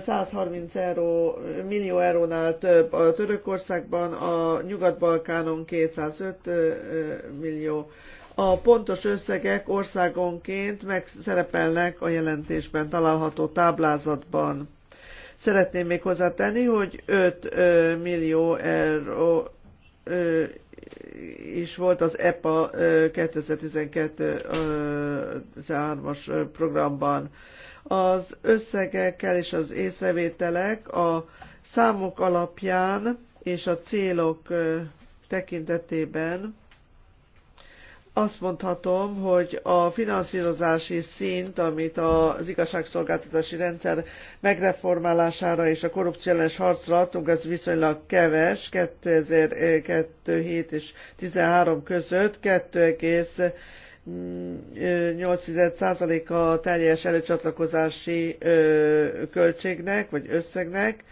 130 euró, millió eurónál több a Törökországban, a Nyugat-Balkánon 205 millió. A pontos összegek országonként megszerepelnek a jelentésben található táblázatban. Szeretném még hozzátenni, hogy 5 millió euró is volt az EPA 2012-13-as programban az összegekkel és az észrevételek a számok alapján és a célok tekintetében azt mondhatom, hogy a finanszírozási szint, amit az igazságszolgáltatási rendszer megreformálására és a korrupció ellenes harcra adtunk, ez viszonylag keves, 2007 és 2013 között 2, 8 a teljes előcsatlakozási költségnek, vagy összegnek,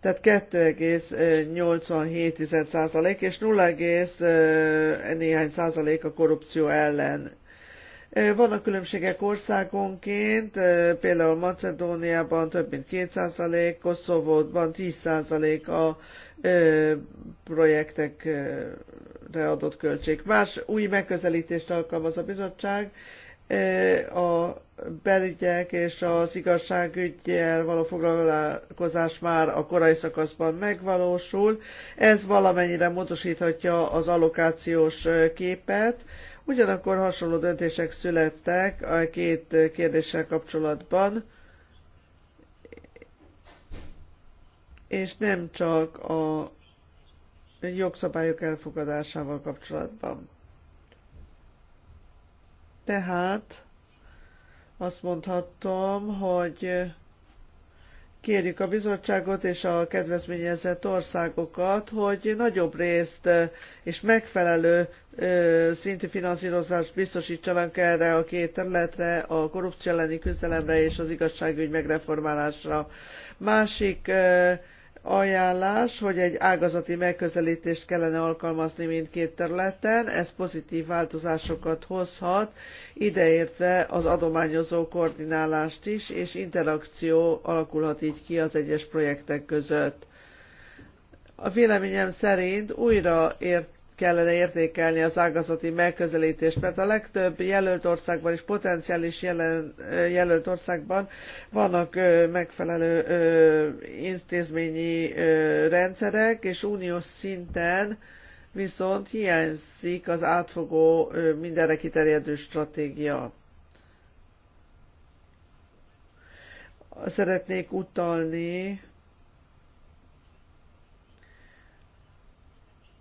tehát 2,87% és 0, néhány százalék a korrupció ellen. Vannak különbségek országonként, például Macedóniában több mint 2 Koszovóban 10 a projektekre adott költség. Más új megközelítést alkalmaz a bizottság, a belügyek és az igazságügyel való foglalkozás már a korai szakaszban megvalósul. Ez valamennyire módosíthatja az allokációs képet. Ugyanakkor hasonló döntések születtek a két kérdéssel kapcsolatban és nem csak a jogszabályok elfogadásával kapcsolatban. Tehát azt mondhatom, hogy kérjük a bizottságot és a kedvezményezett országokat, hogy nagyobb részt és megfelelő szintű finanszírozást biztosítsanak erre a két területre, a korrupció elleni küzdelemre és az igazságügy megreformálásra. Másik ajánlás, hogy egy ágazati megközelítést kellene alkalmazni mindkét területen, ez pozitív változásokat hozhat, ideértve az adományozó koordinálást is, és interakció alakulhat így ki az egyes projektek között. A véleményem szerint újra ért kellene értékelni az ágazati megközelítést, mert a legtöbb jelölt országban és potenciális jelen, jelölt országban vannak megfelelő intézményi rendszerek, és uniós szinten viszont hiányzik az átfogó, mindenre kiterjedő stratégia. Szeretnék utalni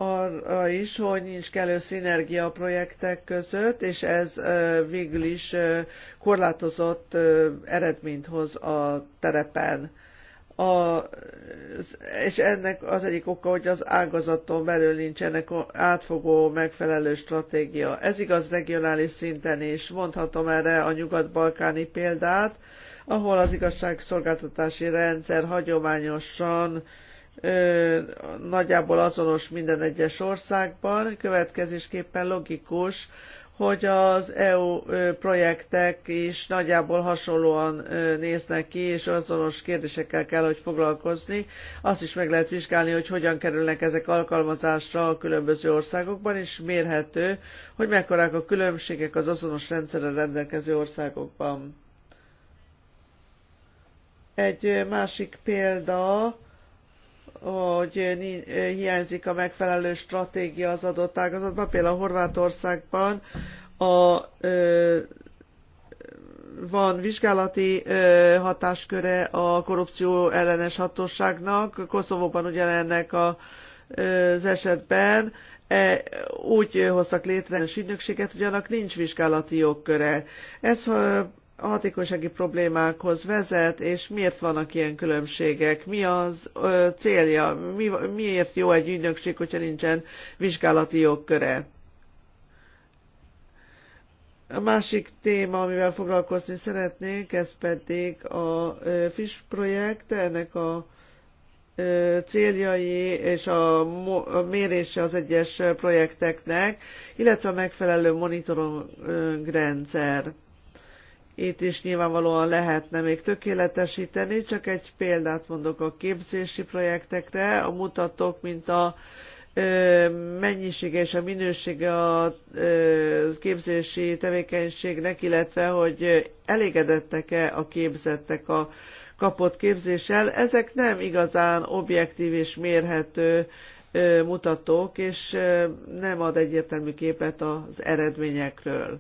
arra is, hogy nincs kellő szinergia a projektek között, és ez végül is korlátozott eredményt hoz a terepen. A, és ennek az egyik oka, hogy az ágazaton belül nincsenek átfogó megfelelő stratégia. Ez igaz regionális szinten is. Mondhatom erre a nyugat-balkáni példát, ahol az igazságszolgáltatási rendszer hagyományosan nagyjából azonos minden egyes országban, következésképpen logikus, hogy az EU projektek is nagyjából hasonlóan néznek ki, és azonos kérdésekkel kell, hogy foglalkozni. Azt is meg lehet vizsgálni, hogy hogyan kerülnek ezek alkalmazásra a különböző országokban, és mérhető, hogy mekkorák a különbségek az azonos rendszerre rendelkező országokban. Egy másik példa, hogy hiányzik a megfelelő stratégia az adott ágazatban. Például Horvátországban a, van vizsgálati hatásköre a korrupció ellenes hatóságnak, Koszovóban ugyanennek a, az esetben e, úgy hoztak létre az ügynökséget, hogy annak nincs vizsgálati jogköre. Ez a hatékonysági problémákhoz vezet, és miért vannak ilyen különbségek, mi az ö, célja, mi, miért jó egy ügynökség, hogyha nincsen vizsgálati jogköre. A másik téma, amivel foglalkozni szeretnék, ez pedig a FISH projekt, ennek a céljai és a mérése az egyes projekteknek, illetve a megfelelő monitoring rendszer. Itt is nyilvánvalóan lehetne még tökéletesíteni, csak egy példát mondok a képzési projektekre. A mutatók, mint a mennyisége és a minősége a képzési tevékenységnek, illetve hogy elégedettek-e a képzettek a kapott képzéssel. Ezek nem igazán objektív és mérhető mutatók, és nem ad egyértelmű képet az eredményekről.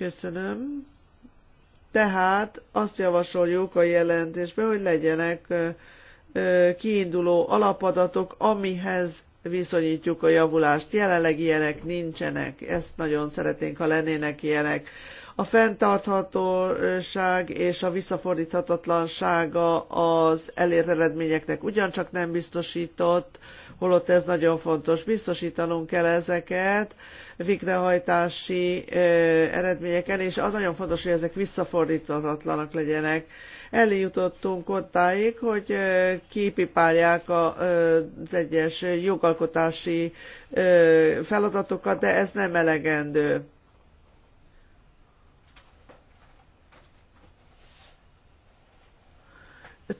Köszönöm. Tehát azt javasoljuk a jelentésben, hogy legyenek kiinduló alapadatok, amihez viszonyítjuk a javulást. Jelenleg ilyenek nincsenek, ezt nagyon szeretnénk, ha lennének ilyenek a fenntarthatóság és a visszafordíthatatlansága az elért eredményeknek ugyancsak nem biztosított, holott ez nagyon fontos. Biztosítanunk kell ezeket végrehajtási eredményeken, és az nagyon fontos, hogy ezek visszafordíthatatlanak legyenek. Eljutottunk ottáig, hogy képipálják az egyes jogalkotási feladatokat, de ez nem elegendő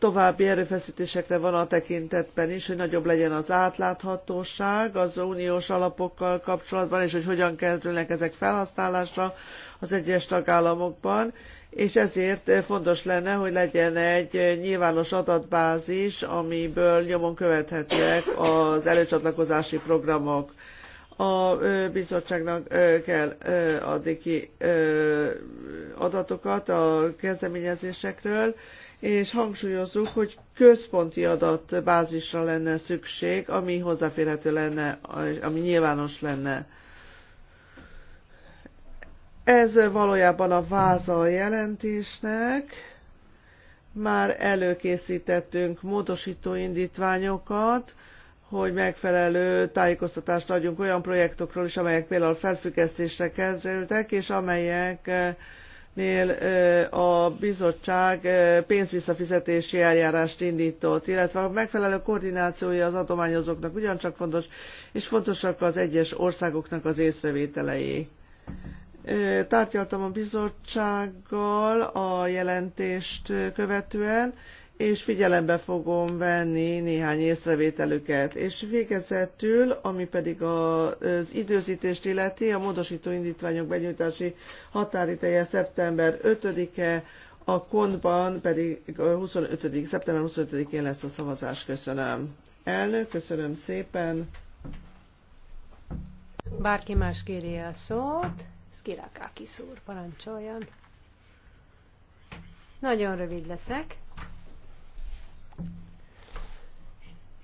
további erőfeszítésekre van a tekintetben is, hogy nagyobb legyen az átláthatóság az uniós alapokkal kapcsolatban, és hogy hogyan kerülnek ezek felhasználásra az egyes tagállamokban, és ezért fontos lenne, hogy legyen egy nyilvános adatbázis, amiből nyomon követhetőek az előcsatlakozási programok a bizottságnak kell adni ki adatokat a kezdeményezésekről, és hangsúlyozzuk, hogy központi adatbázisra lenne szükség, ami hozzáférhető lenne, ami nyilvános lenne. Ez valójában a váza a jelentésnek. Már előkészítettünk módosító indítványokat, hogy megfelelő tájékoztatást adjunk olyan projektokról is, amelyek például felfüggesztésre kezdődtek, és amelyek nél a bizottság pénzvisszafizetési eljárást indított, illetve a megfelelő koordinációja az adományozóknak ugyancsak fontos, és fontosak az egyes országoknak az észrevételei. Tárgyaltam a bizottsággal a jelentést követően, és figyelembe fogom venni néhány észrevételüket. És végezetül, ami pedig az időzítést illeti, a módosító indítványok benyújtási határideje szeptember 5-e, a kontban pedig 25. szeptember 25-én lesz a szavazás. Köszönöm. Elnök, köszönöm szépen. Bárki más kéri a szót. Szkilakákis úr, parancsoljon. Nagyon rövid leszek.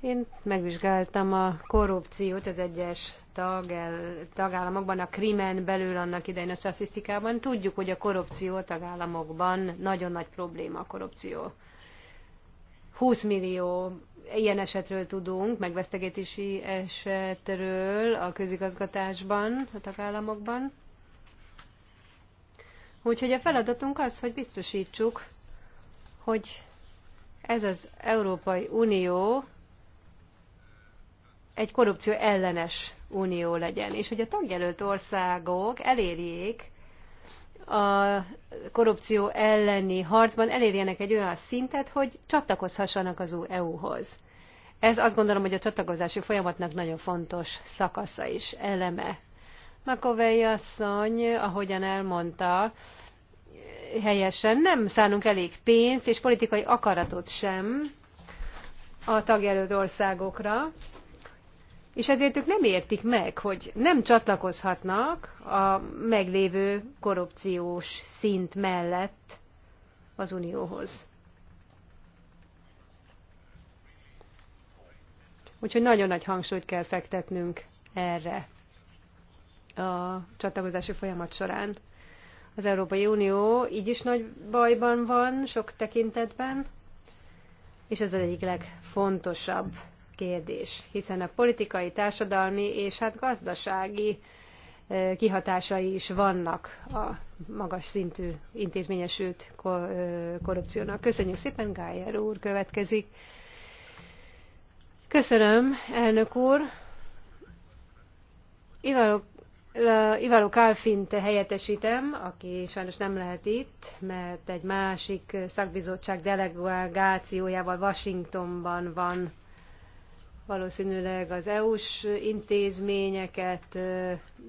Én megvizsgáltam a korrupciót az egyes tagel, tagállamokban, a krimen belül annak idején a statisztikában. Tudjuk, hogy a korrupció a tagállamokban nagyon nagy probléma a korrupció. 20 millió ilyen esetről tudunk, megvesztegetési esetről a közigazgatásban, a tagállamokban. Úgyhogy a feladatunk az, hogy biztosítsuk, hogy ez az Európai Unió egy korrupció ellenes unió legyen, és hogy a tagjelölt országok elérjék a korrupció elleni harcban elérjenek egy olyan szintet, hogy csatlakozhassanak az EU-hoz. Ez azt gondolom, hogy a csatlakozási folyamatnak nagyon fontos szakasza is, eleme. Makovei asszony, ahogyan elmondta, helyesen nem szánunk elég pénzt és politikai akaratot sem a tagjelölt országokra, és ezért ők nem értik meg, hogy nem csatlakozhatnak a meglévő korrupciós szint mellett az Unióhoz. Úgyhogy nagyon nagy hangsúlyt kell fektetnünk erre a csatlakozási folyamat során. Az Európai Unió így is nagy bajban van sok tekintetben, és ez az egyik legfontosabb kérdés, hiszen a politikai, társadalmi és hát gazdasági kihatásai is vannak a magas szintű intézményesült korrupciónak. Köszönjük szépen, Gájer úr következik. Köszönöm, elnök úr. Ivaló Kálfint helyettesítem, aki sajnos nem lehet itt, mert egy másik szakbizottság delegációjával Washingtonban van valószínűleg az EU-s intézményeket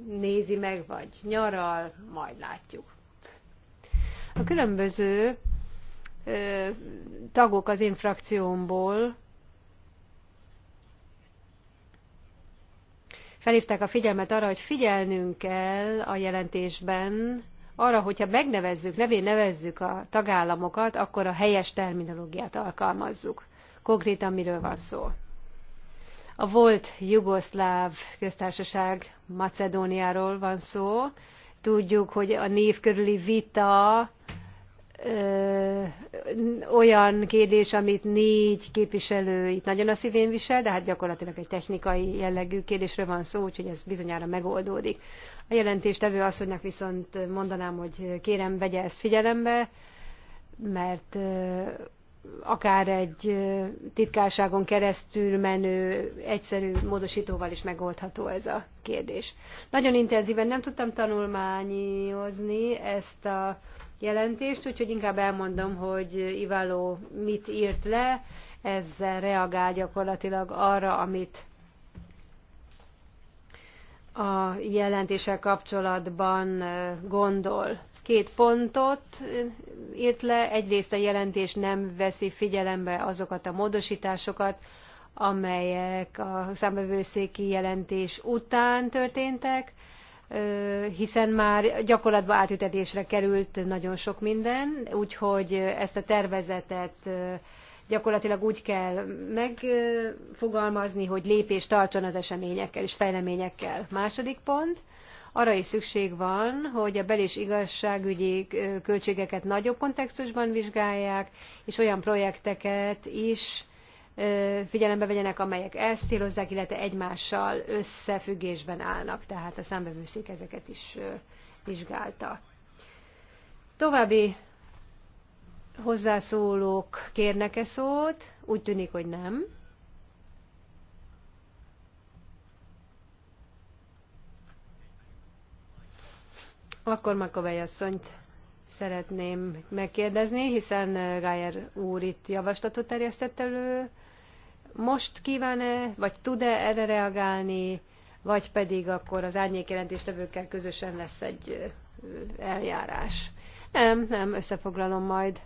nézi meg, vagy nyaral, majd látjuk. A különböző tagok az infrakciómból felhívták a figyelmet arra, hogy figyelnünk kell a jelentésben arra, hogyha megnevezzük, nevén nevezzük a tagállamokat, akkor a helyes terminológiát alkalmazzuk. Konkrétan miről van szó? A volt jugoszláv köztársaság Macedóniáról van szó. Tudjuk, hogy a név körüli vita ö, olyan kérdés, amit négy képviselő itt nagyon a szívén visel, de hát gyakorlatilag egy technikai jellegű kérdésről van szó, úgyhogy ez bizonyára megoldódik. A jelentéstevő asszonynak viszont mondanám, hogy kérem, vegye ezt figyelembe, mert akár egy titkárságon keresztül menő egyszerű módosítóval is megoldható ez a kérdés. Nagyon intenzíven nem tudtam tanulmányozni ezt a jelentést, úgyhogy inkább elmondom, hogy Iváló mit írt le, ezzel reagál gyakorlatilag arra, amit a jelentéssel kapcsolatban gondol két pontot írt le. Egyrészt a jelentés nem veszi figyelembe azokat a módosításokat, amelyek a számbevőszéki jelentés után történtek, hiszen már gyakorlatba átütetésre került nagyon sok minden, úgyhogy ezt a tervezetet gyakorlatilag úgy kell megfogalmazni, hogy lépést tartson az eseményekkel és fejleményekkel. Második pont arra is szükség van, hogy a bel- és igazságügyi költségeket nagyobb kontextusban vizsgálják, és olyan projekteket is figyelembe vegyenek, amelyek ezt illetve egymással összefüggésben állnak. Tehát a számbevőszék ezeket is vizsgálta. További hozzászólók kérnek-e szót? Úgy tűnik, hogy nem. Akkor Makovely asszonyt szeretném megkérdezni, hiszen Gájer úr itt javaslatot terjesztett elő. Most kíván-e, vagy tud-e erre reagálni, vagy pedig akkor az árnyékjelentéstevőkkel közösen lesz egy eljárás. Nem, nem, összefoglalom majd.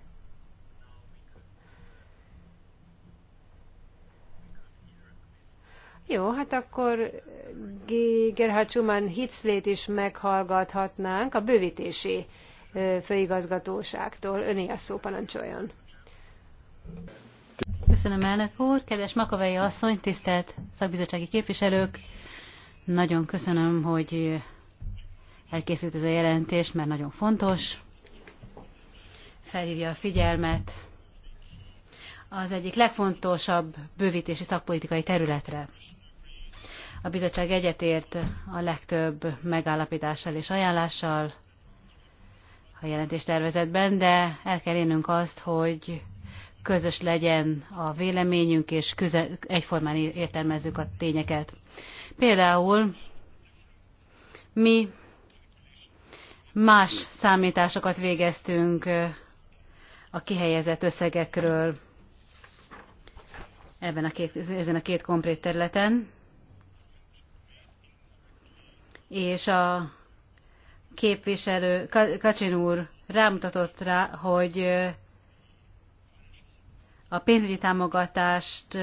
Jó, hát akkor Gerhard Schumann Hitzlét is meghallgathatnánk a bővítési főigazgatóságtól. Öné a szó parancsoljon. Köszönöm elnök úr, kedves Makovei asszony, tisztelt szakbizottsági képviselők! Nagyon köszönöm, hogy elkészült ez a jelentés, mert nagyon fontos. Felhívja a figyelmet az egyik legfontosabb bővítési szakpolitikai területre. A bizottság egyetért a legtöbb megállapítással és ajánlással a jelentéstervezetben, de el kell érnünk azt, hogy közös legyen a véleményünk, és közel, egyformán értelmezzük a tényeket. Például mi más számításokat végeztünk a kihelyezett összegekről ebben a két, ezen a két konkrét területen, és a képviselő Kacsin úr rámutatott rá, hogy a pénzügyi támogatást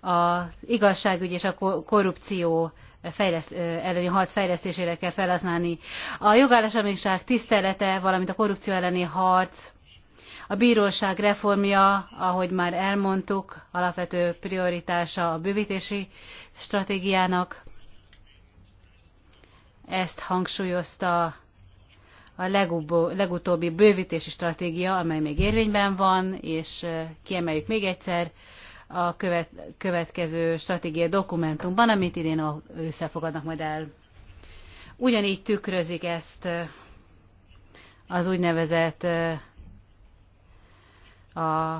az igazságügy és a korrupció fejleszt, elleni harc fejlesztésére kell felhasználni. A jogállásamiság tisztelete, valamint a korrupció elleni harc, a bíróság reformja, ahogy már elmondtuk, alapvető prioritása a bővítési stratégiának, ezt hangsúlyozta a legutóbbi bővítési stratégia, amely még érvényben van, és kiemeljük még egyszer a követ, következő stratégia dokumentumban, amit idén összefogadnak fogadnak majd el. Ugyanígy tükrözik ezt az úgynevezett a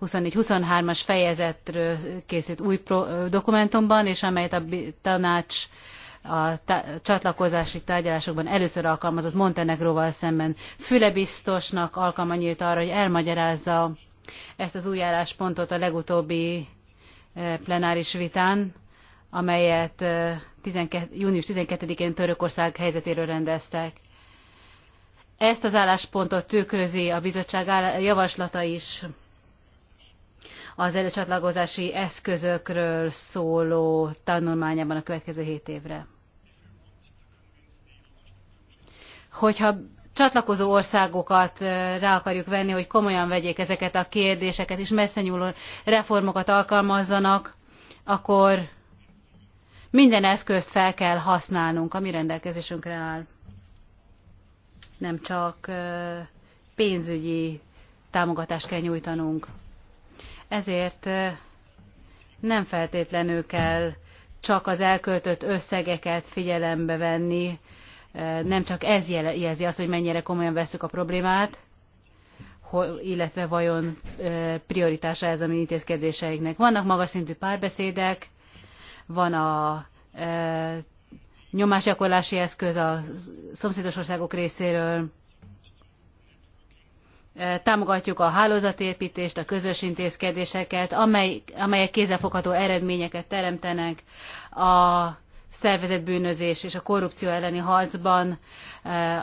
24-23-as fejezetről készült új dokumentumban, és amelyet a tanács a csatlakozási tárgyalásokban először alkalmazott Montenegróval szemben. Füle biztosnak alkalma nyílt arra, hogy elmagyarázza ezt az új álláspontot a legutóbbi e, plenáris vitán, amelyet 12, e, június 12-én Törökország helyzetéről rendeztek. Ezt az álláspontot tükrözi a bizottság javaslata is az előcsatlakozási eszközökről szóló tanulmányában a következő hét évre. Hogyha csatlakozó országokat rá akarjuk venni, hogy komolyan vegyék ezeket a kérdéseket, és nyúló reformokat alkalmazzanak, akkor minden eszközt fel kell használnunk, ami rendelkezésünkre áll. Nem csak pénzügyi támogatást kell nyújtanunk. Ezért nem feltétlenül kell csak az elköltött összegeket figyelembe venni, nem csak ez jelzi azt, hogy mennyire komolyan veszük a problémát, illetve vajon prioritása ez a mi intézkedéseinknek. Vannak magas szintű párbeszédek, van a nyomásgyakorlási eszköz a szomszédos országok részéről, támogatjuk a hálózatépítést, a közös intézkedéseket, amely, amelyek kézzelfogható eredményeket teremtenek a szervezetbűnözés és a korrupció elleni harcban,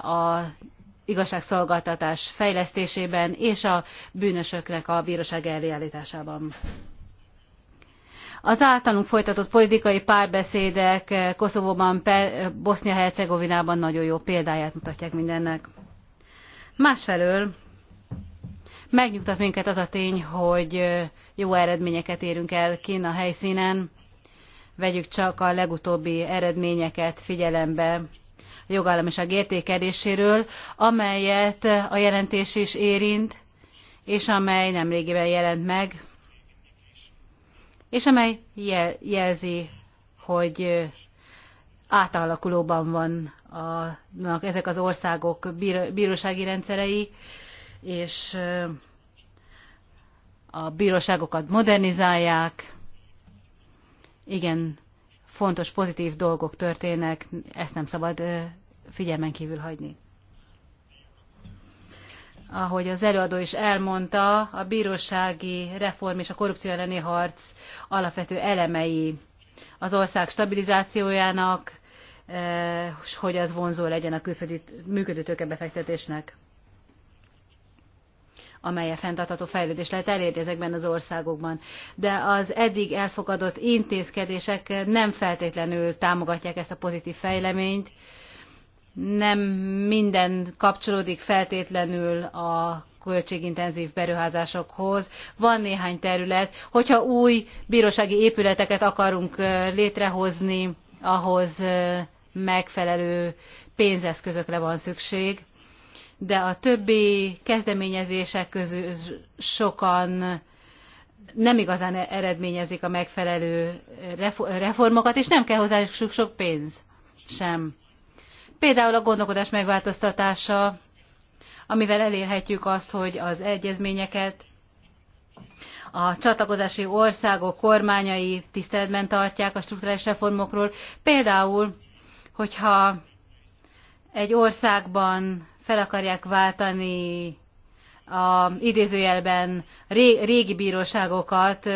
a igazságszolgáltatás fejlesztésében és a bűnösöknek a bíróság elreállításában. Az általunk folytatott politikai párbeszédek Koszovóban, Bosznia-Hercegovinában nagyon jó példáját mutatják mindennek. Másfelől Megnyugtat minket az a tény, hogy jó eredményeket érünk el kín a helyszínen. Vegyük csak a legutóbbi eredményeket figyelembe a jogállamiság értékeléséről, amelyet a jelentés is érint, és amely nemrégiben jelent meg, és amely jel- jelzi, hogy átalakulóban vannak ezek az országok bíró, bírósági rendszerei, és a bíróságokat modernizálják. Igen, fontos, pozitív dolgok történnek, ezt nem szabad figyelmen kívül hagyni. Ahogy az előadó is elmondta, a bírósági reform és a korrupció elleni harc alapvető elemei az ország stabilizációjának, hogy az vonzó legyen a külföldi működő befektetésnek amely a fenntartható fejlődés lehet elérni ezekben az országokban. De az eddig elfogadott intézkedések nem feltétlenül támogatják ezt a pozitív fejleményt, nem minden kapcsolódik feltétlenül a költségintenzív beruházásokhoz. Van néhány terület, hogyha új bírósági épületeket akarunk létrehozni, ahhoz megfelelő pénzeszközökre van szükség de a többi kezdeményezések közül sokan nem igazán eredményezik a megfelelő reformokat, és nem kell hozzájuk sok pénz sem. Például a gondolkodás megváltoztatása, amivel elérhetjük azt, hogy az egyezményeket a csatlakozási országok kormányai tiszteletben tartják a struktúrális reformokról. Például, hogyha egy országban fel akarják váltani a, idézőjelben régi bíróságokat,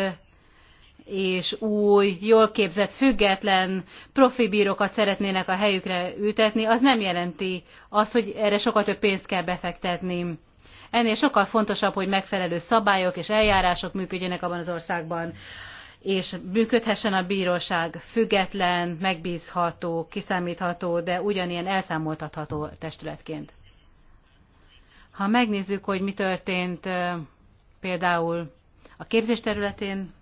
és új, jól képzett, független profi bírókat szeretnének a helyükre ültetni, az nem jelenti azt, hogy erre sokkal több pénzt kell befektetni. Ennél sokkal fontosabb, hogy megfelelő szabályok és eljárások működjenek abban az országban, és működhessen a bíróság független, megbízható, kiszámítható, de ugyanilyen elszámoltatható testületként. Ha megnézzük, hogy mi történt például a képzés területén,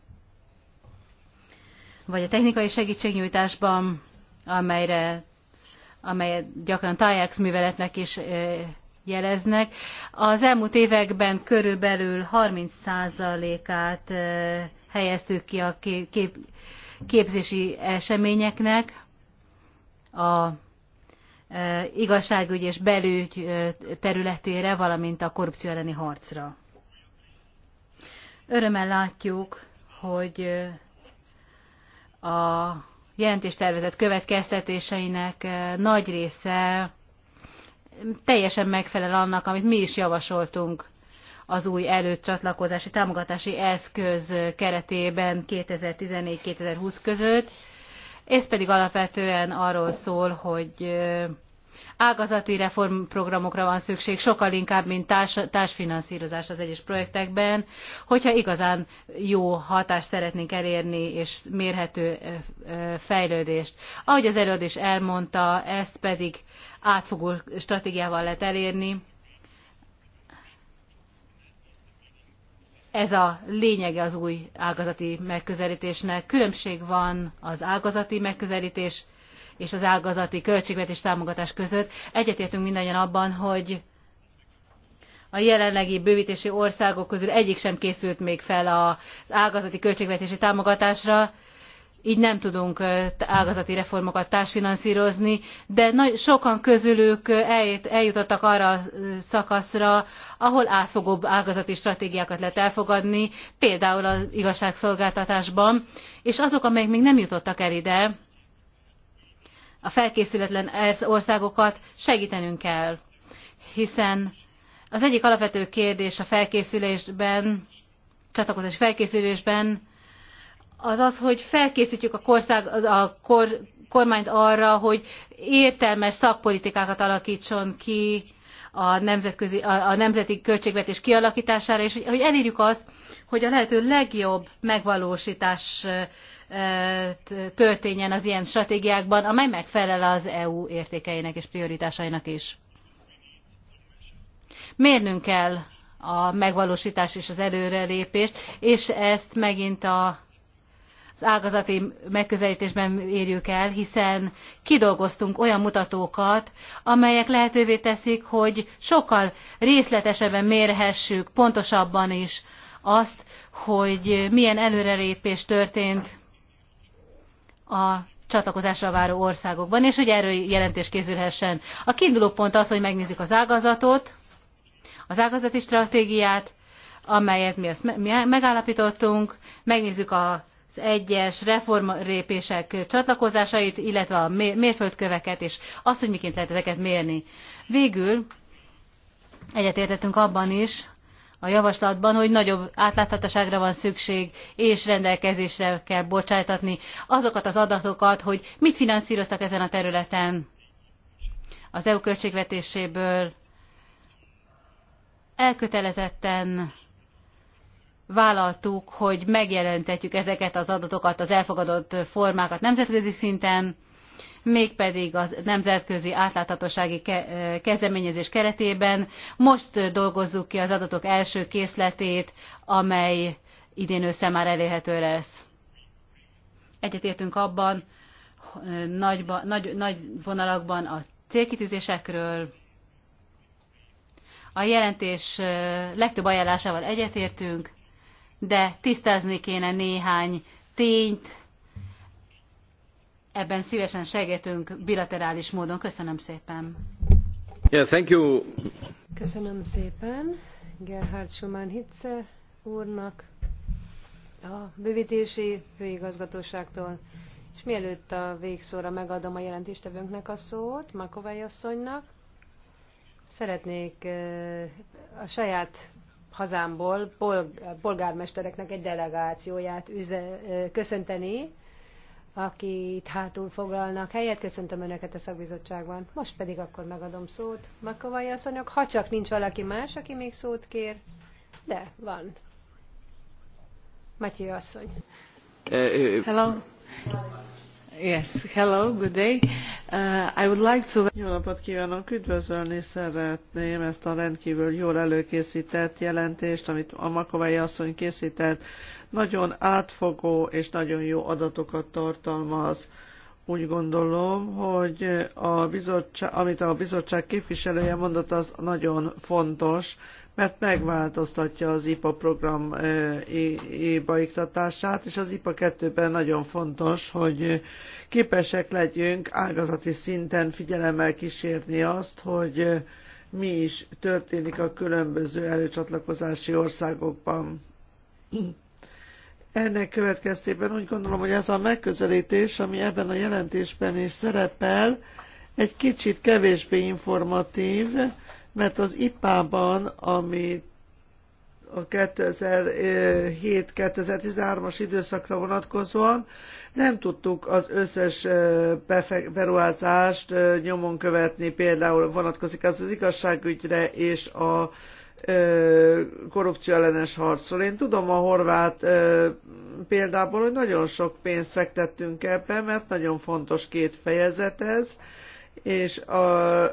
vagy a technikai segítségnyújtásban, amelyre, amelyet gyakran TAIEX műveletnek is jeleznek. Az elmúlt években körülbelül 30%-át helyeztük ki a kép, képzési eseményeknek a igazságügy és belügy területére, valamint a korrupció elleni harcra. Örömmel látjuk, hogy a jelentéstervezet következtetéseinek nagy része teljesen megfelel annak, amit mi is javasoltunk az új előcsatlakozási támogatási eszköz keretében 2014-2020 között ez pedig alapvetően arról szól, hogy ágazati reformprogramokra van szükség, sokkal inkább, mint társ, társfinanszírozás az egyes projektekben, hogyha igazán jó hatást szeretnénk elérni, és mérhető fejlődést. Ahogy az előadás elmondta, ezt pedig átfogó stratégiával lehet elérni, ez a lényege az új ágazati megközelítésnek. Különbség van az ágazati megközelítés és az ágazati költségvetés támogatás között. Egyetértünk mindannyian abban, hogy a jelenlegi bővítési országok közül egyik sem készült még fel az ágazati költségvetési támogatásra, így nem tudunk ágazati reformokat társfinanszrozni de sokan közülük eljutottak arra a szakaszra, ahol átfogóbb ágazati stratégiákat lehet elfogadni, például az igazságszolgáltatásban, és azok, amelyek még nem jutottak el ide, a felkészületlen országokat segítenünk kell, hiszen az egyik alapvető kérdés a felkészülésben, csatlakozás felkészülésben, az az, hogy felkészítjük a, kország, a kor, kormányt arra, hogy értelmes szakpolitikákat alakítson ki a, nemzetközi, a, a nemzeti költségvetés kialakítására, és hogy elérjük azt, hogy a lehető legjobb megvalósítás történjen az ilyen stratégiákban, amely megfelel az EU értékeinek és prioritásainak is. Mérnünk kell a megvalósítás és az előrelépést, és ezt megint a ágazati megközelítésben érjük el, hiszen kidolgoztunk olyan mutatókat, amelyek lehetővé teszik, hogy sokkal részletesebben mérhessük, pontosabban is azt, hogy milyen előrelépés történt a csatlakozásra váró országokban, és hogy erről jelentés készülhessen. A kiinduló pont az, hogy megnézzük az ágazatot, az ágazati stratégiát, amelyet mi azt megállapítottunk, megnézzük a az egyes reformrépések csatlakozásait, illetve a mérföldköveket, és azt, hogy miként lehet ezeket mérni. Végül egyetértettünk abban is, a javaslatban, hogy nagyobb átláthatóságra van szükség, és rendelkezésre kell bocsájtatni azokat az adatokat, hogy mit finanszíroztak ezen a területen az EU költségvetéséből, elkötelezetten vállaltuk, hogy megjelentetjük ezeket az adatokat, az elfogadott formákat nemzetközi szinten, mégpedig a nemzetközi átláthatósági kezdeményezés keretében. Most dolgozzuk ki az adatok első készletét, amely idén össze már elérhető lesz. Egyetértünk abban, nagy, nagy, nagy vonalakban a célkitűzésekről, a jelentés legtöbb ajánlásával egyetértünk, de tisztázni kéne néhány tényt. Ebben szívesen segítünk bilaterális módon. Köszönöm szépen. Yeah, thank you. Köszönöm szépen Gerhard Schumann Hitze úrnak a bővítési főigazgatóságtól. És mielőtt a végszóra megadom a jelentéstevőnknek a szót, Makovai asszonynak, szeretnék eh, a saját hazámból polgármestereknek egy delegációját üze, köszönteni, aki itt hátul foglalnak helyet. Köszöntöm Önöket a szakbizottságban. Most pedig akkor megadom szót. Makovai asszonyok, ha csak nincs valaki más, aki még szót kér, de van. Matyi asszony. Hello. Yes, hello, good day. Uh, I would like to... Jó napot kívánok! Üdvözölni szeretném ezt a rendkívül jól előkészített jelentést, amit a Makovai asszony készített. Nagyon átfogó és nagyon jó adatokat tartalmaz. Úgy gondolom, hogy a bizottság, amit a bizottság képviselője mondott, az nagyon fontos, mert megváltoztatja az IPA program IPA és az IPA 2-ben nagyon fontos, hogy képesek legyünk ágazati szinten figyelemmel kísérni azt, hogy mi is történik a különböző előcsatlakozási országokban. Ennek következtében úgy gondolom, hogy ez a megközelítés, ami ebben a jelentésben is szerepel, egy kicsit kevésbé informatív, mert az IPA-ban, ami a 2007-2013-as időszakra vonatkozóan nem tudtuk az összes beruházást nyomon követni, például vonatkozik az az igazságügyre és a korrupció ellenes harcol. Én tudom a horvát példából, hogy nagyon sok pénzt fektettünk ebbe, mert nagyon fontos két fejezet ez, és a,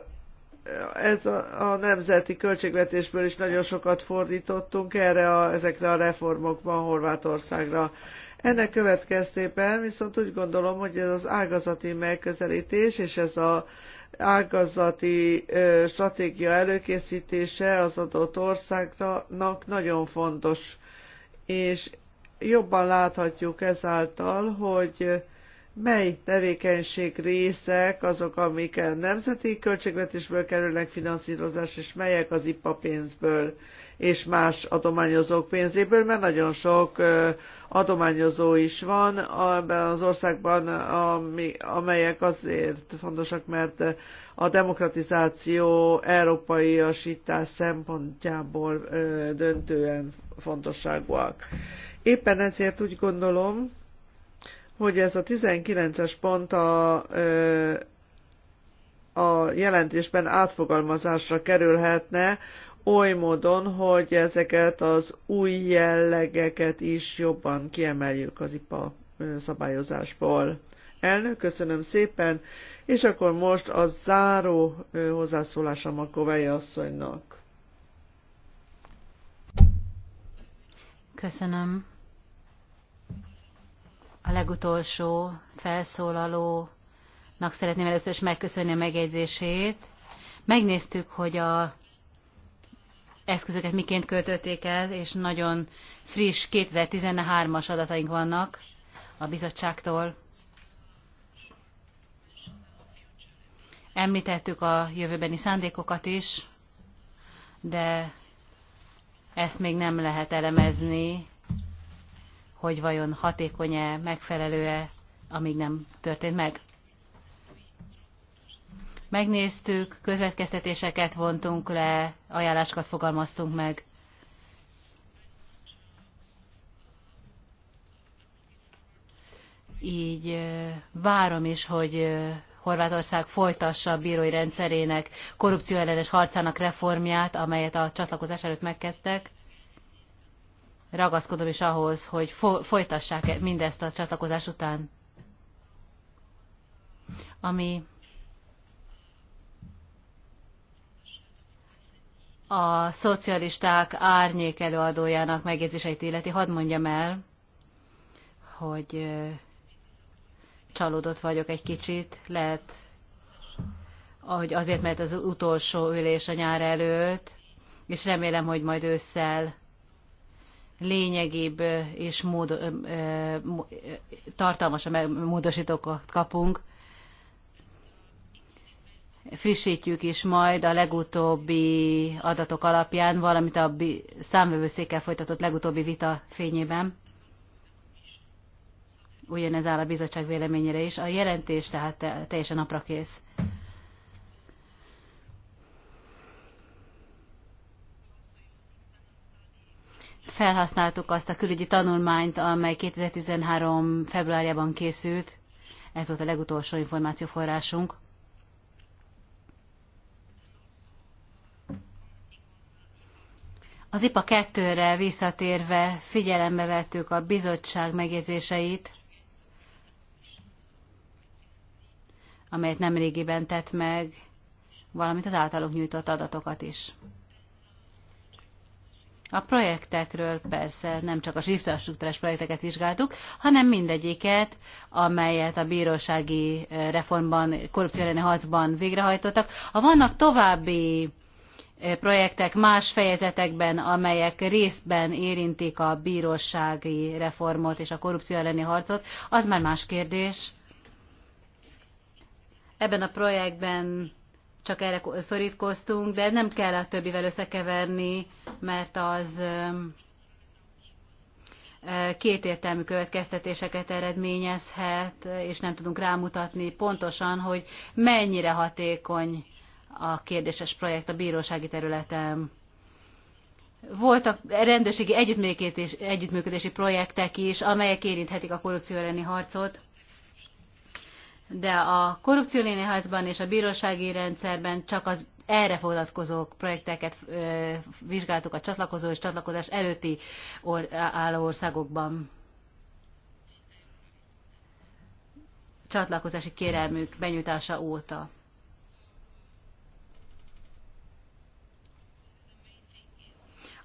ez a, a nemzeti költségvetésből is nagyon sokat fordítottunk erre a, ezekre a reformokban Horvátországra. Ennek következtében viszont úgy gondolom, hogy ez az ágazati megközelítés és ez az ágazati ö, stratégia előkészítése az adott országnak nagyon fontos. És jobban láthatjuk ezáltal, hogy mely tevékenység részek azok, amik a nemzeti költségvetésből kerülnek finanszírozás, és melyek az IPA pénzből és más adományozók pénzéből, mert nagyon sok adományozó is van ebben az országban, amelyek azért fontosak, mert a demokratizáció európaiasítás szempontjából döntően fontosságúak. Éppen ezért úgy gondolom, hogy ez a 19-es pont a, a jelentésben átfogalmazásra kerülhetne, oly módon, hogy ezeket az új jellegeket is jobban kiemeljük az IPA szabályozásból. Elnök, köszönöm szépen, és akkor most a záró hozzászólásom a Kovály asszonynak. Köszönöm a legutolsó felszólalónak szeretném először is megköszönni a megjegyzését. Megnéztük, hogy a eszközöket miként költötték el, és nagyon friss 2013-as adataink vannak a bizottságtól. Említettük a jövőbeni szándékokat is, de ezt még nem lehet elemezni hogy vajon hatékony-e, megfelelő-e, amíg nem történt meg. Megnéztük, közvetkeztetéseket vontunk le, ajánlásokat fogalmaztunk meg. Így várom is, hogy Horvátország folytassa a bírói rendszerének korrupcióellenes harcának reformját, amelyet a csatlakozás előtt megkezdtek ragaszkodom is ahhoz, hogy fo folytassák e mindezt a csatlakozás után. Ami a szocialisták árnyék előadójának megjegyzéseit illeti, hadd mondjam el, hogy csalódott vagyok egy kicsit, lehet, ahogy azért, mert az utolsó ülés a nyár előtt, és remélem, hogy majd ősszel lényegébb és mód, tartalmas a módosítókat kapunk. Frissítjük is majd a legutóbbi adatok alapján, valamint a számvevőszékkel folytatott legutóbbi vita fényében. Ugyanez áll a bizottság véleményére is. A jelentés tehát teljesen naprakész. kész felhasználtuk azt a külügyi tanulmányt, amely 2013. februárjában készült. Ez volt a legutolsó információforrásunk. Az IPA 2-re visszatérve figyelembe vettük a bizottság megjegyzéseit, amelyet nemrégiben tett meg, valamint az általuk nyújtott adatokat is. A projektekről persze nem csak a infrastruktúrás projekteket vizsgáltuk, hanem mindegyiket, amelyet a bírósági eh, reformban, korrupció elleni harcban végrehajtottak. Ha vannak további eh, projektek más fejezetekben, amelyek részben érintik a bírósági reformot és a korrupció elleni harcot, az már más kérdés. Ebben a projektben csak erre szorítkoztunk, de nem kell a többivel összekeverni, mert az kétértelmű következtetéseket eredményezhet, és nem tudunk rámutatni pontosan, hogy mennyire hatékony a kérdéses projekt a bírósági területen. Voltak rendőrségi együttműködési projektek is, amelyek érinthetik a korrupció elleni harcot de a korrupciólénéhajcban és a bírósági rendszerben csak az erre vonatkozó projekteket ö, vizsgáltuk a csatlakozó és csatlakozás előtti or, álló országokban. Csatlakozási kérelmük benyújtása óta.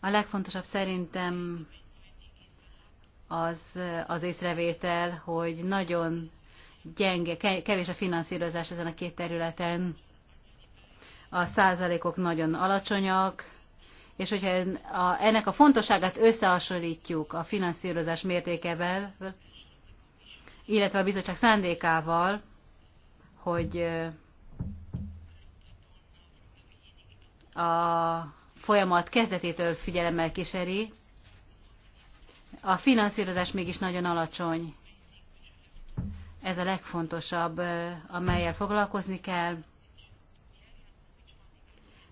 A legfontosabb szerintem az, az észrevétel, hogy nagyon gyenge, kevés a finanszírozás ezen a két területen, a százalékok nagyon alacsonyak, és hogyha ennek a fontosságát összehasonlítjuk a finanszírozás mértékevel, illetve a bizottság szándékával, hogy a folyamat kezdetétől figyelemmel kíséri, a finanszírozás mégis nagyon alacsony. Ez a legfontosabb, amelyel foglalkozni kell,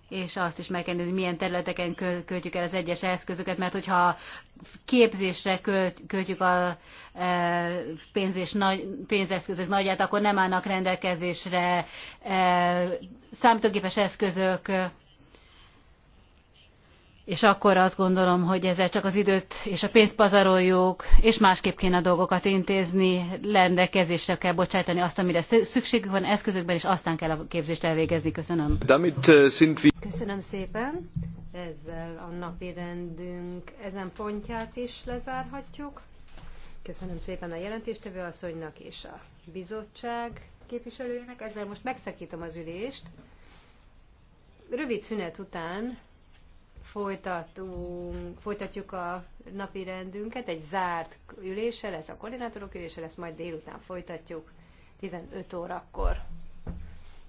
és azt is meg kell nézni, milyen területeken költjük el az egyes eszközöket, mert hogyha képzésre költjük a pénz és nagy, pénzeszközök nagyját, akkor nem állnak rendelkezésre számítógépes eszközök, és akkor azt gondolom, hogy ezzel csak az időt és a pénzt pazaroljuk, és másképp kéne a dolgokat intézni, rendelkezésre kell bocsájtani azt, amire szükségük van eszközökben, és aztán kell a képzést elvégezni. Köszönöm. Köszönöm szépen. Ezzel a napi rendünk ezen pontját is lezárhatjuk. Köszönöm szépen a jelentéstevő asszonynak és a bizottság képviselőjének. Ezzel most megszakítom az ülést. Rövid szünet után Folytatunk, folytatjuk a napi rendünket egy zárt ülése lesz, a koordinátorok ülése lesz, majd délután folytatjuk 15 órakor.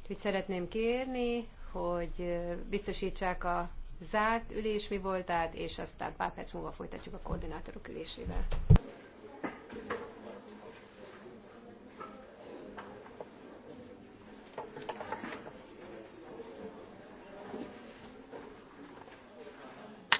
Úgyhogy szeretném kérni, hogy biztosítsák a zárt ülés mi voltát, és aztán pár perc múlva folytatjuk a koordinátorok ülésével.